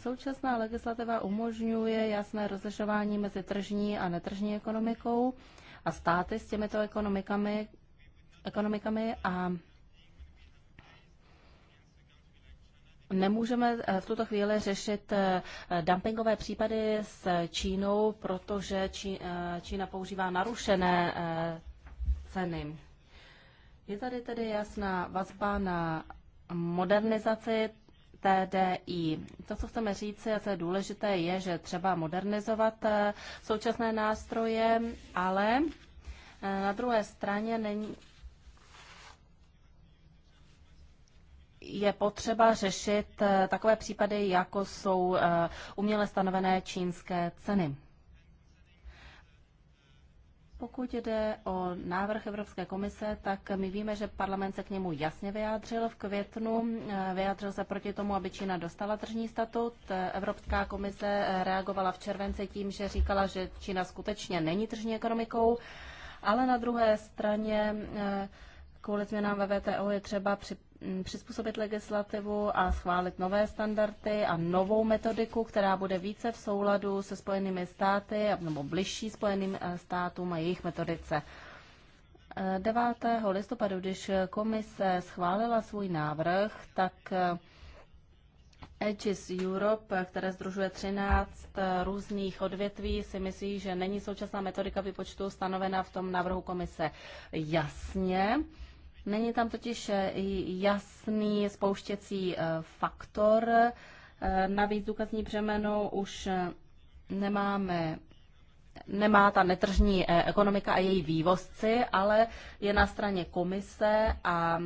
Současná legislativa umožňuje jasné rozlišování mezi tržní a netržní ekonomikou a státy s těmito ekonomikami, ekonomikami a Nemůžeme eh, v tuto chvíli řešit eh, dumpingové případy s Čínou, protože eh, Čína používá narušené ceny. Je tady tedy jasná vazba na modernizaci TDI. To, co chceme říct, a co je důležité, je, že třeba modernizovat eh, současné nástroje, ale eh, na druhé straně není, je potřeba řešit eh, takové případy, jako jsou uměle stanovené čínské ceny. Pokud jde o návrh Evropské komise, tak my víme, že parlament se k němu jasně vyjádřil v květnu. Eh, vyjádřil se proti tomu, aby Čína dostala tržní statut. Eh, Evropská komise eh, reagovala v červenci tím, že říkala, že Čína skutečně není tržní ekonomikou, ale na druhé straně kvůli změnám ve VTO je třeba připravit Mm, přizpůsobit legislativu a schválit nové standardy a novou metodiku, která bude více v souladu se Spojenými státy nebo bližší Spojeným eh, státům a jejich metodice. 9. Eh, listopadu, když komise schválila svůj návrh, tak eh, Edges Europe, které združuje 13 různých odvětví, si myslí, že není současná metodika výpočtu stanovena v tom návrhu komise jasně. Není tam totiž eh, jasný spouštěcí eh, faktor. Eh, navíc důkazní břemeno už nemáme nemá ta netržní ekonomika a její vývozci, ale je na straně komise a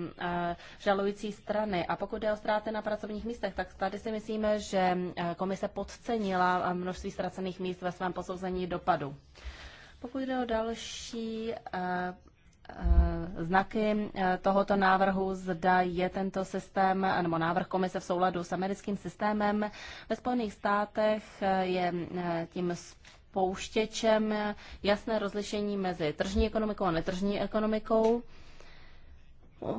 žalující strany. A pokud jde o ztráty na pracovních místech, tak tady si myslíme, že komise podcenila množství ztracených míst ve svém posouzení dopadu. Pokud jde o další Eh, znaky eh, tohoto návrhu, zda je tento systém eh, nebo návrh komise v souladu s americkým systémem. Ve Spojených státech je tím spouštěčem jasné rozlišení mezi tržní ekonomikou a netržní ekonomikou.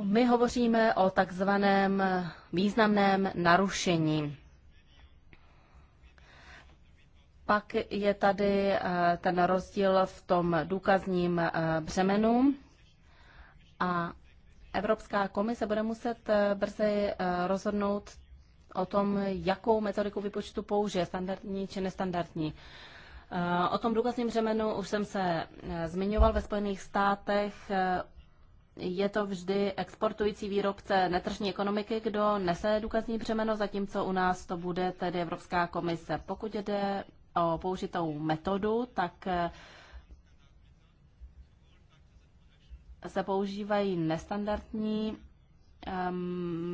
My hovoříme o takzvaném významném narušení. Pak je tady ten rozdíl v tom důkazním břemenu a Evropská komise bude muset eh, brzy eh, rozhodnout o tom, jakou metodiku vypočtu použije, standardní či nestandardní. Eh, o tom důkazním řemenu už jsem se zmiňoval ve Spojených státech. Je to vždy exportující výrobce netržní ekonomiky, kdo nese důkazní břemeno, zatímco u nás to bude tedy Evropská komise. Pokud jde o použitou metodu, tak se používají nestandardní ehm,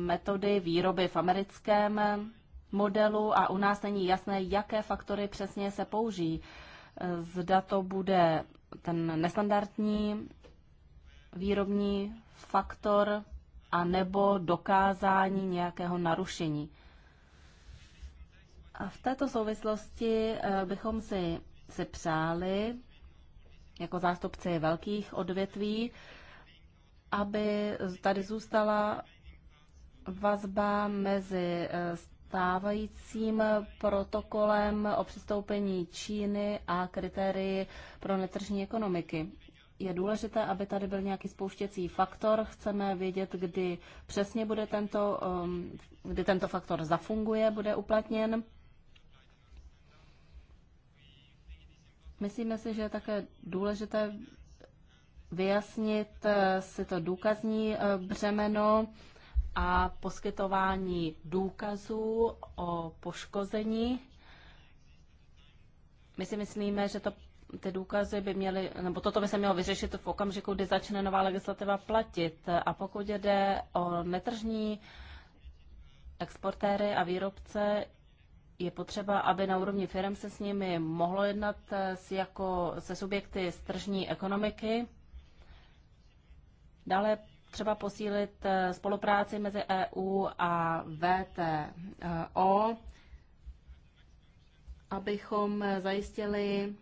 metody výroby v americkém modelu a u nás není jasné, jaké faktory přesně se použijí. Zda to bude ten nestandardní výrobní faktor a nebo dokázání nějakého narušení. A v této souvislosti eh, bychom si, si přáli, jako zástupci velkých odvětví, aby tady zůstala vazba mezi eh, stávajícím protokolem o přistoupení Číny a kritérii pro netržní ekonomiky. Je důležité, aby tady byl nějaký spouštěcí faktor. Chceme vědět, kdy přesně bude tento, ehm, kdy tento faktor zafunguje, bude uplatněn. Myslíme si, že je také důležité vyjasnit eh, si to důkazní eh, břemeno a poskytování důkazů o poškození. My si myslíme, že to, ty důkazy by měly, nebo toto by se mělo vyřešit v okamžiku, kdy začne nová legislativa platit. A pokud jde o netržní exportéry a výrobce, je potřeba, aby na úrovni firm se s nimi mohlo jednat eh, s jako se subjekty z tržní ekonomiky Dále třeba posílit eh, spolupráci mezi EU a VTO, abychom zajistili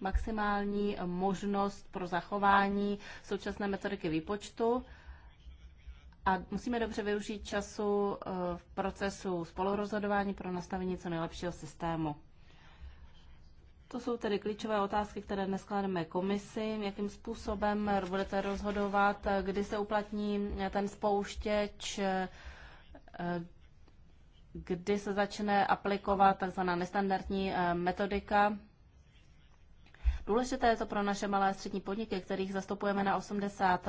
maximální možnost pro zachování současné metodiky výpočtu. A musíme dobře využít času eh, v procesu spolurozhodování pro nastavení co nejlepšího systému. To jsou tedy klíčové otázky, které dnes klademe komisi, jakým způsobem budete rozhodovat, kdy se uplatní ten spouštěč, eh, kdy se začne aplikovat tzv. nestandardní eh, metodika. Důležité je to pro naše malé a střední podniky, kterých zastupujeme na 80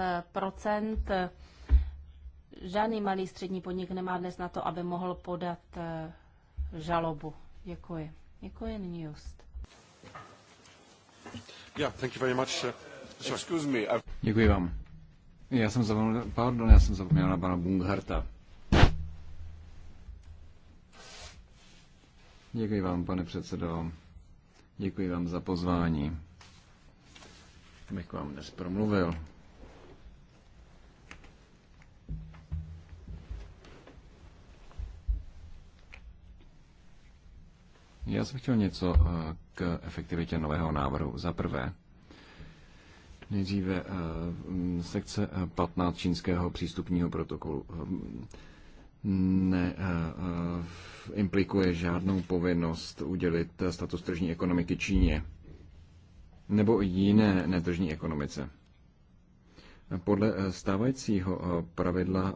Žádný malý střední podnik nemá dnes na to, aby mohl podat eh, žalobu. Děkuji. Děkuji, nyní Just. Děkuji vám. Já jsem zapomněl, pardon, já jsem zapomněl na pana Bungharta. Děkuji vám, pane předsedo. Děkuji vám za pozvání. Abych vám dnes promluvil. Já jsem chtěl něco eh, k efektivitě nového návrhu. Za prvé, nejdříve eh, sekce 15 eh, čínského přístupního protokolu neimplikuje žádnou povinnost udělit status tržní ekonomiky Číně nebo jiné netržní ekonomice. Podle stávajícího pravidla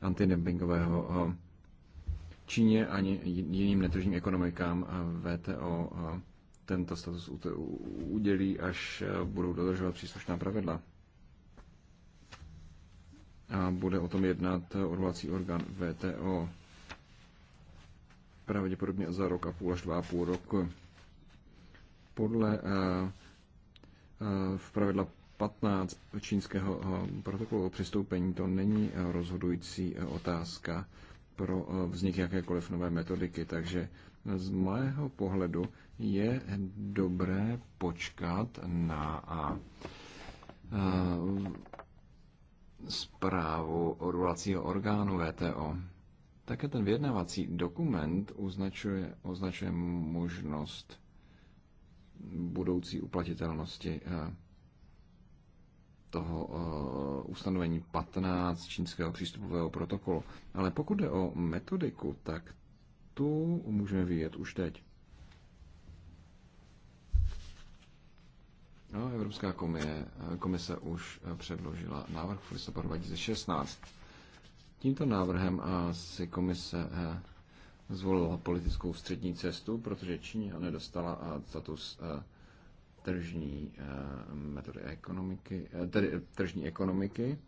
antidumpingového Číně ani jiným netržním ekonomikám VTO tento status udělí, až e, budou dodržovat příslušná pravidla. A bude o tom jednat e, odvolací orgán VTO pravděpodobně za rok a půl až dva a půl roku. Podle e, v pravidla 15 čínského protokolu o přistoupení to není rozhodující otázka pro eh, vznik jakékoliv nové metodiky. Takže z mého pohledu je dobré počkat na a eh, zprávu odvolacího orgánu VTO. Také ten vyjednávací dokument označuje, označuje možnost budoucí uplatitelnosti eh, toho eh, ustanovení 15 čínského přístupového protokolu. Ale pokud jde o metodiku, tak tu můžeme vyjet už teď. No, Evropská komise, eh, komise už eh, předložila návrh v listopadu 2016. Tímto návrhem si komise zvolila politickou střední cestu, protože Číně nedostala status tržní eh, metody ekonomiky, eh, tedy tržní ekonomiky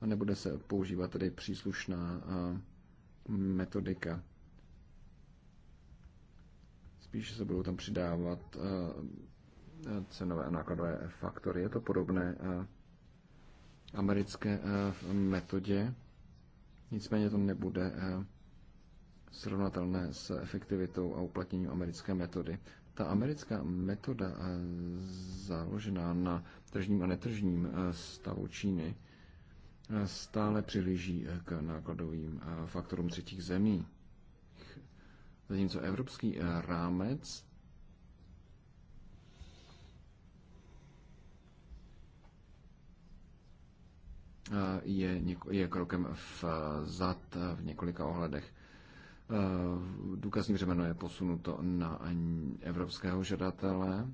a nebude se používat tedy příslušná eh, metodika. Spíše se budou tam přidávat cenové a nákladové faktory. Je to podobné americké metodě, nicméně to nebude srovnatelné s efektivitou a uplatněním americké metody. Ta americká metoda eh, založená na tržním a netržním eh, stavu Číny eh, stále přihlíží k nákladovým faktorům třetích zemí. Zatímco evropský rámec je, je krokem vzad v několika ohledech. Eh, důkazní břemeno je posunuto na evropského žadatele.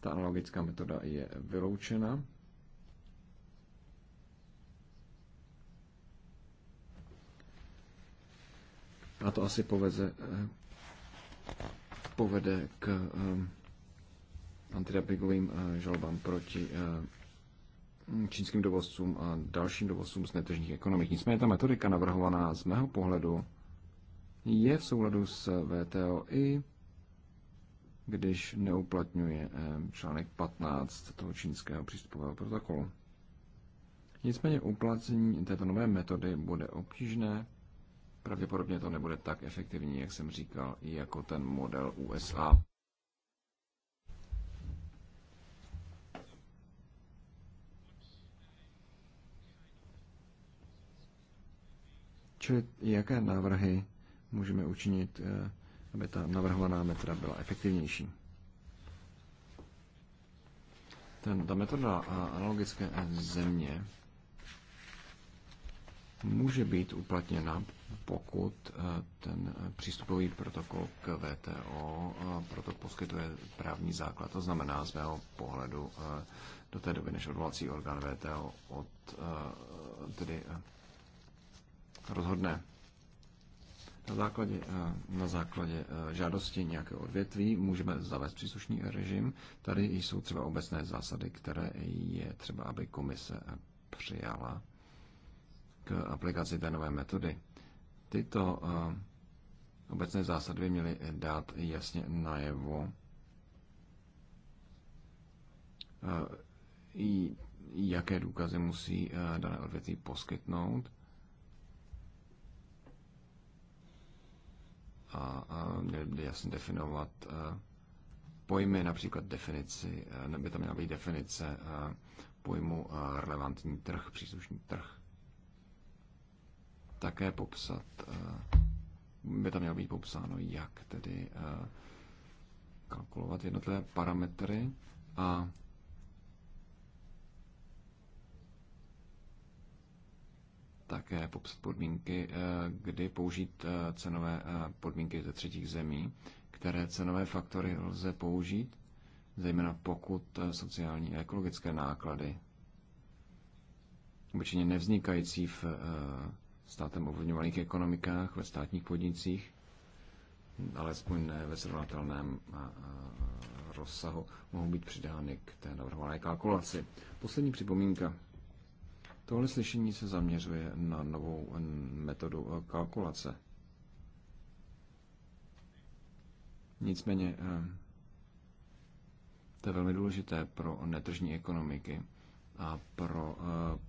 Ta analogická metoda je vyloučena. A to asi poveze, eh, povede k eh, antidumpingovým žalobám proti čínským dovozcům a dalším dovozcům z netržních ekonomik. Nicméně ta metodika navrhovaná z mého pohledu je v souladu s VTO i když neuplatňuje eh, článek 15 toho čínského přístupového protokolu. Nicméně uplatnění této nové metody bude obtížné, pravděpodobně to nebude tak efektivní, jak jsem říkal, i jako ten model USA. Čili jaké návrhy můžeme učinit, eh, aby ta navrhovaná metoda byla efektivnější. Ten, ta metoda analogické země může být uplatněna, pokud eh, ten přístupový protokol k VTO eh, proto poskytuje právní základ. To znamená z mého pohledu do té doby, než odvolací orgán VTO od, tedy rozhodne na základě, eh, na základě eh, žádosti nějakého odvětví můžeme zavést příslušný režim. Tady jsou třeba obecné zásady, které je třeba, aby komise eh, přijala k aplikaci té nové metody. Tyto obecné zásady by měly dát jasně najevo jaké důkazy musí dané odvětví poskytnout a, a měli by jasně definovat eh, pojmy, například definici, eh, nebo by tam měla být definice eh, pojmu relevantní trh, příslušný trh. Také popsat, by tam mělo být popsáno, jak tedy kalkulovat jednotlivé parametry a také popsat podmínky, eh, kdy použít eh, cenové eh, podmínky ze třetích zemí, které cenové faktory lze použít, zejména pokud sociální a ekologické náklady obyčejně nevznikající v státem ovlivňovaných ekonomikách, ve státních podnicích, alespoň ne ve srovnatelném rozsahu, mohou být přidány k té navrhované kalkulaci. Poslední připomínka. Tohle slyšení se zaměřuje na novou metodu kalkulace. Nicméně eh, to je velmi důležité pro netržní ekonomiky a pro eh,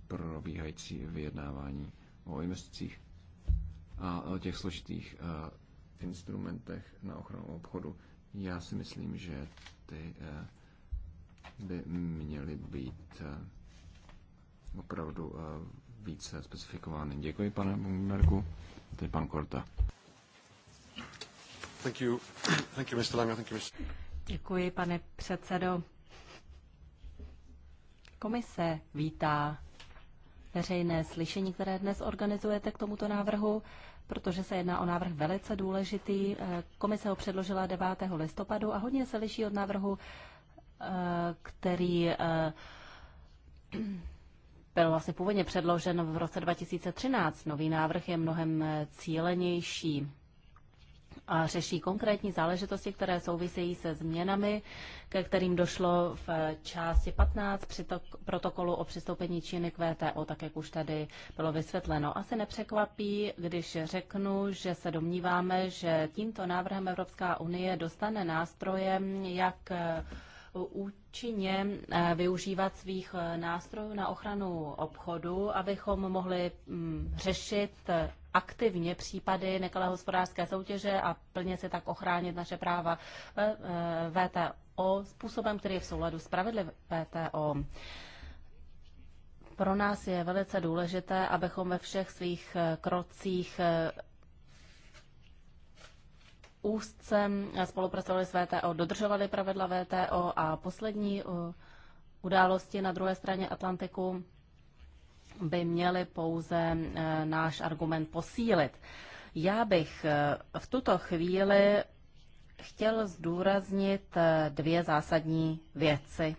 probíhající vyjednávání o investicích a o těch složitých eh, instrumentech na ochranu obchodu. Já si myslím, že ty by měly být opravdu eh, více specifikovány. Děkuji, pane Bungarku. Teď pan Korta. Thank you. Thank you, Mr. Lange. Thank you, Mr. Děkuji, pane předsedo. Komise vítá veřejné slyšení, které dnes organizujete k tomuto návrhu, protože se jedná o návrh velice důležitý. Eh, komise ho předložila 9. listopadu a hodně se liší od návrhu, eh, který byl vlastně původně předložen v roce 2013. Nový návrh je mnohem cílenější a řeší konkrétní záležitosti, které souvisejí se změnami, ke kterým došlo v části 15 protokolu o přistoupení Číny k VTO, tak jak už tady bylo vysvětleno. Asi nepřekvapí, když řeknu, že se domníváme, že tímto návrhem Evropská unie dostane nástroje, jak účinně eh, využívat svých eh, nástrojů na ochranu obchodu, abychom mohli mm, řešit eh, aktivně případy nekalé hospodářské soutěže a plně se tak ochránit naše práva VTO způsobem, který je v souladu s pravidly VTO. Pro nás je velice důležité, abychom ve všech svých krocích úzce spolupracovali s VTO, dodržovali pravidla VTO a poslední uh, události na druhé straně Atlantiku by měly pouze eh, náš argument posílit. Já bych eh, v tuto chvíli chtěl zdůraznit eh, dvě zásadní věci.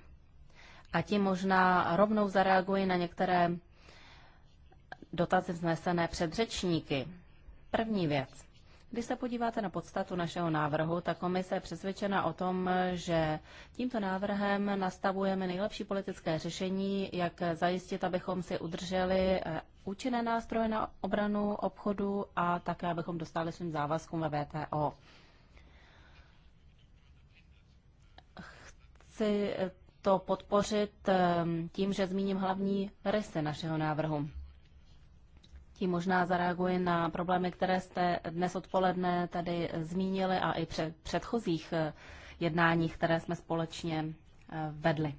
A tím možná rovnou zareaguji na některé dotazy vznesené před řečníky. První věc. Když se podíváte na podstatu našeho návrhu, ta komise je přesvědčena o tom, že tímto návrhem nastavujeme nejlepší politické řešení, jak zajistit, abychom si udrželi eh, účinné nástroje na obranu obchodu a také, abychom dostali svým závazkům ve VTO. Chci eh, to podpořit eh, tím, že zmíním hlavní rysy našeho návrhu. Tím možná zareaguji na problémy, které jste dnes odpoledne tady zmínili a i před předchozích eh, jednáních, které jsme společně eh, vedli.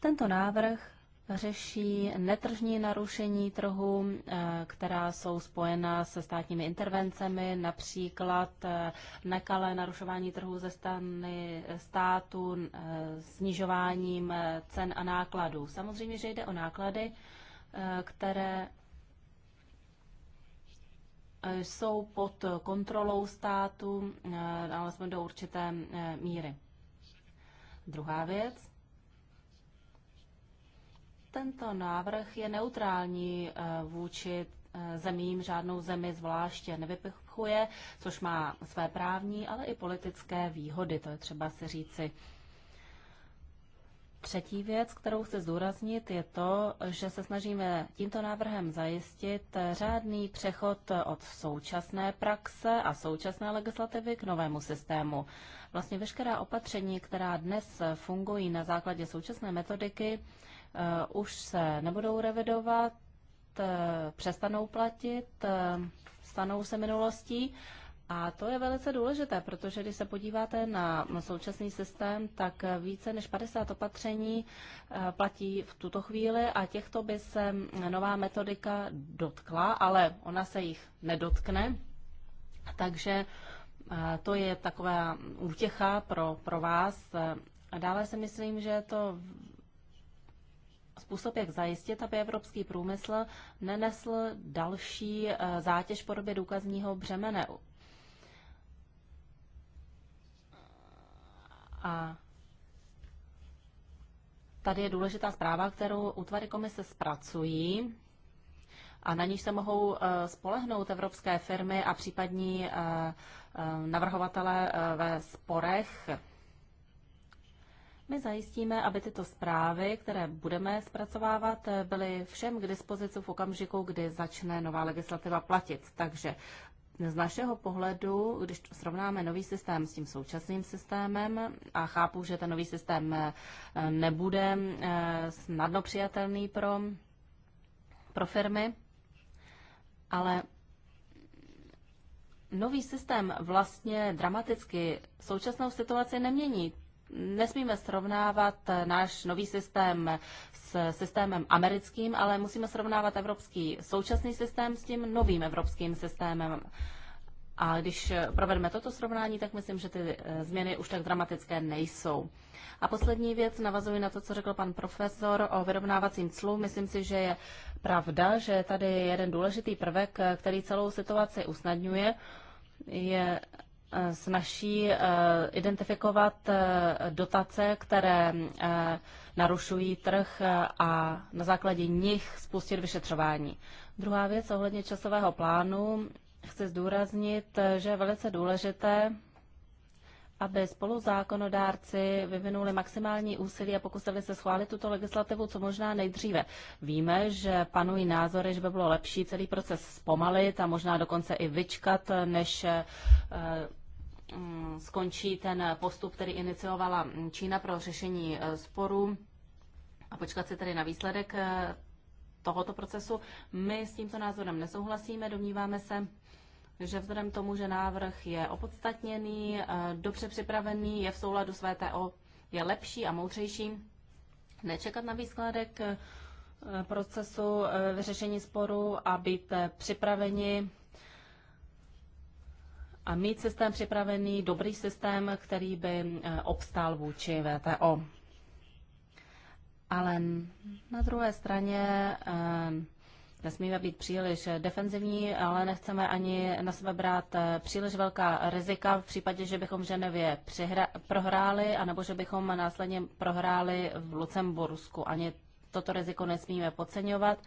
Tento návrh řeší netržní narušení trhu, eh, která jsou spojena se státními intervencemi, například nekalé narušování trhu ze strany státu, snižováním cen a nákladů. Samozřejmě, že jde o náklady, Eh, které eh, jsou pod kontrolou státu, eh, alespoň do určité míry. Druhá věc. Tento návrh je neutrální vůči zemím, žádnou zemi zvláště nevypichuje, což má své právní, ale i politické výhody, to je třeba si říci. Třetí věc, kterou chci zdůraznit, je to, že se snažíme tímto návrhem zajistit řádný přechod od současné praxe a současné legislativy k novému systému. Vlastně veškerá opatření, která dnes fungují na základě současné metodiky, eh, už se nebudou revidovat, eh, přestanou platit, eh, stanou se minulostí a to je velice důležité, protože když se podíváte na současný systém, tak více než 50 opatření eh, platí v tuto chvíli a těchto by se nová metodika dotkla, ale ona se jich nedotkne. Takže eh, to je taková útěcha pro, pro vás. A eh, dále si myslím, že je to způsob, jak zajistit, aby evropský průmysl nenesl další zátěž v podobě důkazního břemene. A tady je důležitá zpráva, kterou útvary komise zpracují a na níž se mohou eh, spolehnout evropské firmy a případní eh, eh, navrhovatele ve sporech. My zajistíme, aby tyto zprávy, které budeme zpracovávat, byly všem k dispozici v okamžiku, kdy začne nová legislativa platit. Takže z našeho pohledu, když srovnáme nový systém s tím současným systémem, a chápu, že ten nový systém eh, nebude eh, snadno přijatelný pro, pro firmy, ale nový systém vlastně dramaticky současnou situaci nemění nesmíme srovnávat náš nový systém s systémem americkým, ale musíme srovnávat evropský současný systém s tím novým evropským systémem. A když provedeme toto srovnání, tak myslím, že ty eh, změny už tak dramatické nejsou. A poslední věc, navazuji na to, co řekl pan profesor o vyrovnávacím clu. Myslím si, že je pravda, že tady jeden důležitý prvek, eh, který celou situaci usnadňuje, je snaží eh, identifikovat eh, dotace, které eh, narušují trh a na základě nich spustit vyšetřování. Druhá věc ohledně časového plánu. Chci zdůraznit, že je velice důležité, aby spoluzákonodárci vyvinuli maximální úsilí a pokusili se schválit tuto legislativu co možná nejdříve. Víme, že panují názory, že by bylo lepší celý proces zpomalit a možná dokonce i vyčkat, než Mm, skončí ten postup, který iniciovala Čína pro řešení e, sporů a počkat si tedy na výsledek e, tohoto procesu. My s tímto názorem nesouhlasíme, domníváme se, že vzhledem k tomu, že návrh je opodstatněný, e, dobře připravený, je v souladu s VTO, je lepší a moudřejší, nečekat na výsledek procesu vyřešení sporu a být připraveni a mít systém připravený, dobrý systém, který by eh, obstál vůči VTO. Ale na druhé straně eh, nesmíme být příliš defenzivní, ale nechceme ani na sebe brát eh, příliš velká rizika v případě, že bychom v Ženevě přihra- prohráli, anebo že bychom následně prohráli v Lucembursku. Ani toto riziko nesmíme podceňovat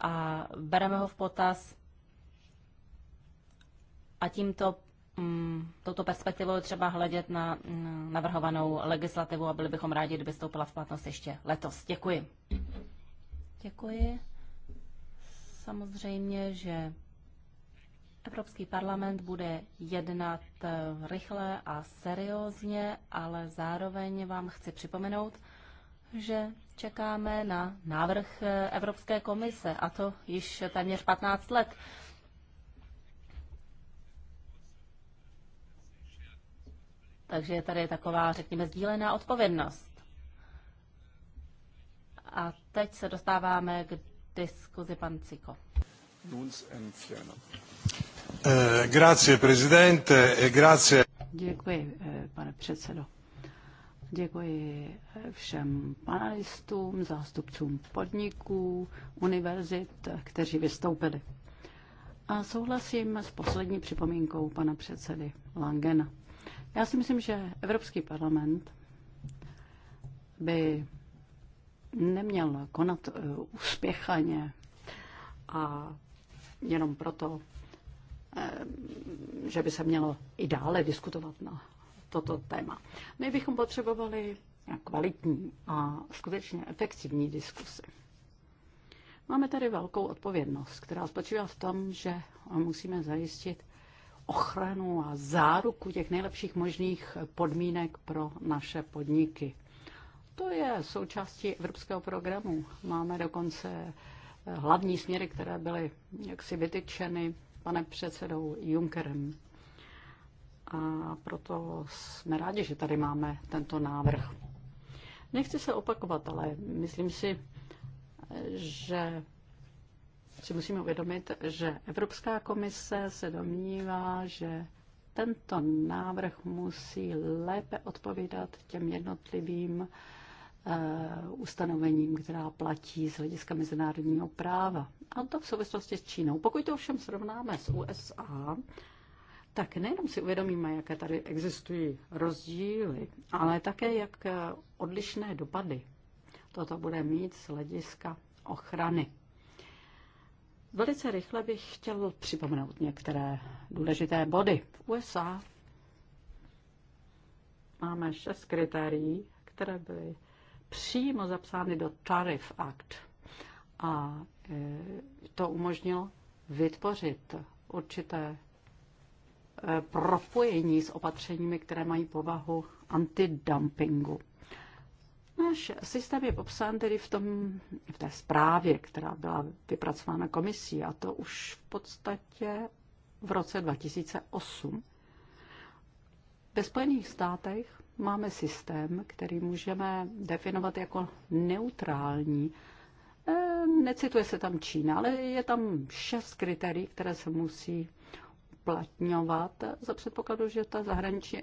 a bereme ho v potaz a tímto mm, touto perspektivou třeba hledět na navrhovanou legislativu a byli bychom rádi, kdyby stoupila v platnost ještě letos. Děkuji. Děkuji. Samozřejmě, že Evropský parlament bude jednat rychle a seriózně, ale zároveň vám chci připomenout, že čekáme na návrh Evropské komise, a to již téměř 15 let. Takže tady je taková, řekněme, sdílená odpovědnost. A teď se dostáváme k diskuzi pan Ciko. Eh, grazie, e grazie. Děkuji, eh, pane předsedo. Děkuji eh, všem panelistům, zástupcům podniků, univerzit, kteří vystoupili. A souhlasím s poslední připomínkou pana předsedy Langena. Já si myslím, že Evropský parlament by neměl konat eh, úspěchaně a jenom proto, eh, že by se mělo i dále diskutovat na toto téma. My bychom potřebovali kvalitní a skutečně efektivní diskusy. Máme tady velkou odpovědnost, která spočívá v tom, že musíme zajistit ochranu a záruku těch nejlepších možných podmínek pro naše podniky. To je součástí evropského programu. Máme dokonce eh, hlavní směry, které byly jaksi vytyčeny panem předsedou Junckerem. A proto jsme rádi, že tady máme tento návrh. Nechci se opakovat, ale myslím si, že si musíme uvědomit, že Evropská komise se domnívá, že tento návrh musí lépe odpovídat těm jednotlivým uh, ustanovením, která platí z hlediska mezinárodního práva. A to v souvislosti s Čínou. Pokud to ovšem srovnáme s USA, tak nejenom si uvědomíme, jaké tady existují rozdíly, ale také, jak odlišné dopady toto bude mít z hlediska ochrany Velice rychle bych chtěl připomenout některé důležité body. V USA máme šest kritérií, které byly přímo zapsány do Tariff Act. A e, to umožnilo vytvořit určité e, propojení s opatřeními, které mají povahu antidumpingu. Náš systém je popsán tedy v, tom, v té zprávě, která byla vypracována komisí, a to už v podstatě v roce 2008. Ve Spojených státech máme systém, který můžeme definovat jako neutrální. E, necituje se tam Čína, ale je tam šest kritérií, které se musí uplatňovat za předpokladu, že ta zahraniční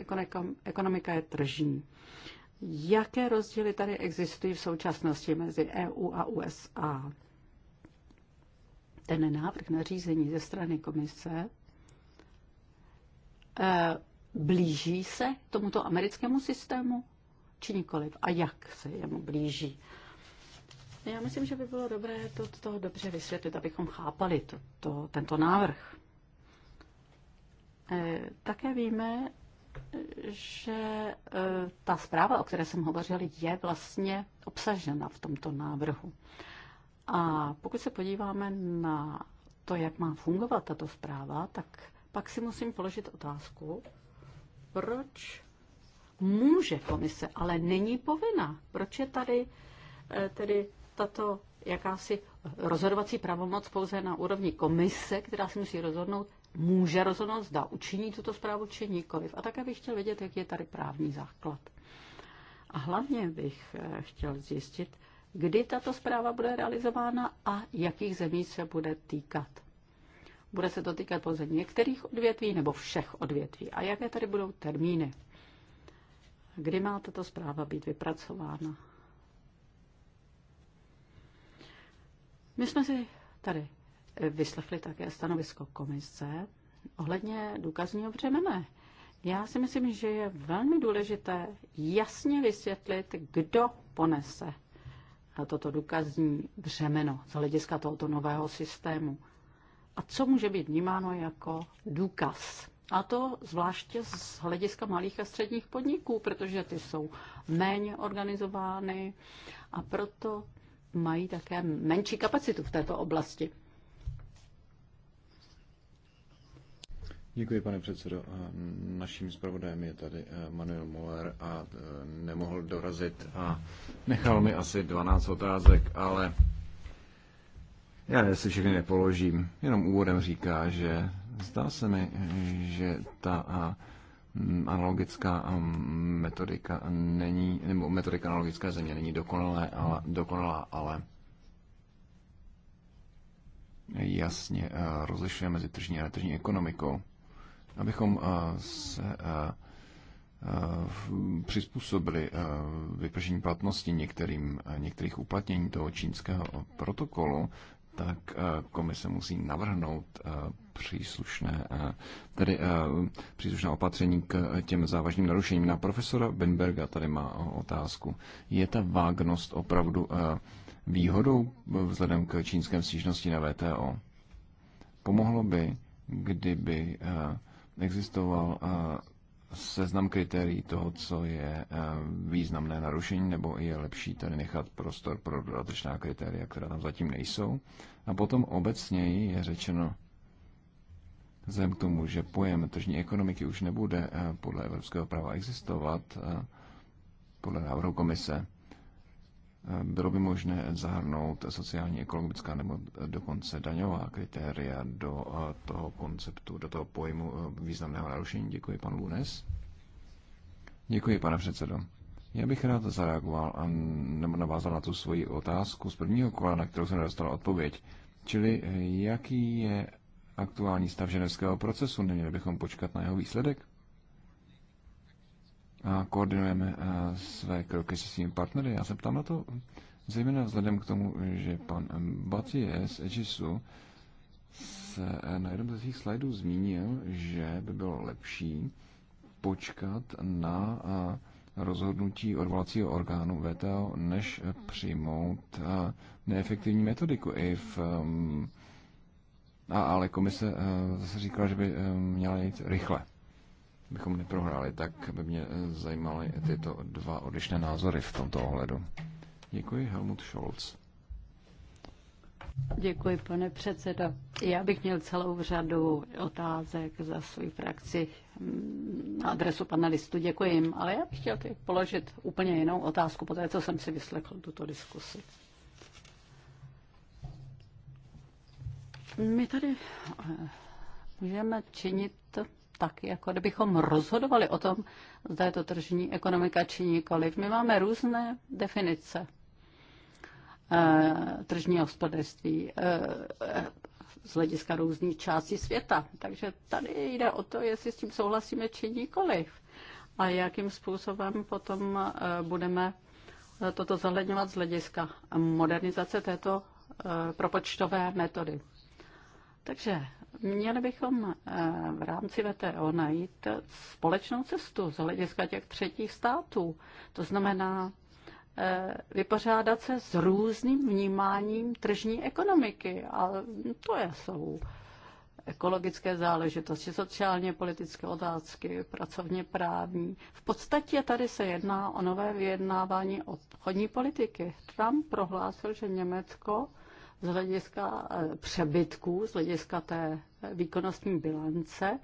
ekonomika je tržní. Jaké rozdíly tady existují v současnosti mezi EU a USA? Ten návrh na řízení ze strany komise eh, blíží se tomuto americkému systému, či nikoliv? A jak se jemu blíží? Já myslím, že by bylo dobré to, to dobře vysvětlit, abychom chápali to, to, tento návrh. Eh, také víme, že e, ta zpráva, o které jsem hovořil, je vlastně obsažena v tomto návrhu. A pokud se podíváme na to, jak má fungovat tato zpráva, tak pak si musím položit otázku, proč může komise, ale není povinna. Proč je tady e, tedy tato jakási rozhodovací pravomoc pouze na úrovni komise, která si musí rozhodnout, může rozhodnout, zda učiní tuto zprávu či nikoliv. A také bych chtěl vědět, jak je tady právní základ. A hlavně bych eh, chtěl zjistit, kdy tato zpráva bude realizována a jakých zemí se bude týkat. Bude se to týkat pouze některých odvětví nebo všech odvětví? A jaké tady budou termíny? Kdy má tato zpráva být vypracována? My jsme si tady vyslechli také stanovisko komise ohledně důkazního břemene. Já si myslím, že je velmi důležité jasně vysvětlit, kdo ponese toto důkazní břemeno z hlediska tohoto nového systému. A co může být vnímáno jako důkaz? A to zvláště z hlediska malých a středních podniků, protože ty jsou méně organizovány a proto mají také menší kapacitu v této oblasti. Děkuji, pane předsedo. Naším zpravodajem je tady eh, Manuel Moller a eh, nemohl dorazit a nechal mi asi 12 otázek, ale já je si všechny nepoložím. Jenom úvodem říká, že zdá se mi, že ta analogická metodika není, nebo metodika analogické země není dokonalé, ale, dokonalá, ale jasně eh, rozlišuje mezi tržní a netržní ekonomikou abychom eh, se eh, eh, přizpůsobili vypržení platnosti některým, některých uplatnění toho čínského protokolu, tak komise musí navrhnout příslušné, tedy příslušné opatření k těm závažným narušením. Na profesora Benberga tady má otázku. Je ta vágnost opravdu výhodou vzhledem k čínském stížnosti na VTO? Pomohlo by, kdyby existoval eh, seznam kritérií toho, co je eh, významné narušení, nebo je lepší tady nechat prostor pro dodatečná kritéria, která tam zatím nejsou. A potom obecněji je řečeno, vzhledem k tomu, že pojem tržní ekonomiky už nebude eh, podle evropského práva existovat, podle návrhu komise, bylo by možné zahrnout sociální, ekologická nebo dokonce daňová kritéria do eh, toho konceptu, do toho pojmu eh, významného narušení. Děkuji, pan Lunes. Děkuji, pane předsedo. Já bych rád zareagoval a nebo navázal na tu svoji otázku z prvního kola, na kterou jsem nedostal odpověď. Čili eh, jaký je aktuální stav ženevského procesu? Neměli bychom počkat na jeho výsledek? a koordinujeme své kroky se svými partnery. Já se ptám na to zejména vzhledem k tomu, že pan Batie z Egisu se e, na jednom ze svých slajdů zmínil, že by bylo lepší počkat na rozhodnutí odvolacího orgánu VTO, než přijmout neefektivní metodiku i v a ale komise e, zase říkala, že by e, měla jít rychle bychom neprohráli, tak by mě eh, zajímaly tyto dva odlišné názory v tomto ohledu. Děkuji, Helmut Scholz. Děkuji, pane předsedo. Já bych měl celou řadu otázek za svou frakci hm, na adresu panelistu. Děkuji jim, ale já bych chtěl položit úplně jinou otázku po té, co jsem si vyslechl tuto diskusi. My tady eh, můžeme činit tak, jako kdybychom rozhodovali o tom, zda je to tržní ekonomika či nikoliv. My máme různé definice eh, tržního hospodářství eh, z hlediska různých částí světa. Takže tady jde o to, jestli s tím souhlasíme či nikoliv a jakým způsobem potom eh, budeme toto zohledňovat z hlediska modernizace této propočtové metody. Takže Měli bychom eh, v rámci VTO najít společnou cestu z hlediska těch třetích států. To znamená eh, vypořádat se s různým vnímáním tržní ekonomiky. A to jsou ekologické záležitosti, sociálně politické otázky, pracovně právní. V podstatě tady se jedná o nové vyjednávání obchodní politiky. Trump prohlásil, že Německo z hlediska eh, přebytků, z hlediska té výkonnostní bilance,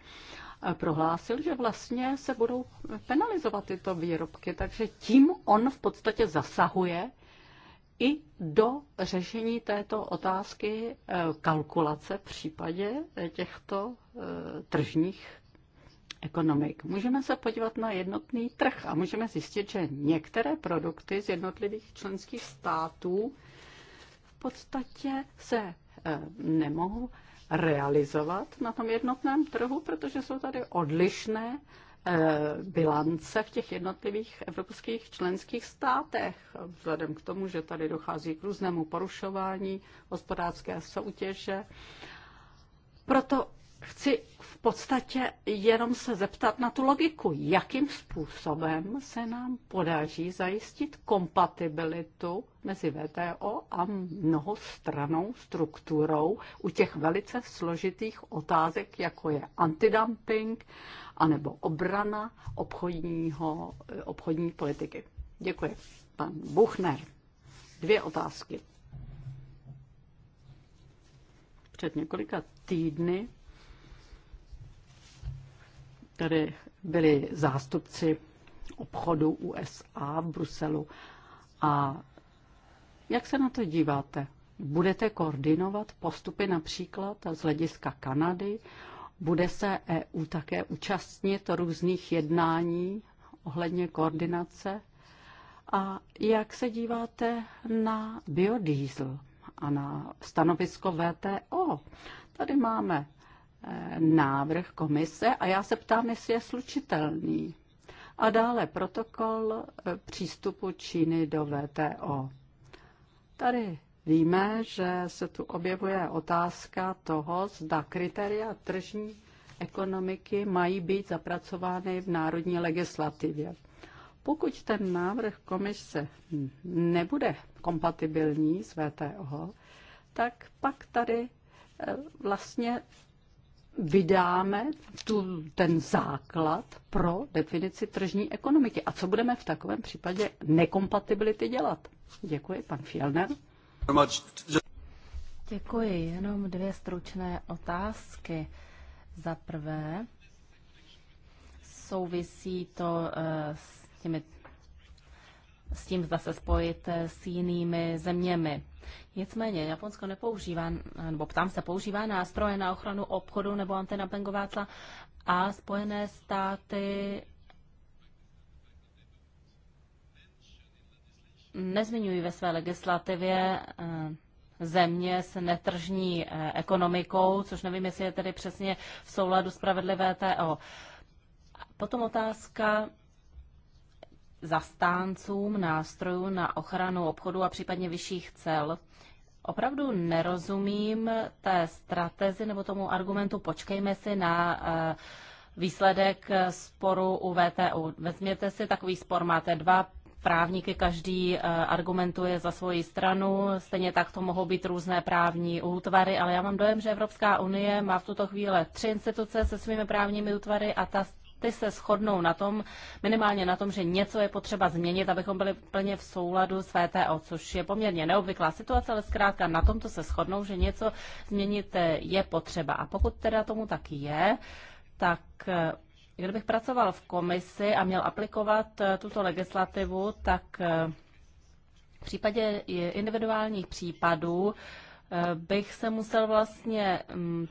eh, prohlásil, že vlastně se budou penalizovat tyto výrobky, takže tím on v podstatě zasahuje i do řešení této otázky eh, kalkulace v případě těchto tržních ekonomik. Můžeme se podívat na jednotný trh a můžeme zjistit, že některé produkty z jednotlivých členských států podstatě se eh, nemohou realizovat na tom jednotném trhu, protože jsou tady odlišné eh, bilance v těch jednotlivých evropských členských státech. Vzhledem k tomu, že tady dochází k různému porušování hospodářské soutěže. Proto Chci v podstatě jenom se zeptat na tu logiku, jakým způsobem se nám podaří zajistit kompatibilitu mezi VTO a mnohostranou strukturou u těch velice složitých otázek, jako je antidumping anebo obrana obchodního, obchodní politiky. Děkuji. Pan Buchner. Dvě otázky. Před několika týdny Tady byli zástupci obchodu USA v Bruselu. A jak se na to díváte? Budete koordinovat postupy například z hlediska Kanady? Bude se EU také účastnit různých jednání ohledně koordinace? A jak se díváte na biodiesel a na stanovisko VTO? Tady máme návrh komise a já se ptám, jestli je slučitelný. A dále protokol eh, přístupu Číny do VTO. Tady víme, že se tu objevuje otázka toho, zda kritéria tržní ekonomiky mají být zapracovány v národní legislativě. Pokud ten návrh komise nebude kompatibilní s VTO, tak pak tady eh, vlastně vydáme tu, ten základ pro definici tržní ekonomiky. A co budeme v takovém případě nekompatibility dělat? Děkuji, pan Fielner. Děkuji. Jenom dvě stručné otázky. Za prvé, souvisí to eh, s, těmi, s tím, zda se spojit s jinými zeměmi. Nicméně Japonsko nepoužívá, nebo ptám se, používá nástroje na ochranu obchodu nebo antinapengová cla a Spojené státy nezmiňují ve své legislativě eh, země s netržní eh, ekonomikou, což nevím, jestli je tedy přesně v souladu s pravidly VTO. Potom otázka zastáncům nástrojů na ochranu obchodu a případně vyšších cel. Opravdu nerozumím té strategii nebo tomu argumentu počkejme si na eh, výsledek sporu u VTU. Vezměte si takový spor, máte dva právníky, každý eh, argumentuje za svoji stranu, stejně tak to mohou být různé právní útvary, ale já mám dojem, že Evropská unie má v tuto chvíli tři instituce se svými právními útvary a ta ty se shodnou na tom, minimálně na tom, že něco je potřeba změnit, abychom byli plně v souladu s VTO, což je poměrně neobvyklá situace, ale zkrátka na tomto se shodnou, že něco změnit eh, je potřeba. A pokud teda tomu tak je, tak eh, kdybych pracoval v komisi a měl aplikovat eh, tuto legislativu, tak v případě individuálních případů bych se musel vlastně mm,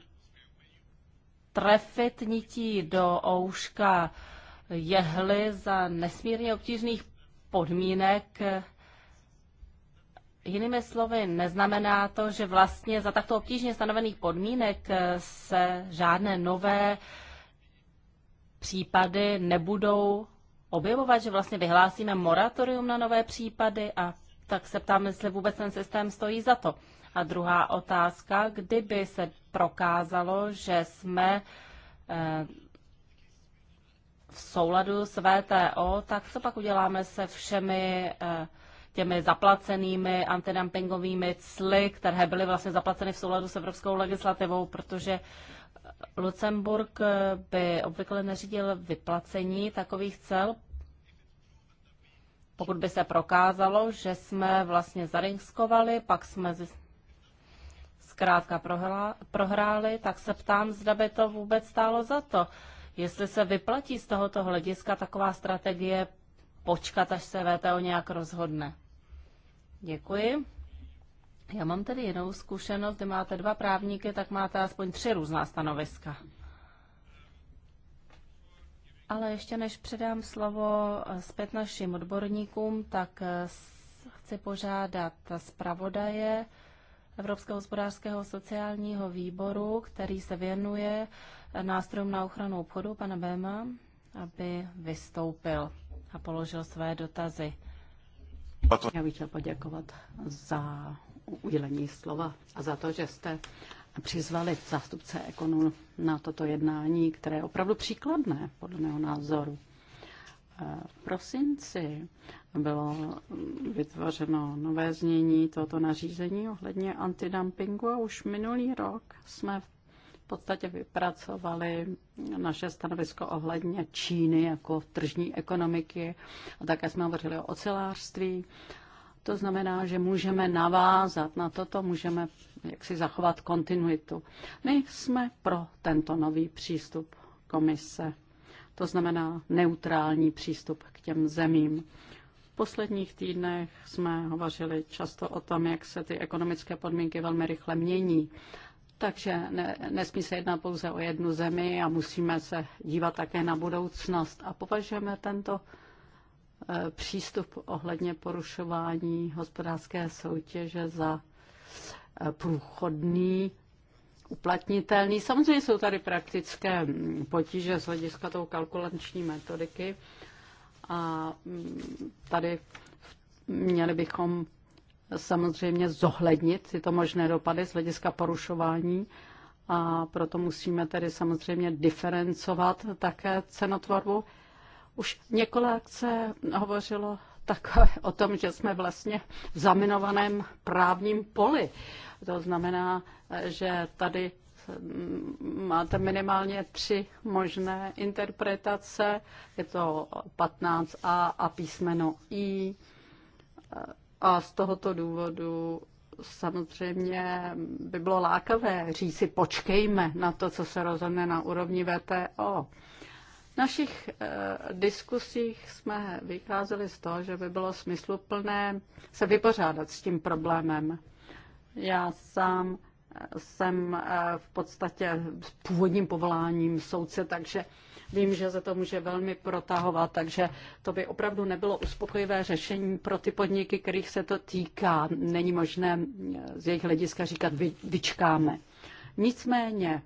trefit nití do ouška jehly za nesmírně obtížných podmínek. Jinými slovy, neznamená to, že vlastně za takto obtížně stanovených podmínek se žádné nové případy nebudou objevovat, že vlastně vyhlásíme moratorium na nové případy a tak se ptám, jestli vůbec ten systém stojí za to. A druhá otázka, kdyby se prokázalo, že jsme eh, v souladu s VTO, tak co pak uděláme se všemi eh, těmi zaplacenými antidumpingovými cly, které byly vlastně zaplaceny v souladu s evropskou legislativou, protože Lucemburg eh, by obvykle neřídil vyplacení takových cel, pokud by se prokázalo, že jsme vlastně zarinkskovali, pak jsme zkrátka prohla, prohráli, tak se ptám, zda by to vůbec stálo za to. Jestli se vyplatí z tohoto hlediska taková strategie počkat, až se VTO nějak rozhodne. Děkuji. Já mám tedy jinou zkušenost, kdy máte dva právníky, tak máte aspoň tři různá stanoviska. Ale ještě než předám slovo zpět našim odborníkům, tak chci požádat zpravodaje, Evropského hospodářského sociálního výboru, který se věnuje nástrojům na ochranu obchodu, pana Béma, aby vystoupil a položil své dotazy. Já bych chtěl poděkovat za udělení slova a za to, že jste přizvali zástupce Ekonu na toto jednání, které je opravdu příkladné, podle mého názoru. V eh, prosinci bylo vytvořeno nové znění tohoto nařízení ohledně antidumpingu a už minulý rok jsme v podstatě vypracovali naše stanovisko ohledně Číny jako tržní ekonomiky a také jsme hovořili o ocelářství. To znamená, že můžeme navázat na toto, můžeme jak si zachovat kontinuitu. My jsme pro tento nový přístup komise. To znamená neutrální přístup k těm zemím. V posledních týdnech jsme hovořili často o tom, jak se ty ekonomické podmínky velmi rychle mění. Takže ne, nesmí se jednat pouze o jednu zemi a musíme se dívat také na budoucnost. A považujeme tento e, přístup ohledně porušování hospodářské soutěže za e, průchodný, uplatnitelný. Samozřejmě jsou tady praktické potíže z hlediska tou kalkulační metodiky, a mm, tady měli bychom samozřejmě zohlednit tyto možné dopady z hlediska porušování a proto musíme tedy samozřejmě diferencovat také cenotvorbu. Už několik se hovořilo tak o tom, že jsme vlastně v zaminovaném právním poli. To znamená, že tady Máte minimálně tři možné interpretace. Je to 15a a písmeno i. A z tohoto důvodu samozřejmě by bylo lákavé říci počkejme na to, co se rozhodne na úrovni VTO. V našich e, diskusích jsme vycházeli z toho, že by bylo smysluplné se vypořádat s tím problémem. Já sám jsem eh, v podstatě s původním povoláním soudce, takže vím, že se to může velmi protahovat, takže to by opravdu nebylo uspokojivé řešení pro ty podniky, kterých se to týká. Není možné eh, z jejich hlediska říkat vy, vyčkáme. Nicméně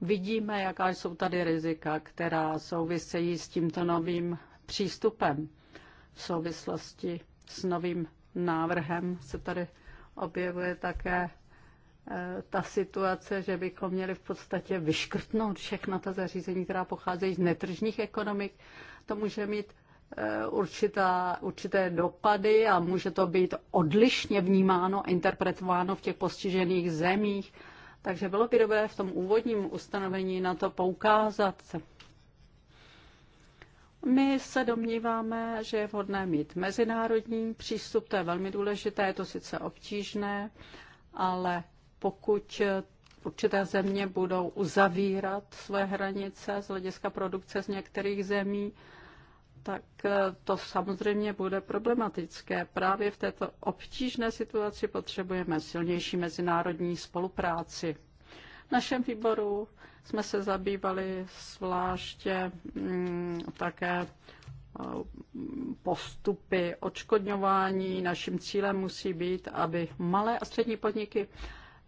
vidíme, jaká jsou tady rizika, která souvisejí s tímto novým přístupem. V souvislosti s novým návrhem se tady objevuje také Eh, ta situace, že bychom měli v podstatě vyškrtnout všechna ta zařízení, která pocházejí z netržních ekonomik, to může mít eh, určitá, určité dopady a může to být odlišně vnímáno, interpretováno v těch postižených zemích. Takže bylo by dobré v tom úvodním ustanovení na to poukázat. My se domníváme, že je vhodné mít mezinárodní přístup, to je velmi důležité, je to sice obtížné, ale pokud eh, určité země budou uzavírat své hranice z hlediska produkce z některých zemí, tak eh, to samozřejmě bude problematické. Právě v této obtížné situaci potřebujeme silnější mezinárodní spolupráci. V našem výboru jsme se zabývali zvláště mm, také eh, postupy odškodňování. Naším cílem musí být, aby malé a střední podniky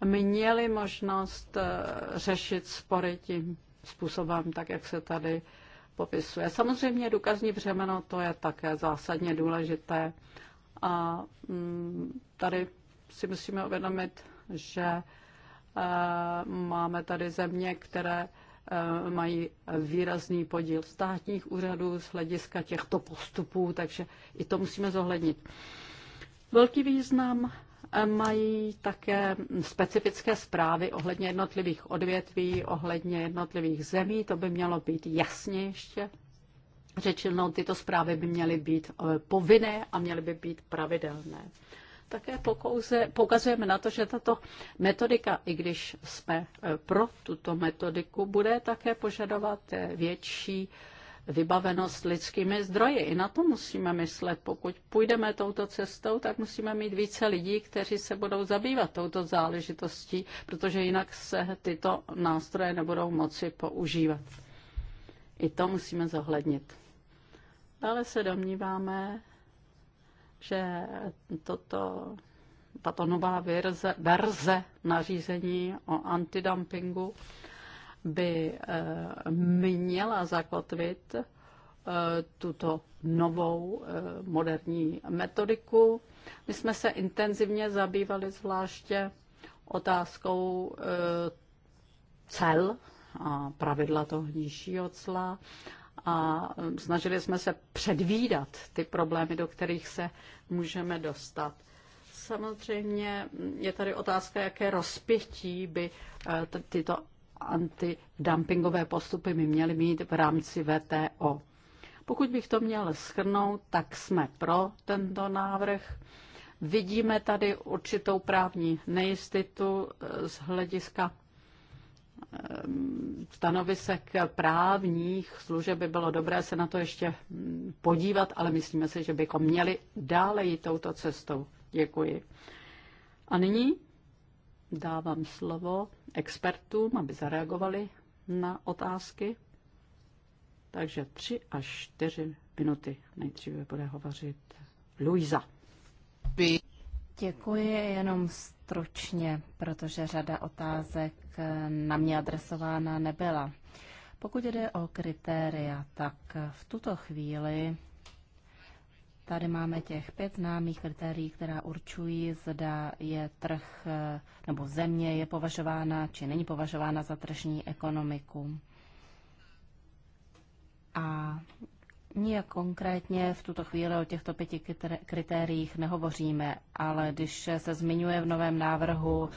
měli možnost eh, řešit spory tím způsobem, tak jak se tady popisuje. Samozřejmě důkazní břemeno, to je také zásadně důležité. A mm, tady si musíme uvědomit, že eh, máme tady země, které eh, mají výrazný podíl státních úřadů z hlediska těchto postupů, takže i to musíme zohlednit. Velký význam mají také specifické zprávy ohledně jednotlivých odvětví, ohledně jednotlivých zemí. To by mělo být jasně ještě řečeno. Tyto zprávy by měly být eh, povinné a měly by být pravidelné. Také pokouze, poukazujeme na to, že tato metodika, i když jsme eh, pro tuto metodiku, bude také požadovat eh, větší vybavenost lidskými zdroji. I na to musíme myslet. Pokud půjdeme touto cestou, tak musíme mít více lidí, kteří se budou zabývat touto záležitostí, protože jinak se tyto nástroje nebudou moci používat. I to musíme zohlednit. Dále se domníváme, že toto, tato nová verze, verze nařízení o antidumpingu by eh, měla zakotvit eh, tuto novou eh, moderní metodiku. My jsme se intenzivně zabývali zvláště otázkou cel a pravidla toho nižšího cla a snažili jsme se předvídat ty problémy, do kterých se můžeme dostat. Samozřejmě je tady otázka, jaké rozpětí by tyto antidumpingové postupy by měly mít v rámci VTO. Pokud bych to měl schrnout, tak jsme pro tento návrh. Vidíme tady určitou právní nejistitu eh, z hlediska eh, stanovisek právních služeb by bylo dobré se na to ještě hm, podívat, ale myslíme si, že bychom měli dále jít touto cestou. Děkuji. A nyní dávám slovo expertům, aby zareagovali na otázky. Takže tři až čtyři minuty nejdříve bude hovořit Luisa. Děkuji jenom stručně, protože řada otázek na mě adresována nebyla. Pokud jde o kritéria, tak v tuto chvíli Tady máme těch pět známých kritérií, která určují, zda je trh eh, nebo země je považována či není považována za tržní ekonomiku. A nijak konkrétně v tuto chvíli o těchto pěti kritériích nehovoříme, ale když se zmiňuje v novém návrhu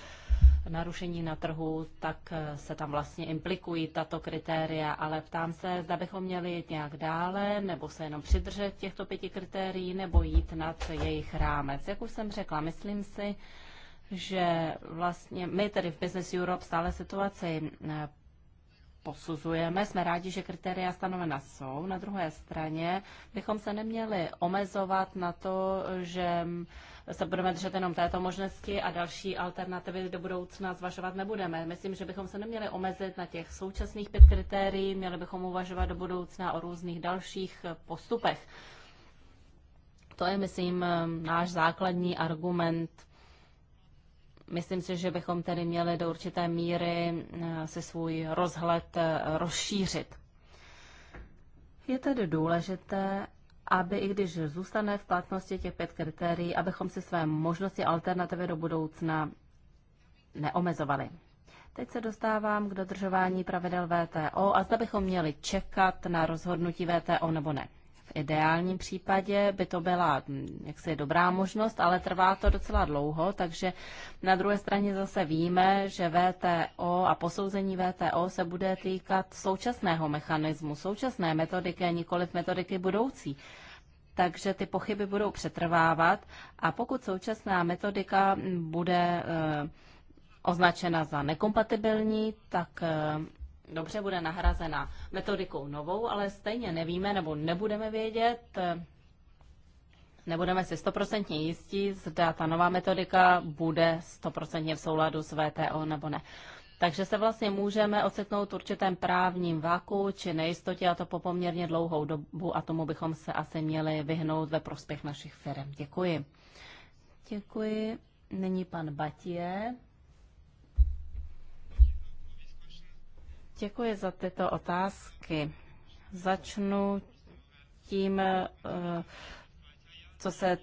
narušení na trhu, tak eh, se tam vlastně implikují tato kritéria, ale ptám se, zda bychom měli jít nějak dále, nebo se jenom přidržet těchto pěti kritérií, nebo jít nad jejich rámec. Jak už jsem řekla, myslím si, že vlastně my tedy v Business Europe stále situaci eh, posuzujeme. Jsme rádi, že kritéria stanovena jsou. Na druhé straně bychom se neměli omezovat na to, že mm, se budeme držet jenom této možnosti a další alternativy do budoucna zvažovat nebudeme. Myslím, že bychom se neměli omezit na těch současných pět kritérií, měli bychom uvažovat do budoucna o různých dalších postupech. To je, myslím, náš základní argument. Myslím si, že bychom tedy měli do určité míry eh, si svůj rozhled eh, rozšířit. Je tedy důležité, aby i když zůstane v platnosti těch pět kritérií, abychom si své možnosti alternativy do budoucna neomezovali. Teď se dostávám k dodržování pravidel VTO a zda bychom měli čekat na rozhodnutí VTO nebo ne. V ideálním případě by to byla hm, jaksi dobrá možnost, ale trvá to docela dlouho, takže na druhé straně zase víme, že VTO a posouzení VTO se bude týkat současného mechanismu, současné metodiky a nikoli metodiky budoucí takže ty pochyby budou přetrvávat a pokud současná metodika bude eh, označena za nekompatibilní, tak eh, dobře bude nahrazena metodikou novou, ale stejně nevíme nebo nebudeme vědět, nebudeme si stoprocentně jistí, zda ta nová metodika bude stoprocentně v souladu s VTO nebo ne. Takže se vlastně můžeme ocitnout určitém právním váku či nejistotě a to po poměrně dlouhou dobu a tomu bychom se asi měli vyhnout ve prospěch našich firm. Děkuji. Děkuji. Není pan Batie. Děkuji za tyto otázky. Začnu tím, eh, co se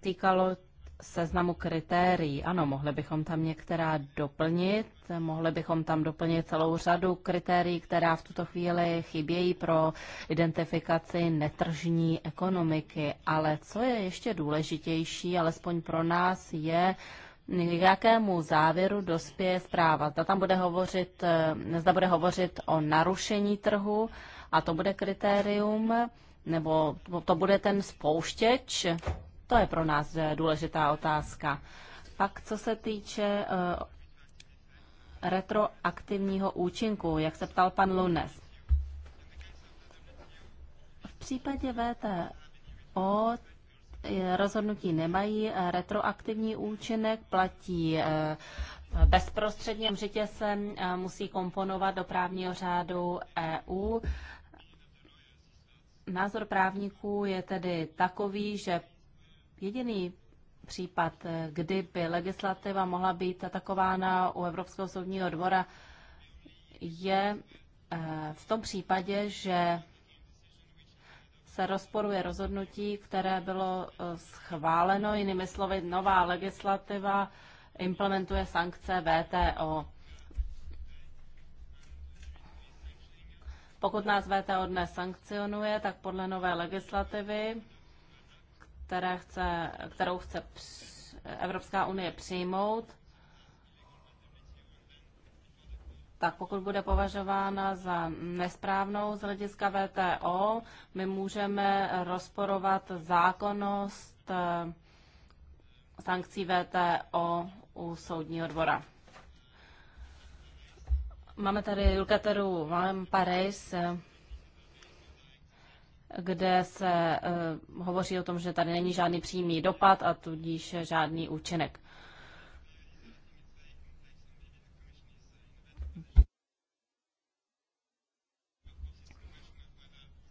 týkalo seznamu kritérií. Ano, mohli bychom tam některá doplnit, mohli bychom tam doplnit celou řadu kritérií, která v tuto chvíli chybějí pro identifikaci netržní ekonomiky. Ale co je ještě důležitější, alespoň pro nás, je uh, k jakému závěru dospěje zpráva. Zda tam bude hovořit, eh, zda bude hovořit o narušení trhu a to bude kritérium, nebo to bude ten spouštěč? To je pro nás eh, důležitá otázka. Pak co se týče eh, retroaktivního účinku, jak se ptal pan Lunes. V případě VTO rozhodnutí nemají retroaktivní účinek, platí eh, bezprostředně, určitě se eh, musí komponovat do právního řádu EU. Názor právníků je tedy takový, že jediný případ, eh, kdy by legislativa mohla být atakována u Evropského soudního dvora, je v tom případě, že se rozporuje rozhodnutí, které bylo eh, schváleno, jinými slovy nová legislativa implementuje sankce VTO. Pokud nás VTO dnes sankcionuje, tak podle nové legislativy, které chce, kterou chce Evropská unie přijmout, tak pokud bude považována za nesprávnou z hlediska VTO, my můžeme rozporovat zákonnost eh, sankcí VTO u soudního dvora. Máme tady Julkateru Valem Paris, eh, kde se eh, hovoří o tom, že tady není žádný přímý dopad a tudíž žádný účinek.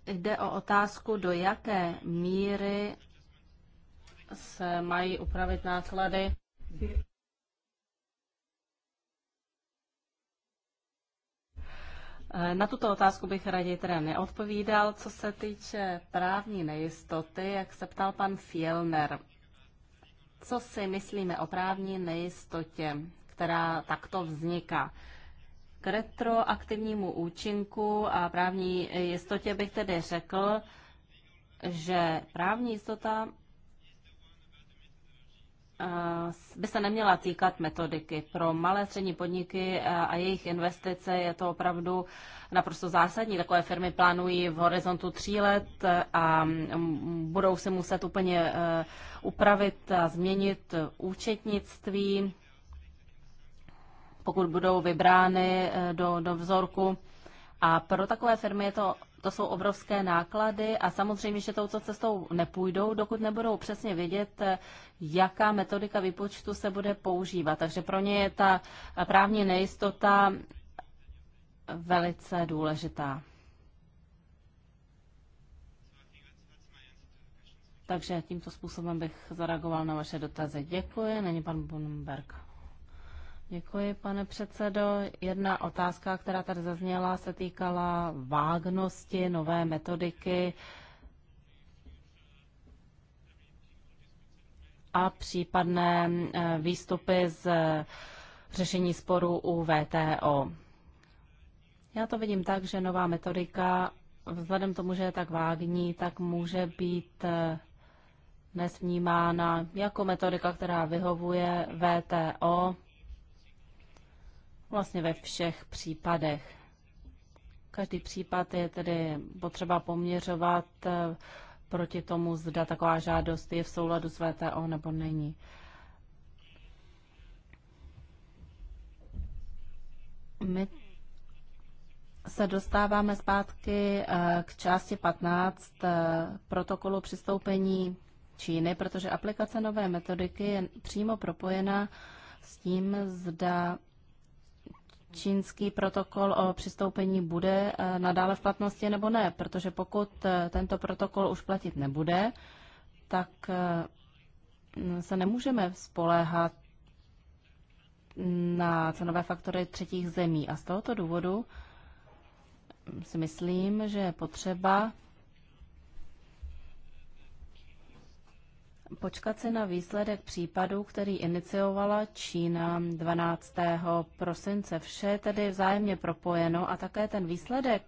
jde o otázku, do jaké míry se mají upravit náklady. Eh, na tuto otázku bych raději teda neodpovídal. Co se týče právní nejistoty, jak se ptal pan Fielner, co si myslíme o právní nejistotě, která takto vzniká? K retroaktivnímu účinku a právní jistotě bych tedy řekl, že právní jistota eh, by se neměla týkat metodiky. Pro malé střední podniky eh, a jejich investice je to opravdu naprosto zásadní. Takové firmy plánují v horizontu tří let eh, a mm, budou si muset úplně upravit a změnit účetnictví pokud budou vybrány eh, do, do vzorku. A pro takové firmy je to, to jsou obrovské náklady a samozřejmě, že touto cestou nepůjdou, dokud nebudou přesně vědět, eh, jaká metodika výpočtu se bude používat. Takže pro ně je ta právní nejistota velice důležitá. Takže tímto způsobem bych zareagoval na vaše dotazy. Děkuji. Není pan Bloomberg. Děkuji, pane předsedo. Jedna otázka, která tady zazněla, se týkala vágnosti nové metodiky a případné eh, výstupy z eh, řešení sporů u VTO. Já to vidím tak, že nová metodika, vzhledem tomu, že je tak vágní, tak může být eh, nesvnímána jako metodika, která vyhovuje VTO vlastně ve všech případech. Každý případ je tedy potřeba poměřovat eh, proti tomu, zda taková žádost je v souladu s VTO nebo není. My se dostáváme zpátky eh, k části 15 eh, protokolu přistoupení Číny, protože aplikace nové metodiky je přímo propojena s tím, zda čínský protokol o přistoupení bude eh, nadále v platnosti nebo ne, protože pokud eh, tento protokol už platit nebude, tak eh, se nemůžeme spoléhat na cenové faktory třetích zemí. A z tohoto důvodu mm, si myslím, že je potřeba počkat si na výsledek případu, který iniciovala Čína 12. prosince. Vše je tedy vzájemně propojeno a také ten výsledek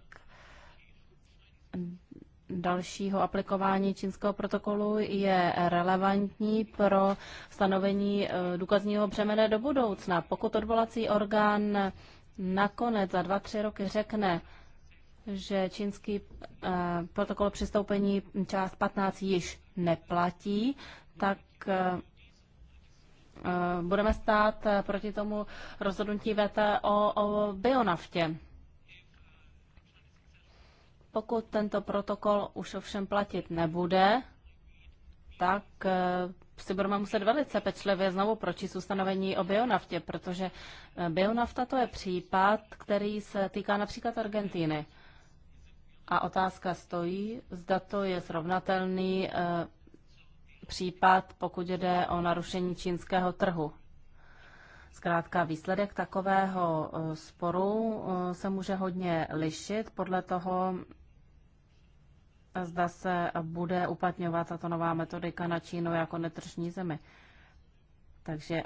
dalšího aplikování čínského protokolu je relevantní pro stanovení eh, důkazního břemene do budoucna. Pokud odvolací orgán nakonec za dva, tři roky řekne, že čínský eh, protokol přistoupení část 15 již neplatí, tak eh, eh, budeme stát proti tomu rozhodnutí VTO o bionaftě. Pokud tento protokol už ovšem platit nebude, tak si budeme muset velice pečlivě znovu pročíst ustanovení o bionaftě, protože bionafta to je případ, který se týká například Argentíny. A otázka stojí, zda to je srovnatelný eh, případ, pokud jde o narušení čínského trhu. Zkrátka výsledek takového eh, sporu eh, se může hodně lišit podle toho, zda se bude uplatňovat tato nová metodika na Čínu jako netržní zemi. Takže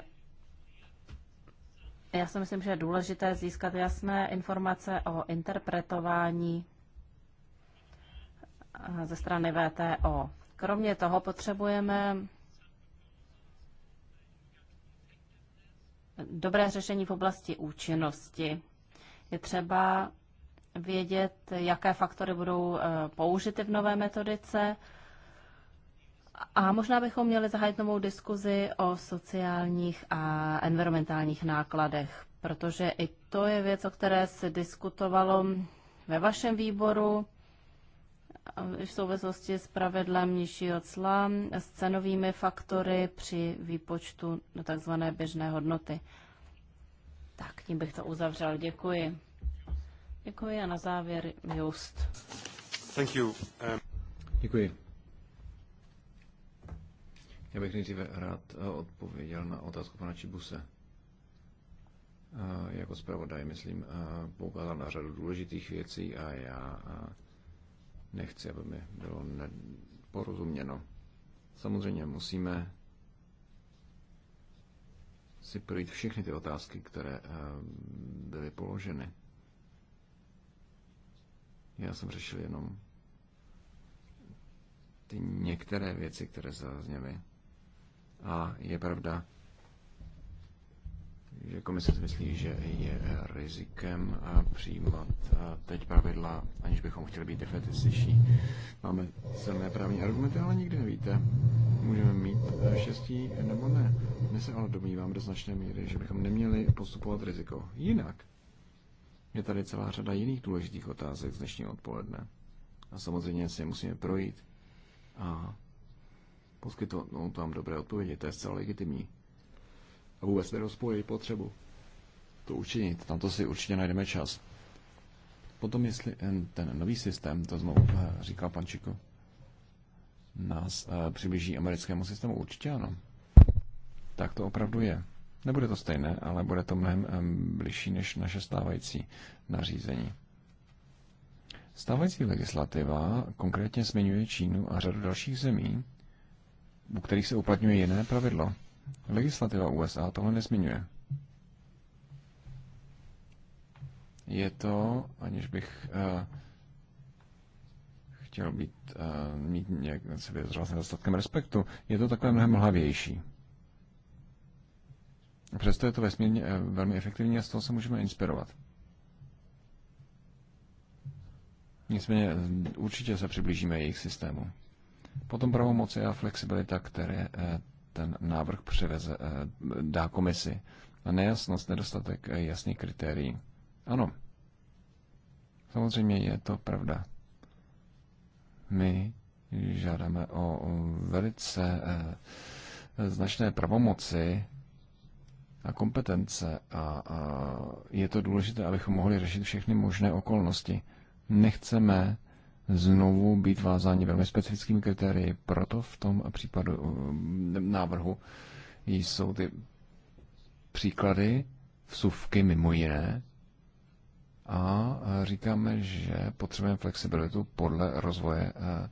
já si myslím, že je důležité získat jasné informace o interpretování ze strany VTO. Kromě toho potřebujeme dobré řešení v oblasti účinnosti. Je třeba vědět, jaké faktory budou eh, použity v nové metodice. A možná bychom měli zahájit novou diskuzi o sociálních a environmentálních nákladech, protože i to je věc, o které se diskutovalo ve vašem výboru v souvislosti s pravidlem nižšího cla, s cenovými faktory při výpočtu tzv. běžné hodnoty. Tak, tím bych to uzavřel. Děkuji. Děkuji a na závěr Just. Thank you. Um... Děkuji. Já bych nejdříve rád eh, odpověděl na otázku pana Čibuse. Eh, jako zpravodaj, myslím, eh, poukázal na řadu důležitých věcí a já Nechci, aby mi bylo porozuměno. Samozřejmě musíme si projít všechny ty otázky, které eh, byly položeny. Já jsem řešil jenom ty některé věci, které zazněly. A je pravda, že komise si myslí, že je rizikem přijímat teď pravidla, aniž bychom chtěli být defetističní. Máme silné právní argumenty, ale nikdy nevíte. Můžeme mít štěstí nebo ne. My se ale domnívám do značné míry, že bychom neměli postupovat riziko. Jinak je tady celá řada jiných důležitých otázek z dnešního odpoledne. A samozřejmě si je musíme projít a poskytnout vám dobré odpovědi. To je zcela legitimní a vůbec nerozpojí potřebu to učinit. Tam to si určitě najdeme čas. Potom, jestli ten nový systém, to znovu eh, říkal pan Čiko, nás eh, přiblíží americkému systému, určitě ano. Tak to opravdu je. Nebude to stejné, ale bude to mnohem eh, bližší než naše stávající nařízení. Stávající legislativa konkrétně zmiňuje Čínu a řadu dalších zemí, u kterých se uplatňuje jiné pravidlo. Legislativa USA tohle nezmiňuje. Je to, aniž bych uh, chtěl být, uh, mít nějak, se vyjadřovat s nedostatkem vlastně respektu, je to takové mnohem hlavější. Přesto je to vesmírně uh, velmi efektivní a z toho se můžeme inspirovat. Nicméně mm, určitě se přiblížíme jejich systému. Potom pravomoci a flexibilita, které ten návrh převeze, eh, dá komisi. A nejasnost, nedostatek eh, jasných kritérií. Ano. Samozřejmě je to pravda. My žádáme o velice eh, značné pravomoci a kompetence a, a je to důležité, abychom mohli řešit všechny možné okolnosti. Nechceme znovu být vázáni velmi specifickými kritérii. Proto v tom případu eh, návrhu jsou ty příklady vsuvky mimo jiné a říkáme, že potřebujeme flexibilitu podle rozvoje eh,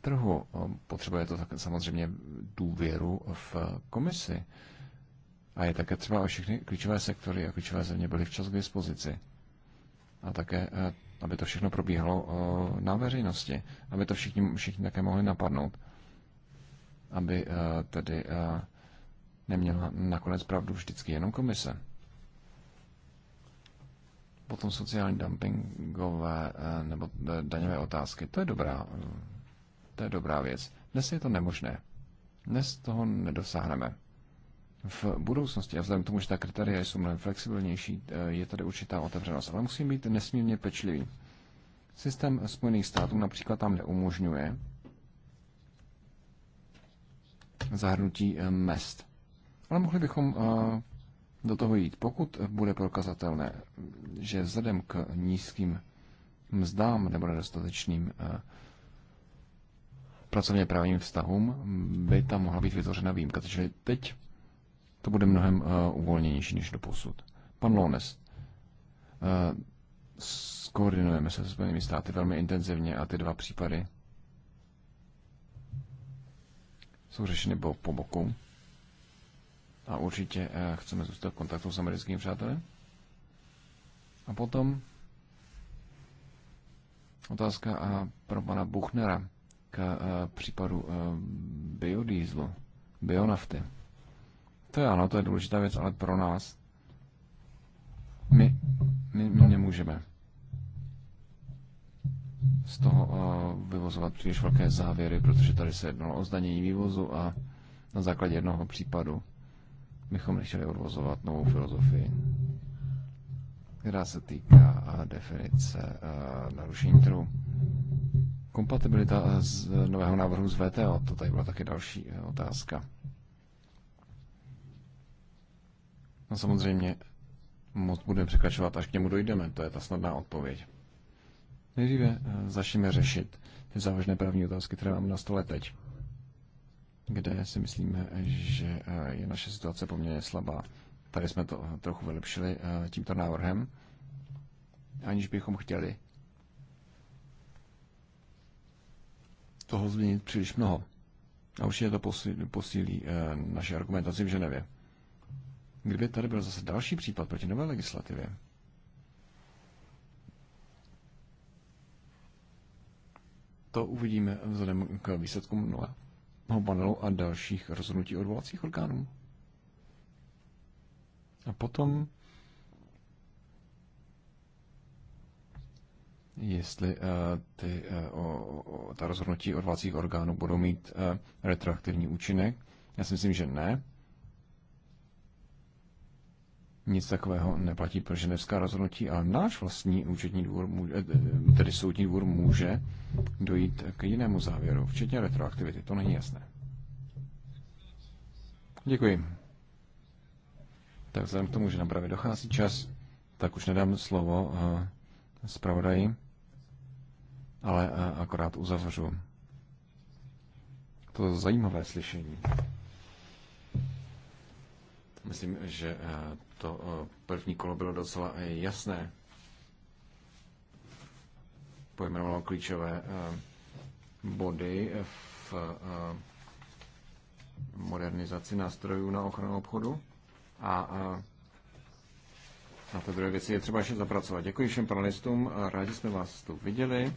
trhu. Potřebuje to také samozřejmě důvěru v komisi. A je také třeba, o všechny klíčové sektory a klíčové země byly včas k dispozici. A také eh, aby to všechno probíhalo eh, na veřejnosti, aby to všichni, všichni také mohli napadnout, aby eh, tedy eh, neměla nakonec pravdu vždycky jenom komise. Potom sociální dumpingové nebo daňové otázky, to je dobrá, to je dobrá věc. Dnes je to nemožné. Dnes toho nedosáhneme v budoucnosti, a vzhledem k tomu, že ta kritéria jsou mnohem flexibilnější, eh, je tady určitá otevřenost. Ale musím být nesmírně pečlivý. Systém Spojených států například tam neumožňuje zahrnutí eh, mest. Ale mohli bychom eh, do toho jít, pokud bude prokazatelné, že vzhledem k nízkým mzdám nebo nedostatečným pracovně právním vztahům by tam mohla být vytvořena výjimka. Takže teď to bude mnohem eh, uvolněnější než do posud. Pan Lones, eh, skoordinujeme se s Spojenými státy velmi intenzivně a ty dva případy jsou řešeny bo- po boku. A určitě eh, chceme zůstat v kontaktu s americkými přáteli. A potom otázka a pro pana Buchnera k případu biodieslu, bionafty. To je ano, to je důležitá věc, ale pro nás my, my, my nemůžeme z toho eh, vyvozovat příliš velké závěry, protože tady se jednalo o zdanění vývozu a na základě jednoho případu bychom nechtěli odvozovat novou filozofii, která se týká eh, definice eh, narušení trhu. Kompatibilita z nového návrhu z VTO, to tady byla taky další otázka. No samozřejmě moc bude překračovat, až k němu dojdeme, to je ta snadná odpověď. Nejdříve eh, začneme řešit ty závažné právní otázky, které máme na stole teď, kde si myslíme, že eh, je naše situace poměrně slabá. Tady jsme to eh, trochu vylepšili tímto návrhem, aniž bychom chtěli toho změnit příliš mnoho. A určitě to posílí naše argumentaci v Ženevě kdyby tady byl zase další případ proti nové legislativě, to uvidíme vzhledem k výsledkům nového panelu a dalších rozhodnutí odvolacích orgánů. A potom, jestli uh, ty, uh, o, o, ta rozhodnutí odvolacích orgánů budou mít uh, retroaktivní účinek, já si myslím, že ne nic takového neplatí pro ženevská rozhodnutí, ale náš vlastní účetní dvůr, může, eh, eh, tedy soudní dvůr může dojít k jinému závěru, včetně retroaktivity. To není jasné. Děkuji. Tak vzhledem k tomu, že nám právě dochází čas, tak už nedám slovo uh, zpravodaji, ale uh, akorát uzavřu to zajímavé slyšení. Myslím, že to eh, první kolo bylo docela eh, jasné. Pojmenovalo klíčové eh, body v modernizaci nástrojů na ochranu obchodu a na té druhé věci je třeba ještě zapracovat. Děkuji všem panelistům, rádi jsme vás tu viděli,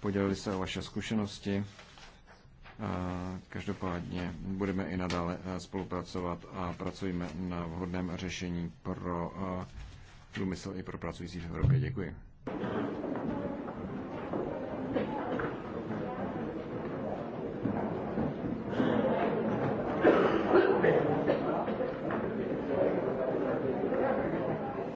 podělili se o vaše zkušenosti. Každopádně budeme i nadále eh, spolupracovat a pracujeme na vhodném řešení pro eh, průmysl i pro pracující v Evropě. Děkuji.